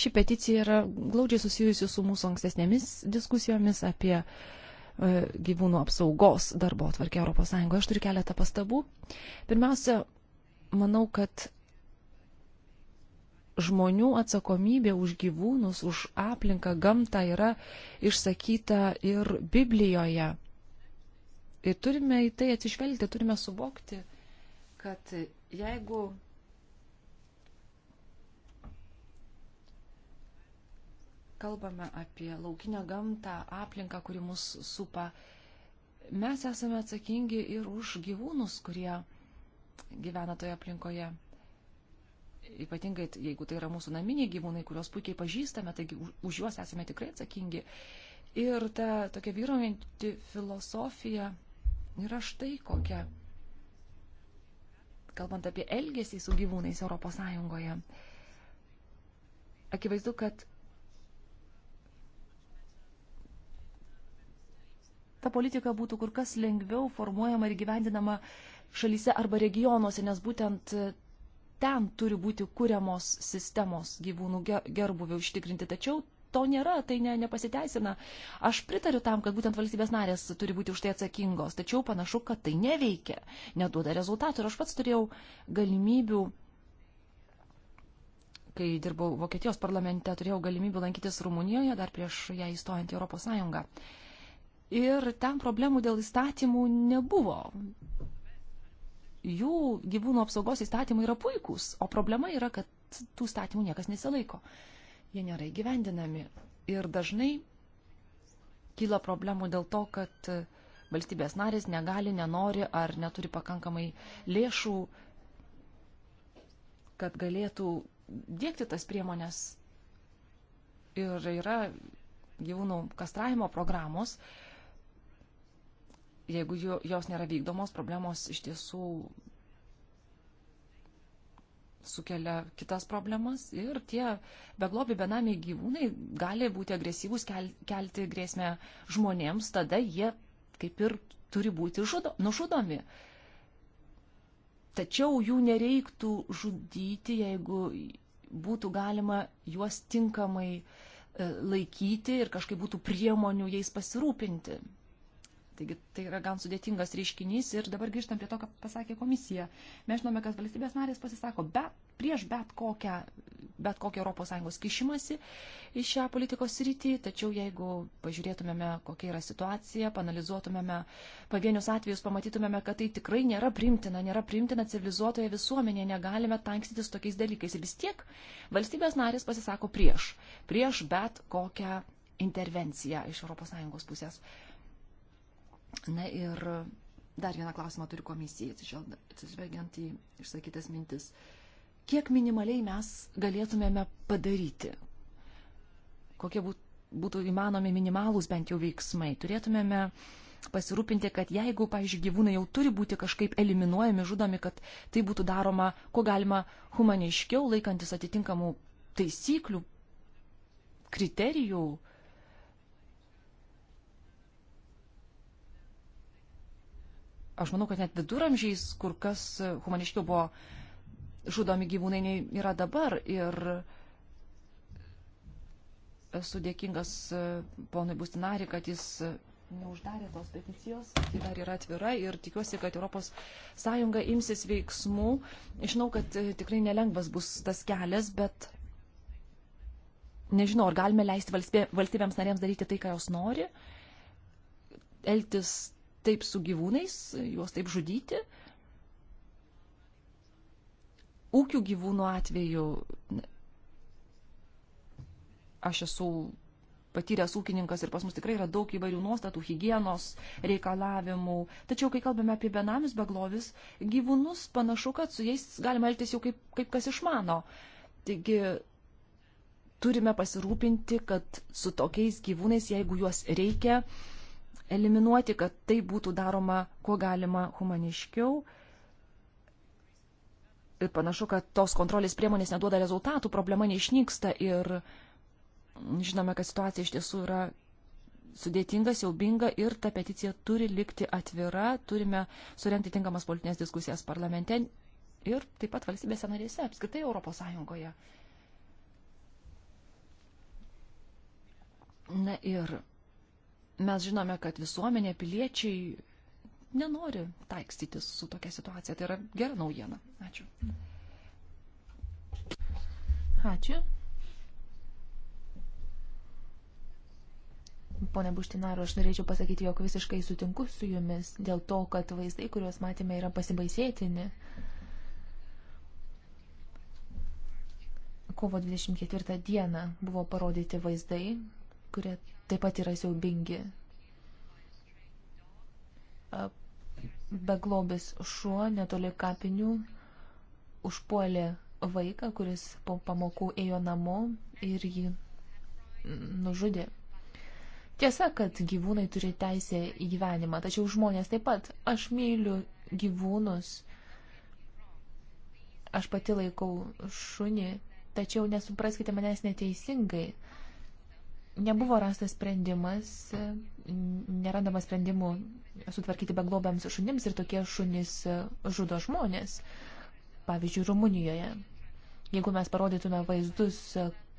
Ši peticija yra glaudžiai susijusi su mūsų ankstesnėmis diskusijomis apie e, gyvūnų apsaugos darbo atvarkė ES. Aš turiu keletą pastabų. Pirmiausia, manau, kad žmonių atsakomybė už gyvūnus, už aplinką, gamtą yra išsakyta ir Biblijoje. Ir turime į tai atsižvelgti, turime suvokti, kad jeigu kalbame apie laukinę gamtą, aplinką, kuri mus supa, mes esame atsakingi ir už gyvūnus, kurie gyvena toje aplinkoje. Ypatingai, jeigu tai yra mūsų naminiai gyvūnai, kuriuos puikiai pažįstame, taigi už juos esame tikrai atsakingi. Ir ta tokia vyraujanti filosofija yra štai kokia, kalbant apie elgesį su gyvūnais ES. Akivaizdu, kad ta politika būtų kur kas lengviau formuojama ir gyvendinama šalyse arba regionuose, nes būtent e, ten turi būti kuriamos sistemos gyvūnų gerbuvių užtikrinti. Tačiau to nėra, tai ne, nepasiteisina. Aš pritariu tam, kad būtent valstybės narės turi būti už tai atsakingos, tačiau panašu, kad tai neveikia, neduoda rezultatų. Ir aš pats turėjau galimybių kai dirbau Vokietijos parlamente, turėjau galimybę lankytis Rumunijoje dar prieš ją įstojant į Europos Sąjungą. Uh, ir ten problemų dėl įstatymų nebuvo. Jų gyvūnų apsaugos įstatymai yra puikūs, o problema yra, kad tų įstatymų niekas nesilaiko. Jie nėra įgyvendinami. Ir dažnai kyla problemų dėl to, kad valstybės narės negali, nenori ar neturi pakankamai lėšų, kad galėtų dėkti tas priemonės. Ir yra gyvūnų kastravimo programos, jeigu jos nėra vykdomos, problemos iš tiesų sukelia kitas problemas ir tie beglobi benamiai gyvūnai gali būti agresyvūs, kel, kelti grėsmę žmonėms, tada jie kaip ir turi būti žudo, nužudomi. Tačiau jų nereiktų žudyti, jeigu būtų galima juos tinkamai e, laikyti ir kažkaip būtų priemonių jais pasirūpinti. Taigi tai yra gan sudėtingas reiškinys ir dabar grįžtam prie to, ką pasakė komisija. Mes žinome, kad valstybės narės pasisako be, prieš bet kokią, bet kokią ES kišimasi į šią politikos rytį, tačiau jeigu pažiūrėtumėme, kokia yra situacija, panalizuotumėme pavienius atvejus, pamatytumėme, kad tai tikrai nėra primtina, nėra primtina civilizuotoje visuomenėje, negalime tankstytis tokiais dalykais. Ir vis tiek valstybės narės pasisako prieš, prieš bet kokią intervenciją iš ES pusės. Na ir dar vieną klausimą turi komisija, atsižvelgiant į išsakytas mintis. Kiek minimaliai mes galėtumėme padaryti? Kokie būtų įmanomi minimalūs bent jau veiksmai? Turėtumėme pasirūpinti, kad jeigu, pavyzdžiui, gyvūnai jau turi būti kažkaip eliminuojami, žudomi, kad tai būtų daroma, ko galima humaniškiau, laikantis atitinkamų taisyklių, kriterijų, Aš manau, kad net viduramžiais kur kas humaniškiau buvo žudomi gyvūnai nei yra dabar. Ir esu dėkingas e, ponui Bustinari, kad jis e, neuždarė tos peticijos, ji dar yra atvira ir tikiuosi, kad ES imsis veiksmų. Žinau, kad e, tikrai nelengvas bus tas kelias, bet nežinau, ar galime leisti valstybėms narėms daryti tai, ką jos nori, elgtis taip su gyvūnais, juos taip žudyti. Ūkių gyvūnų atveju aš esu patyręs ūkininkas ir pas mus tikrai yra daug įvairių nuostatų, hygienos reikalavimų. Tačiau, kai kalbame apie benamius beglovis, gyvūnus panašu, kad su jais galima elgtis jau kaip, kaip kas išmano. Taigi turime pasirūpinti, kad su tokiais gyvūnais, jeigu juos reikia, uh, eliminuoti, kad tai būtų daroma kuo galima humaniškiau. Ir panašu, kad tos kontrolės priemonės neduoda rezultatų, problema neišnyksta ir žinome, kad situacija iš tiesų yra sudėtinga, siaubinga ir ta peticija turi likti atvira, turime surenkti tinkamas politinės diskusijas parlamente ir taip pat valstybėse narėse, apskritai Europos Sąjungoje. Na ir Mes žinome, kad visuomenė, piliečiai nenori taikstytis su tokia situacija. Tai yra gera naujiena. Ačiū. Ačiū. Pone Buštinaro, aš norėčiau pasakyti, jog visiškai sutinku su jumis dėl to, kad vaizdai, kuriuos matėme, yra pasibaisėtini. Kovo 24 dieną buvo parodyti vaizdai, kurie taip pat yra siaubingi. Beglobis šuo netoli kapinių užpuolė vaiką, kuris po pamokų ėjo namo ir jį nužudė. Tiesa, kad gyvūnai turi teisę į gyvenimą, tačiau žmonės taip pat. Aš myliu gyvūnus, aš pati laikau šunį, tačiau nesupraskite manęs neteisingai. Nebuvo rastas sprendimas, nerandama sprendimų sutvarkyti beglobiams šunims ir tokie šunys žudo žmonės. Pavyzdžiui, Rumunijoje. Jeigu mes parodytume vaizdus,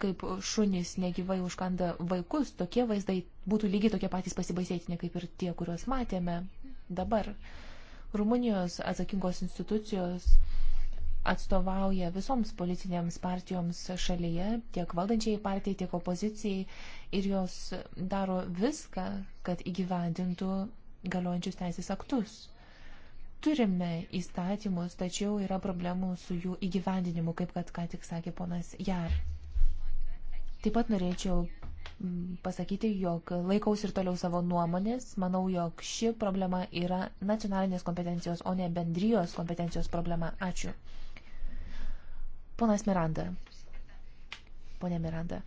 kaip šunys negyvai užkanda vaikus, tokie vaizdai būtų lygiai tokie patys pasibaisėtini, kaip ir tie, kuriuos matėme dabar. Rumunijos atsakingos institucijos atstovauja visoms politinėms partijoms šalyje, tiek valdančiai partijai, tiek opozicijai, ir jos daro viską, kad įgyvendintų galiojančius teisės aktus. Turime įstatymus, tačiau yra problemų su jų įgyvendinimu, kaip kad ką tik sakė ponas Jar. Taip pat norėčiau mm, pasakyti, jog laikaus ir toliau savo nuomonės. Manau, jog ši problema yra nacionalinės kompetencijos, o ne bendrijos kompetencijos problema. Ačiū. Ponas Miranda. Pone Miranda.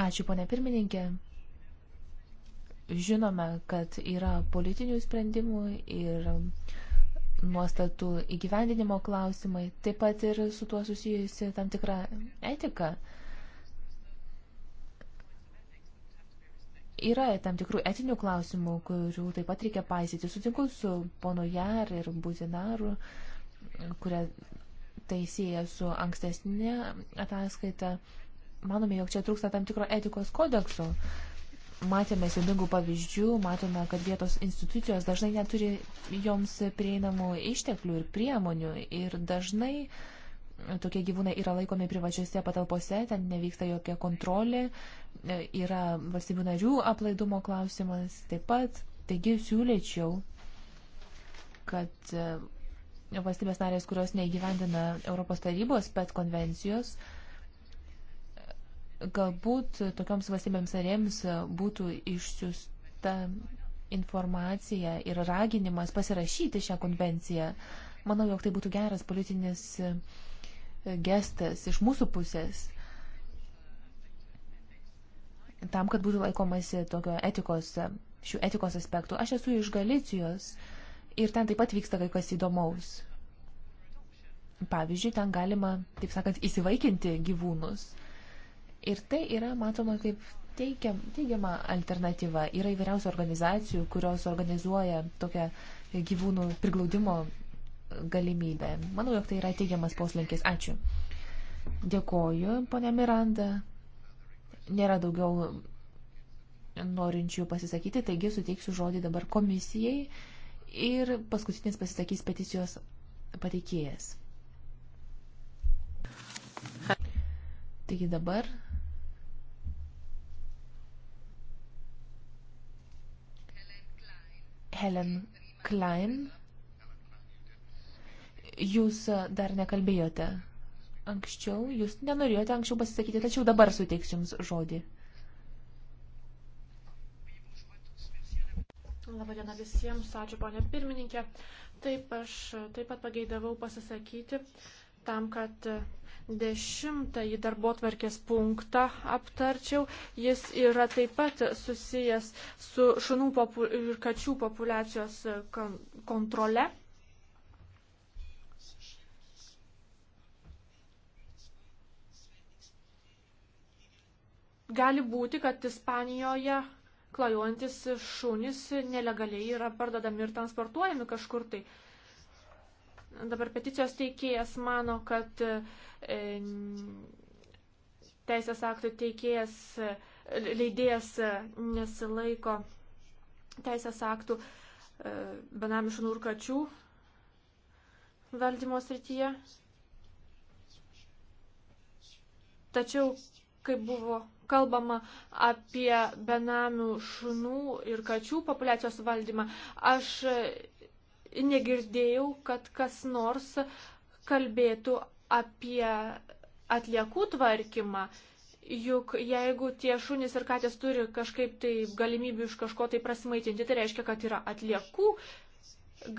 Ačiū, ponė pirmininkė. Žinome, kad yra politinių sprendimų ir nuostatų įgyvendinimo klausimai, taip pat ir su tuo susijusi tam tikra etika. Yra tam tikrų etinių klausimų, kurių taip pat reikia paisyti. Sutinku su ponu Jar ir Buzinaru, kurie tai sieja su ankstesnė ataskaita. Manome, jog čia trūksta tam tikro etikos kodekso. Matėme siubingų pavyzdžių, matome, kad vietos institucijos dažnai neturi joms prieinamų išteklių ir priemonių ir dažnai tokie gyvūnai yra laikomi privačiose patalpose, ten nevyksta jokia kontrolė, yra valstybių narių aplaidumo klausimas taip pat. Taigi siūlyčiau, kad valstybės narės, kurios neįgyvendina Europos tarybos PET konvencijos, galbūt tokioms valstybėms narėms būtų išsiusta informacija ir raginimas pasirašyti šią konvenciją. Manau, jog tai būtų geras politinis gestas iš mūsų pusės tam, kad būtų laikomasi tokio etikos, šių etikos aspektų. Aš esu iš Galicijos Ir ten taip pat vyksta kai kas įdomaus. Pavyzdžiui, ten galima, taip sakant, įsivaikinti gyvūnus. Ir tai yra matoma kaip teikiam, teigiama alternatyva. Yra įvairiausių organizacijų, kurios organizuoja tokią gyvūnų priglaudimo galimybę. Manau, jog tai yra teigiamas poslinkis. Ačiū. Dėkoju, ponia Miranda. Nėra daugiau norinčių pasisakyti, taigi suteiksiu žodį dabar komisijai ir paskutinis pasisakys peticijos pateikėjas. Taigi dabar Helen Klein, jūs dar nekalbėjote anksčiau, jūs nenorėjote anksčiau pasisakyti, tačiau dabar suteiksiu jums žodį. Labadiena visiems, ačiū ponė pirmininkė. Taip, aš taip pat pageidavau pasisakyti tam, kad dešimtąjį darbo tvarkės punktą aptarčiau. Jis yra taip pat susijęs su šunų popu ir kačių populacijos kontrole. Gali būti, kad Ispanijoje klajojantis šunys nelegaliai yra parduodami ir transportuojami kažkur tai. Dabar peticijos teikėjas mano, kad e, teisės aktų teikėjas, leidėjas nesilaiko teisės aktų e, benamių šunų ir kačių valdymo srityje. Tačiau, kaip buvo kalbama apie benamių šunų ir kačių populiacijos valdymą, aš e, negirdėjau, kad kas nors kalbėtų apie atliekų tvarkymą. Juk jeigu tie šunys ir katės turi kažkaip tai galimybių iš kažko tai prasimaitinti, tai reiškia, kad yra atliekų.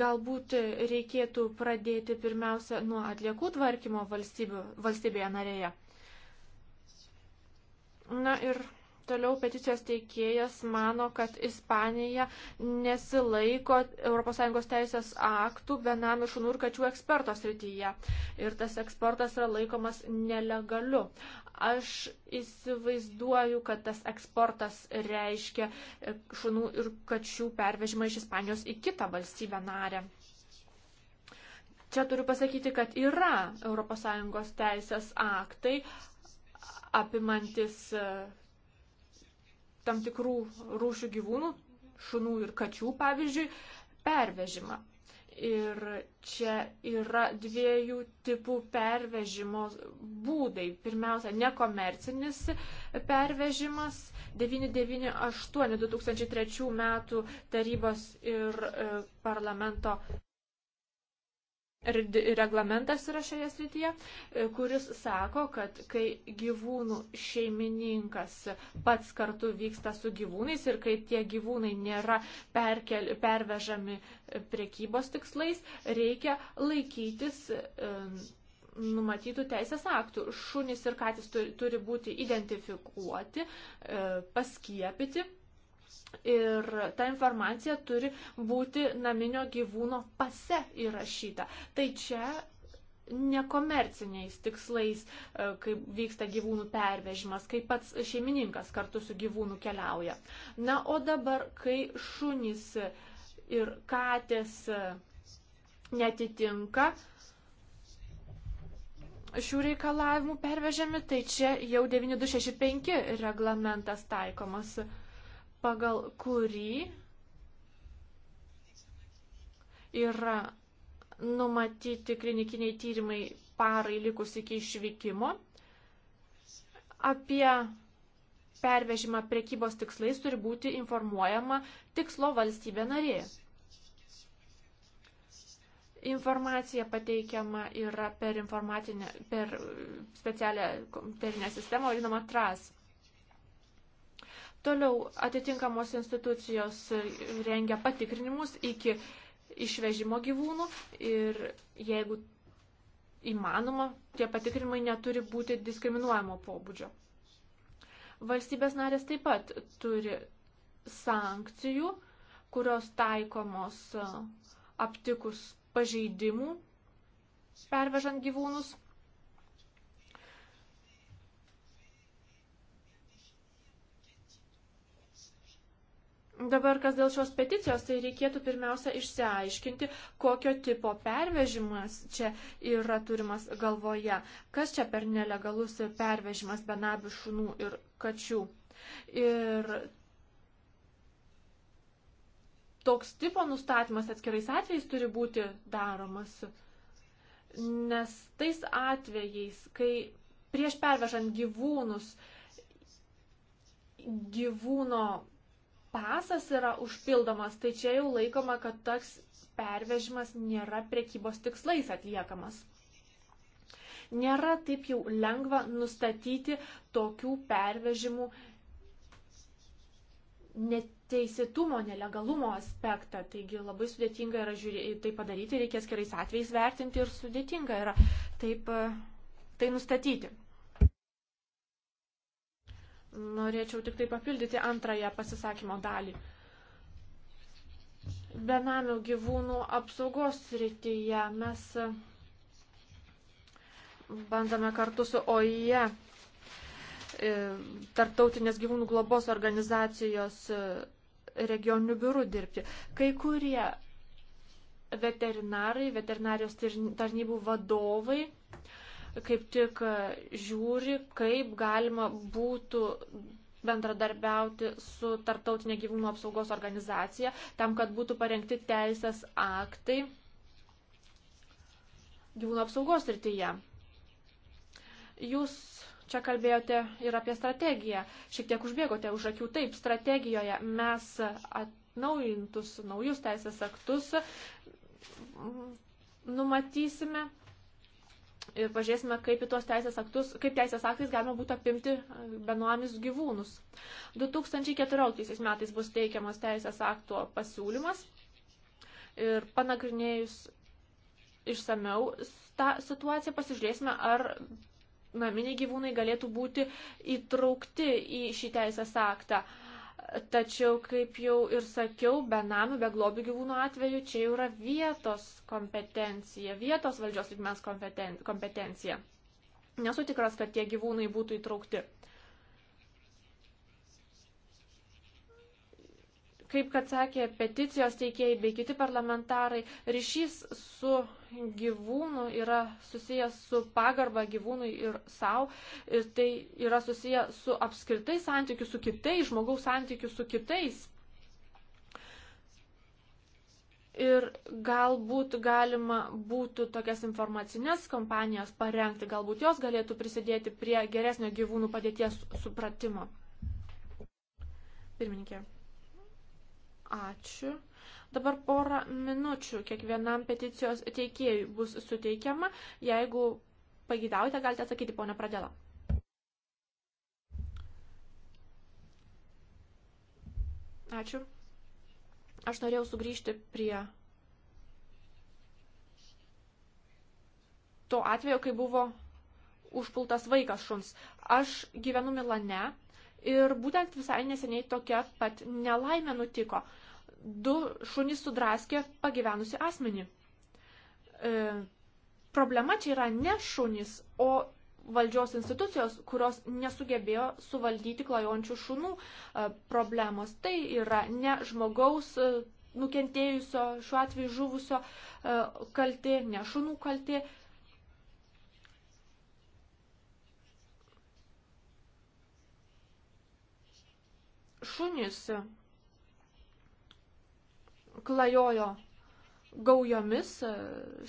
Galbūt reikėtų pradėti pirmiausia nuo atliekų tvarkymo valstybėje narėje. Na ir toliau peticijos teikėjas mano, kad Ispanija nesilaiko ES teisės aktų benamių šunų ir kačių eksporto srityje. Ir tas eksportas yra laikomas nelegaliu. Aš įsivaizduoju, kad tas eksportas reiškia šunų ir kačių pervežimą iš Ispanijos į kitą valstybę narę. Čia turiu pasakyti, kad yra ES teisės aktai, apimantis e, tam tikrų rūšių gyvūnų, šunų ir kačių, pavyzdžiui, pervežimą. Ir čia yra dviejų tipų pervežimo būdai. Pirmiausia, nekomercinis pervežimas 998 2003 metų tarybos ir e, parlamento reglamentas yra šioje srityje, e, kuris sako, kad kai gyvūnų šeimininkas pats kartu vyksta su gyvūnais ir kai tie gyvūnai nėra perkel, pervežami e, priekybos tikslais, reikia laikytis. E, numatytų teisės aktų. Šunys ir katys turi, turi būti identifikuoti, e, paskiepyti Ir ta informacija turi būti naminio gyvūno pase įrašyta. Tai čia nekomerciniais tikslais, e, kaip vyksta gyvūnų pervežimas, kaip pats šeimininkas kartu su gyvūnu keliauja. Na, o dabar, kai šunys ir katės e, netitinka šių reikalavimų pervežiami, tai čia jau 9265 reglamentas taikomas pagal kurį yra numatyti klinikiniai tyrimai parai likus iki išvykimo. Apie pervežimą prekybos tikslais turi būti informuojama tikslo valstybė narė. Informacija pateikiama yra per, per specialią kompiuterinę sistemą, vadinamą TRAS. Toliau atitinkamos institucijos rengia patikrinimus iki išvežimo gyvūnų ir jeigu įmanoma, tie patikrinimai neturi būti diskriminuojamo pobūdžio. Valstybės narės taip pat turi sankcijų, kurios taikomos aptikus pažeidimų pervežant gyvūnus. Dabar, kas dėl šios peticijos, tai reikėtų pirmiausia išsiaiškinti, kokio tipo pervežimas čia yra turimas galvoje. Kas čia per nelegalus pervežimas benabių šunų ir kačių. Ir toks tipo nustatymas atskirais atvejais turi būti daromas. Nes tais atvejais, kai prieš pervežant gyvūnus, gyvūno pasas yra užpildomas, tai čia jau laikoma, kad toks pervežimas nėra prekybos tikslais atliekamas. Nėra taip jau lengva nustatyti tokių pervežimų neteisėtumo, nelegalumo aspektą. Taigi labai sudėtinga yra žiūrė, tai padaryti, reikės gerais atvejais vertinti ir sudėtinga yra taip e, tai nustatyti. Norėčiau tik tai papildyti antrąją pasisakymo dalį. Benamių gyvūnų apsaugos srityje mes bandome kartu su OIE, e, Tartautinės gyvūnų globos organizacijos e, regioninių biurų dirbti. Kai kurie veterinarai, veterinarijos tarnybų vadovai, uh, kaip tik e, žiūri, kaip galima būtų bendradarbiauti su Tartautinė gyvūnų apsaugos organizacija, tam, kad būtų parengti teisės aktai gyvūnų apsaugos rytyje. Jūs čia kalbėjote ir apie strategiją. Šiek tiek užbėgote už akių. Taip, strategijoje mes atnaujintus naujus teisės aktus numatysime ir pažiūrėsime, kaip, teisės aktus, kaip teisės aktais galima būtų apimti e, benomis gyvūnus. 2014 metais bus teikiamas teisės akto pasiūlymas ir panagrinėjus išsameu tą situaciją pasižiūrėsime, ar naminiai gyvūnai galėtų būti įtraukti į šį teisės aktą. Tačiau, kaip jau ir sakiau, benamių, beglobių gyvūnų atveju čia jau yra vietos kompetencija, vietos valdžios lygmens kompetencija. Nesu tikras, kad tie gyvūnai būtų įtraukti. Kaip kad sakė peticijos teikėjai bei kiti parlamentarai, ryšys su gyvūnų yra susijęs su pagarba gyvūnui ir savo, ir tai yra susijęs su apskritai santykiu su kitais, žmogaus santykiu su kitais. Ir galbūt galima būtų tokias informacinės kompanijas parengti, galbūt jos galėtų prisidėti prie geresnio gyvūnų padėties supratimo. Pirmininkė. Ačiū. Dabar porą minučių kiekvienam peticijos teikėjui bus suteikiama. Jeigu pageidaujate, galite atsakyti, ponia Pradėla. Ačiū. Aš norėjau sugrįžti prie to atveju, kai buvo užpultas vaikas šuns. Aš gyvenu Milane ir būtent visai neseniai tokia pat nelaimė nutiko du šunys sudraskė pagyvenusi asmenį. E, problema čia yra ne šunys, o valdžios institucijos, kurios nesugebėjo suvaldyti klajončių šunų e, problemos. Tai yra ne žmogaus e, nukentėjusio, šiuo atveju žuvusio e, kaltė, ne šunų kaltė. Šunys klajojo gaujomis e,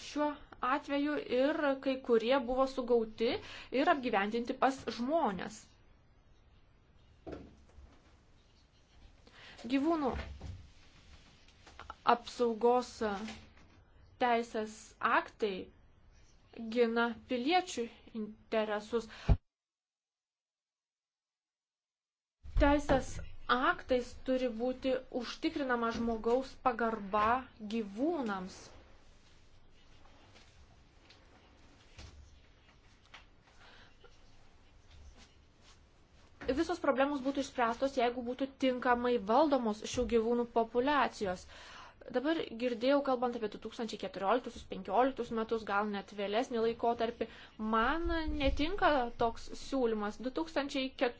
šiuo atveju ir kai kurie buvo sugauti ir apgyvendinti pas žmonės. Gyvūnų apsaugos teisės aktai gina piliečių interesus. Teisės aktais turi būti užtikrinama žmogaus pagarba gyvūnams. Visos problemos būtų išspręstos, jeigu būtų tinkamai valdomos šių gyvūnų populiacijos. Dabar girdėjau, kalbant apie 2014-2015 metus, gal net vėlesnį laikotarpį, man netinka toks siūlymas. 2000,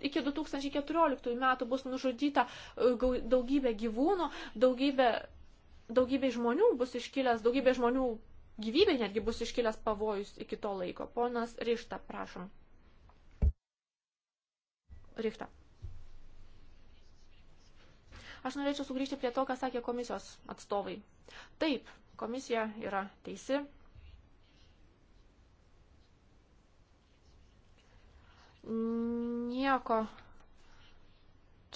iki 2014 metų bus nužudyta e, daugybė gyvūnų, daugybė, daugybė žmonių bus iškilęs, daugybė žmonių gyvybė netgi bus iškilęs pavojus iki to laiko. Ponas Rišta, prašom. Rišta. Aš norėčiau sugrįžti prie to, ką sakė komisijos atstovai. Taip, komisija yra teisi. Nieko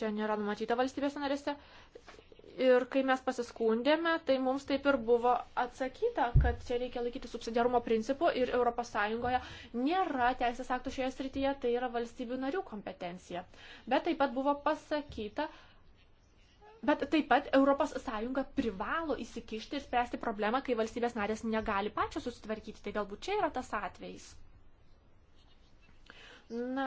čia nėra numatyta valstybės narėse. Ir kai mes pasiskundėme, tai mums taip ir buvo atsakyta, kad čia reikia laikyti subsidiarumo principų ir ES nėra teisės aktų šioje srityje, tai yra valstybių narių kompetencija. Bet taip pat buvo pasakyta, Bet taip pat ES privalo įsikišti ir spręsti problemą, kai valstybės narės negali pačios susitvarkyti. Tai galbūt čia yra tas atvejis. Na,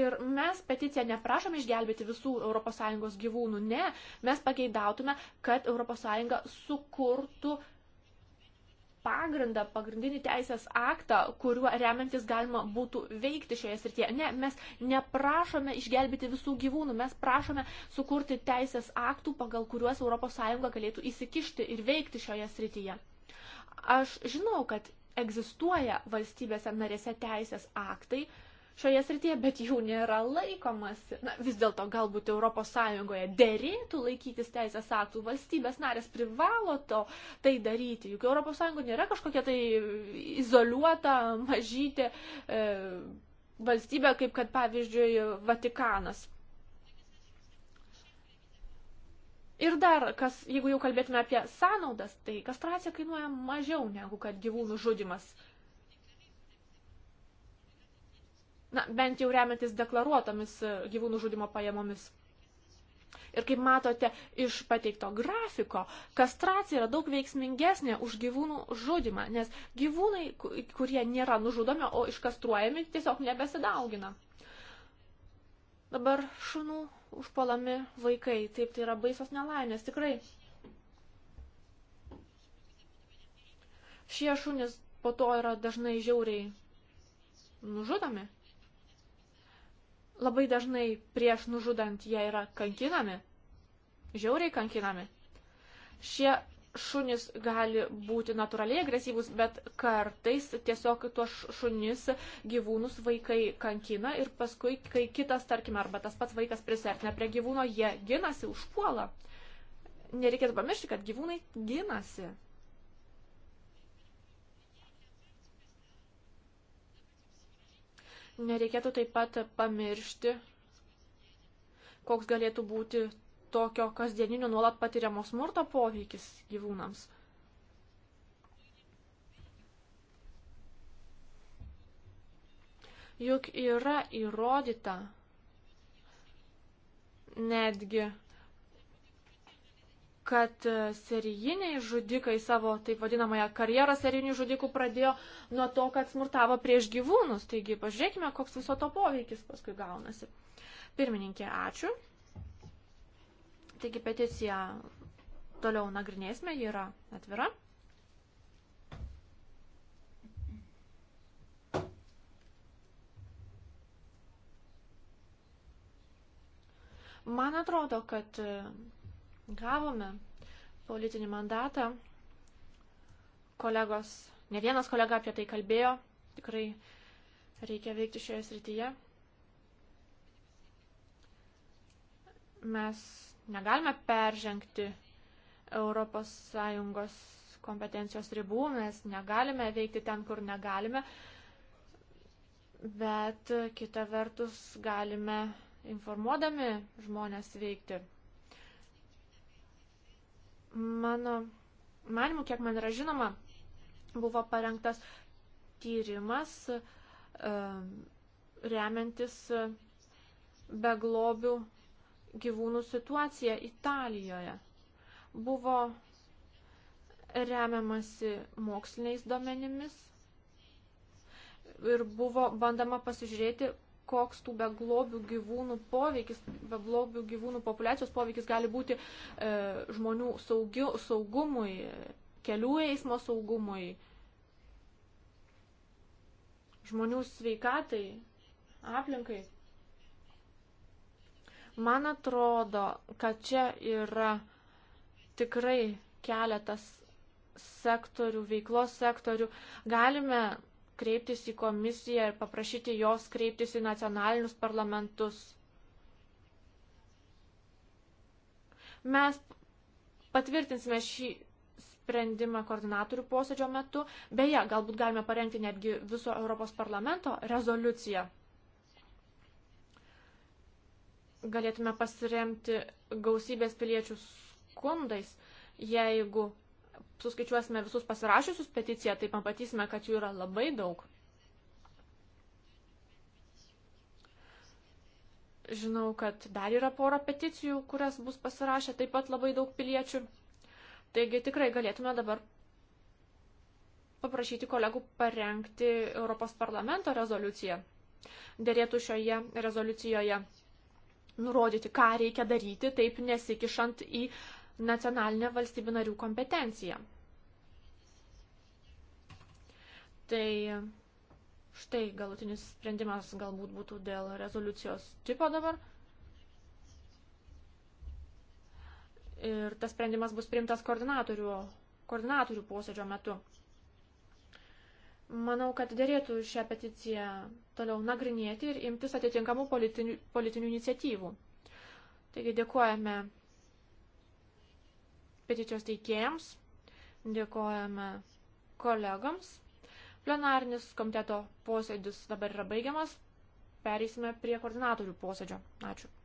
ir mes peticiją neprašome išgelbėti visų ES gyvūnų, ne. Mes pageidautume, kad ES sukurtų uh, pagrindą, pagrindinį teisės aktą, kuriuo remiantis galima būtų veikti šioje srityje. Ne, mes neprašome išgelbėti visų gyvūnų, mes prašome sukurti teisės aktų, pagal kuriuos ES galėtų įsikišti ir veikti šioje srityje. Aš žinau, kad egzistuoja valstybėse narėse teisės aktai, šioje srityje, bet jų nėra laikomasi. Na, vis dėlto galbūt ES dėrėtų laikytis teisės aktų, valstybės narės privalo to tai daryti, juk ES nėra kažkokia tai izoliuota, mažytė e, valstybė, kaip kad pavyzdžiui Vatikanas. Ir dar, kas, jeigu jau kalbėtume apie sąnaudas, tai kastracija kainuoja mažiau negu kad gyvūnų žudimas. na, bent jau remiantis deklaruotomis e, gyvūnų žudimo pajamomis. Ir kaip matote iš pateikto grafiko, kastracija yra daug veiksmingesnė už gyvūnų žudimą, nes gyvūnai, kurie nėra nužudomi, o iškastruojami, tiesiog nebesidaugina. Dabar šunų užpalami vaikai, taip tai yra baisos nelaimės, tikrai. Šie šunys po to yra dažnai žiauriai nužudomi. Labai dažnai prieš nužudant jie yra kankinami, žiauriai kankinami. Šie šunys gali būti natūraliai agresyvūs, bet kartais tiesiog tuos šunis gyvūnus vaikai kankina ir paskui, kai kitas, tarkime, arba tas pats vaikas prisertina prie gyvūno, jie ginasi, užpuola. Nereikėtų pamiršti, kad gyvūnai ginasi. Nereikėtų taip pat pamiršti, koks galėtų būti tokio kasdieninio nuolat patiriamo smurto poveikis gyvūnams. Juk yra įrodyta netgi kad e, serijiniai žudikai savo taip vadinamąją karjerą serijinių žudikų pradėjo nuo to, kad smurtavo prieš gyvūnus. Taigi pažiūrėkime, koks viso to poveikis paskui gaunasi. Pirmininkė, ačiū. Taigi peticiją toliau nagrinėsime, ji yra atvira. Man atrodo, kad gavome politinį mandatą. Kolegos, ne vienas kolega apie tai kalbėjo, tikrai reikia veikti šioje srityje. Mes negalime peržengti ES kompetencijos ribų, mes negalime veikti ten, kur negalime, bet kita vertus galime informuodami žmonės veikti. Mano manimu, kiek man yra žinoma, buvo parengtas tyrimas e, remiantis beglobių gyvūnų situacija Italijoje. Buvo remiamasi moksliniais duomenimis ir buvo bandama pasižiūrėti, koks tų beglobių gyvūnų poveikis, beglobių gyvūnų populacijos poveikis gali būti e, žmonių saugiu, saugumui, kelių eismo saugumui, žmonių sveikatai, aplinkai. Man atrodo, kad čia yra tikrai keletas sektorių, veiklos sektorių. Galime kreiptis į komisiją ir paprašyti jos kreiptis į nacionalinius parlamentus. Mes patvirtinsime šį sprendimą koordinatorių posėdžio metu. Beje, galbūt galime parengti netgi viso Europos parlamento rezoliuciją. Galėtume pasiremti gausybės piliečių skundais, jeigu suskaičiuosime visus pasirašysius peticiją, tai pamatysime, kad jų yra labai daug. Žinau, kad dar yra pora peticijų, kurias bus pasirašę taip pat labai daug piliečių. Taigi tikrai galėtume dabar paprašyti kolegų parengti Europos parlamento rezoliuciją. Dėrėtų šioje rezoliucijoje nurodyti, ką reikia daryti, taip nesikišant į uh, nacionalinė valstybių narių kompetencija. Tai štai galutinis sprendimas galbūt būtų dėl rezoliucijos tipo dabar. Ir tas sprendimas bus priimtas koordinatorių, koordinatorių posėdžio metu. Manau, kad dėrėtų šią peticiją toliau nagrinėti ir imtis atitinkamų politinių, politinių iniciatyvų. Taigi dėkojame peticijos teikėjams, dėkojame kolegams. Plenarinis komiteto posėdis dabar yra baigiamas. Pereisime prie koordinatorių posėdžio. Ačiū.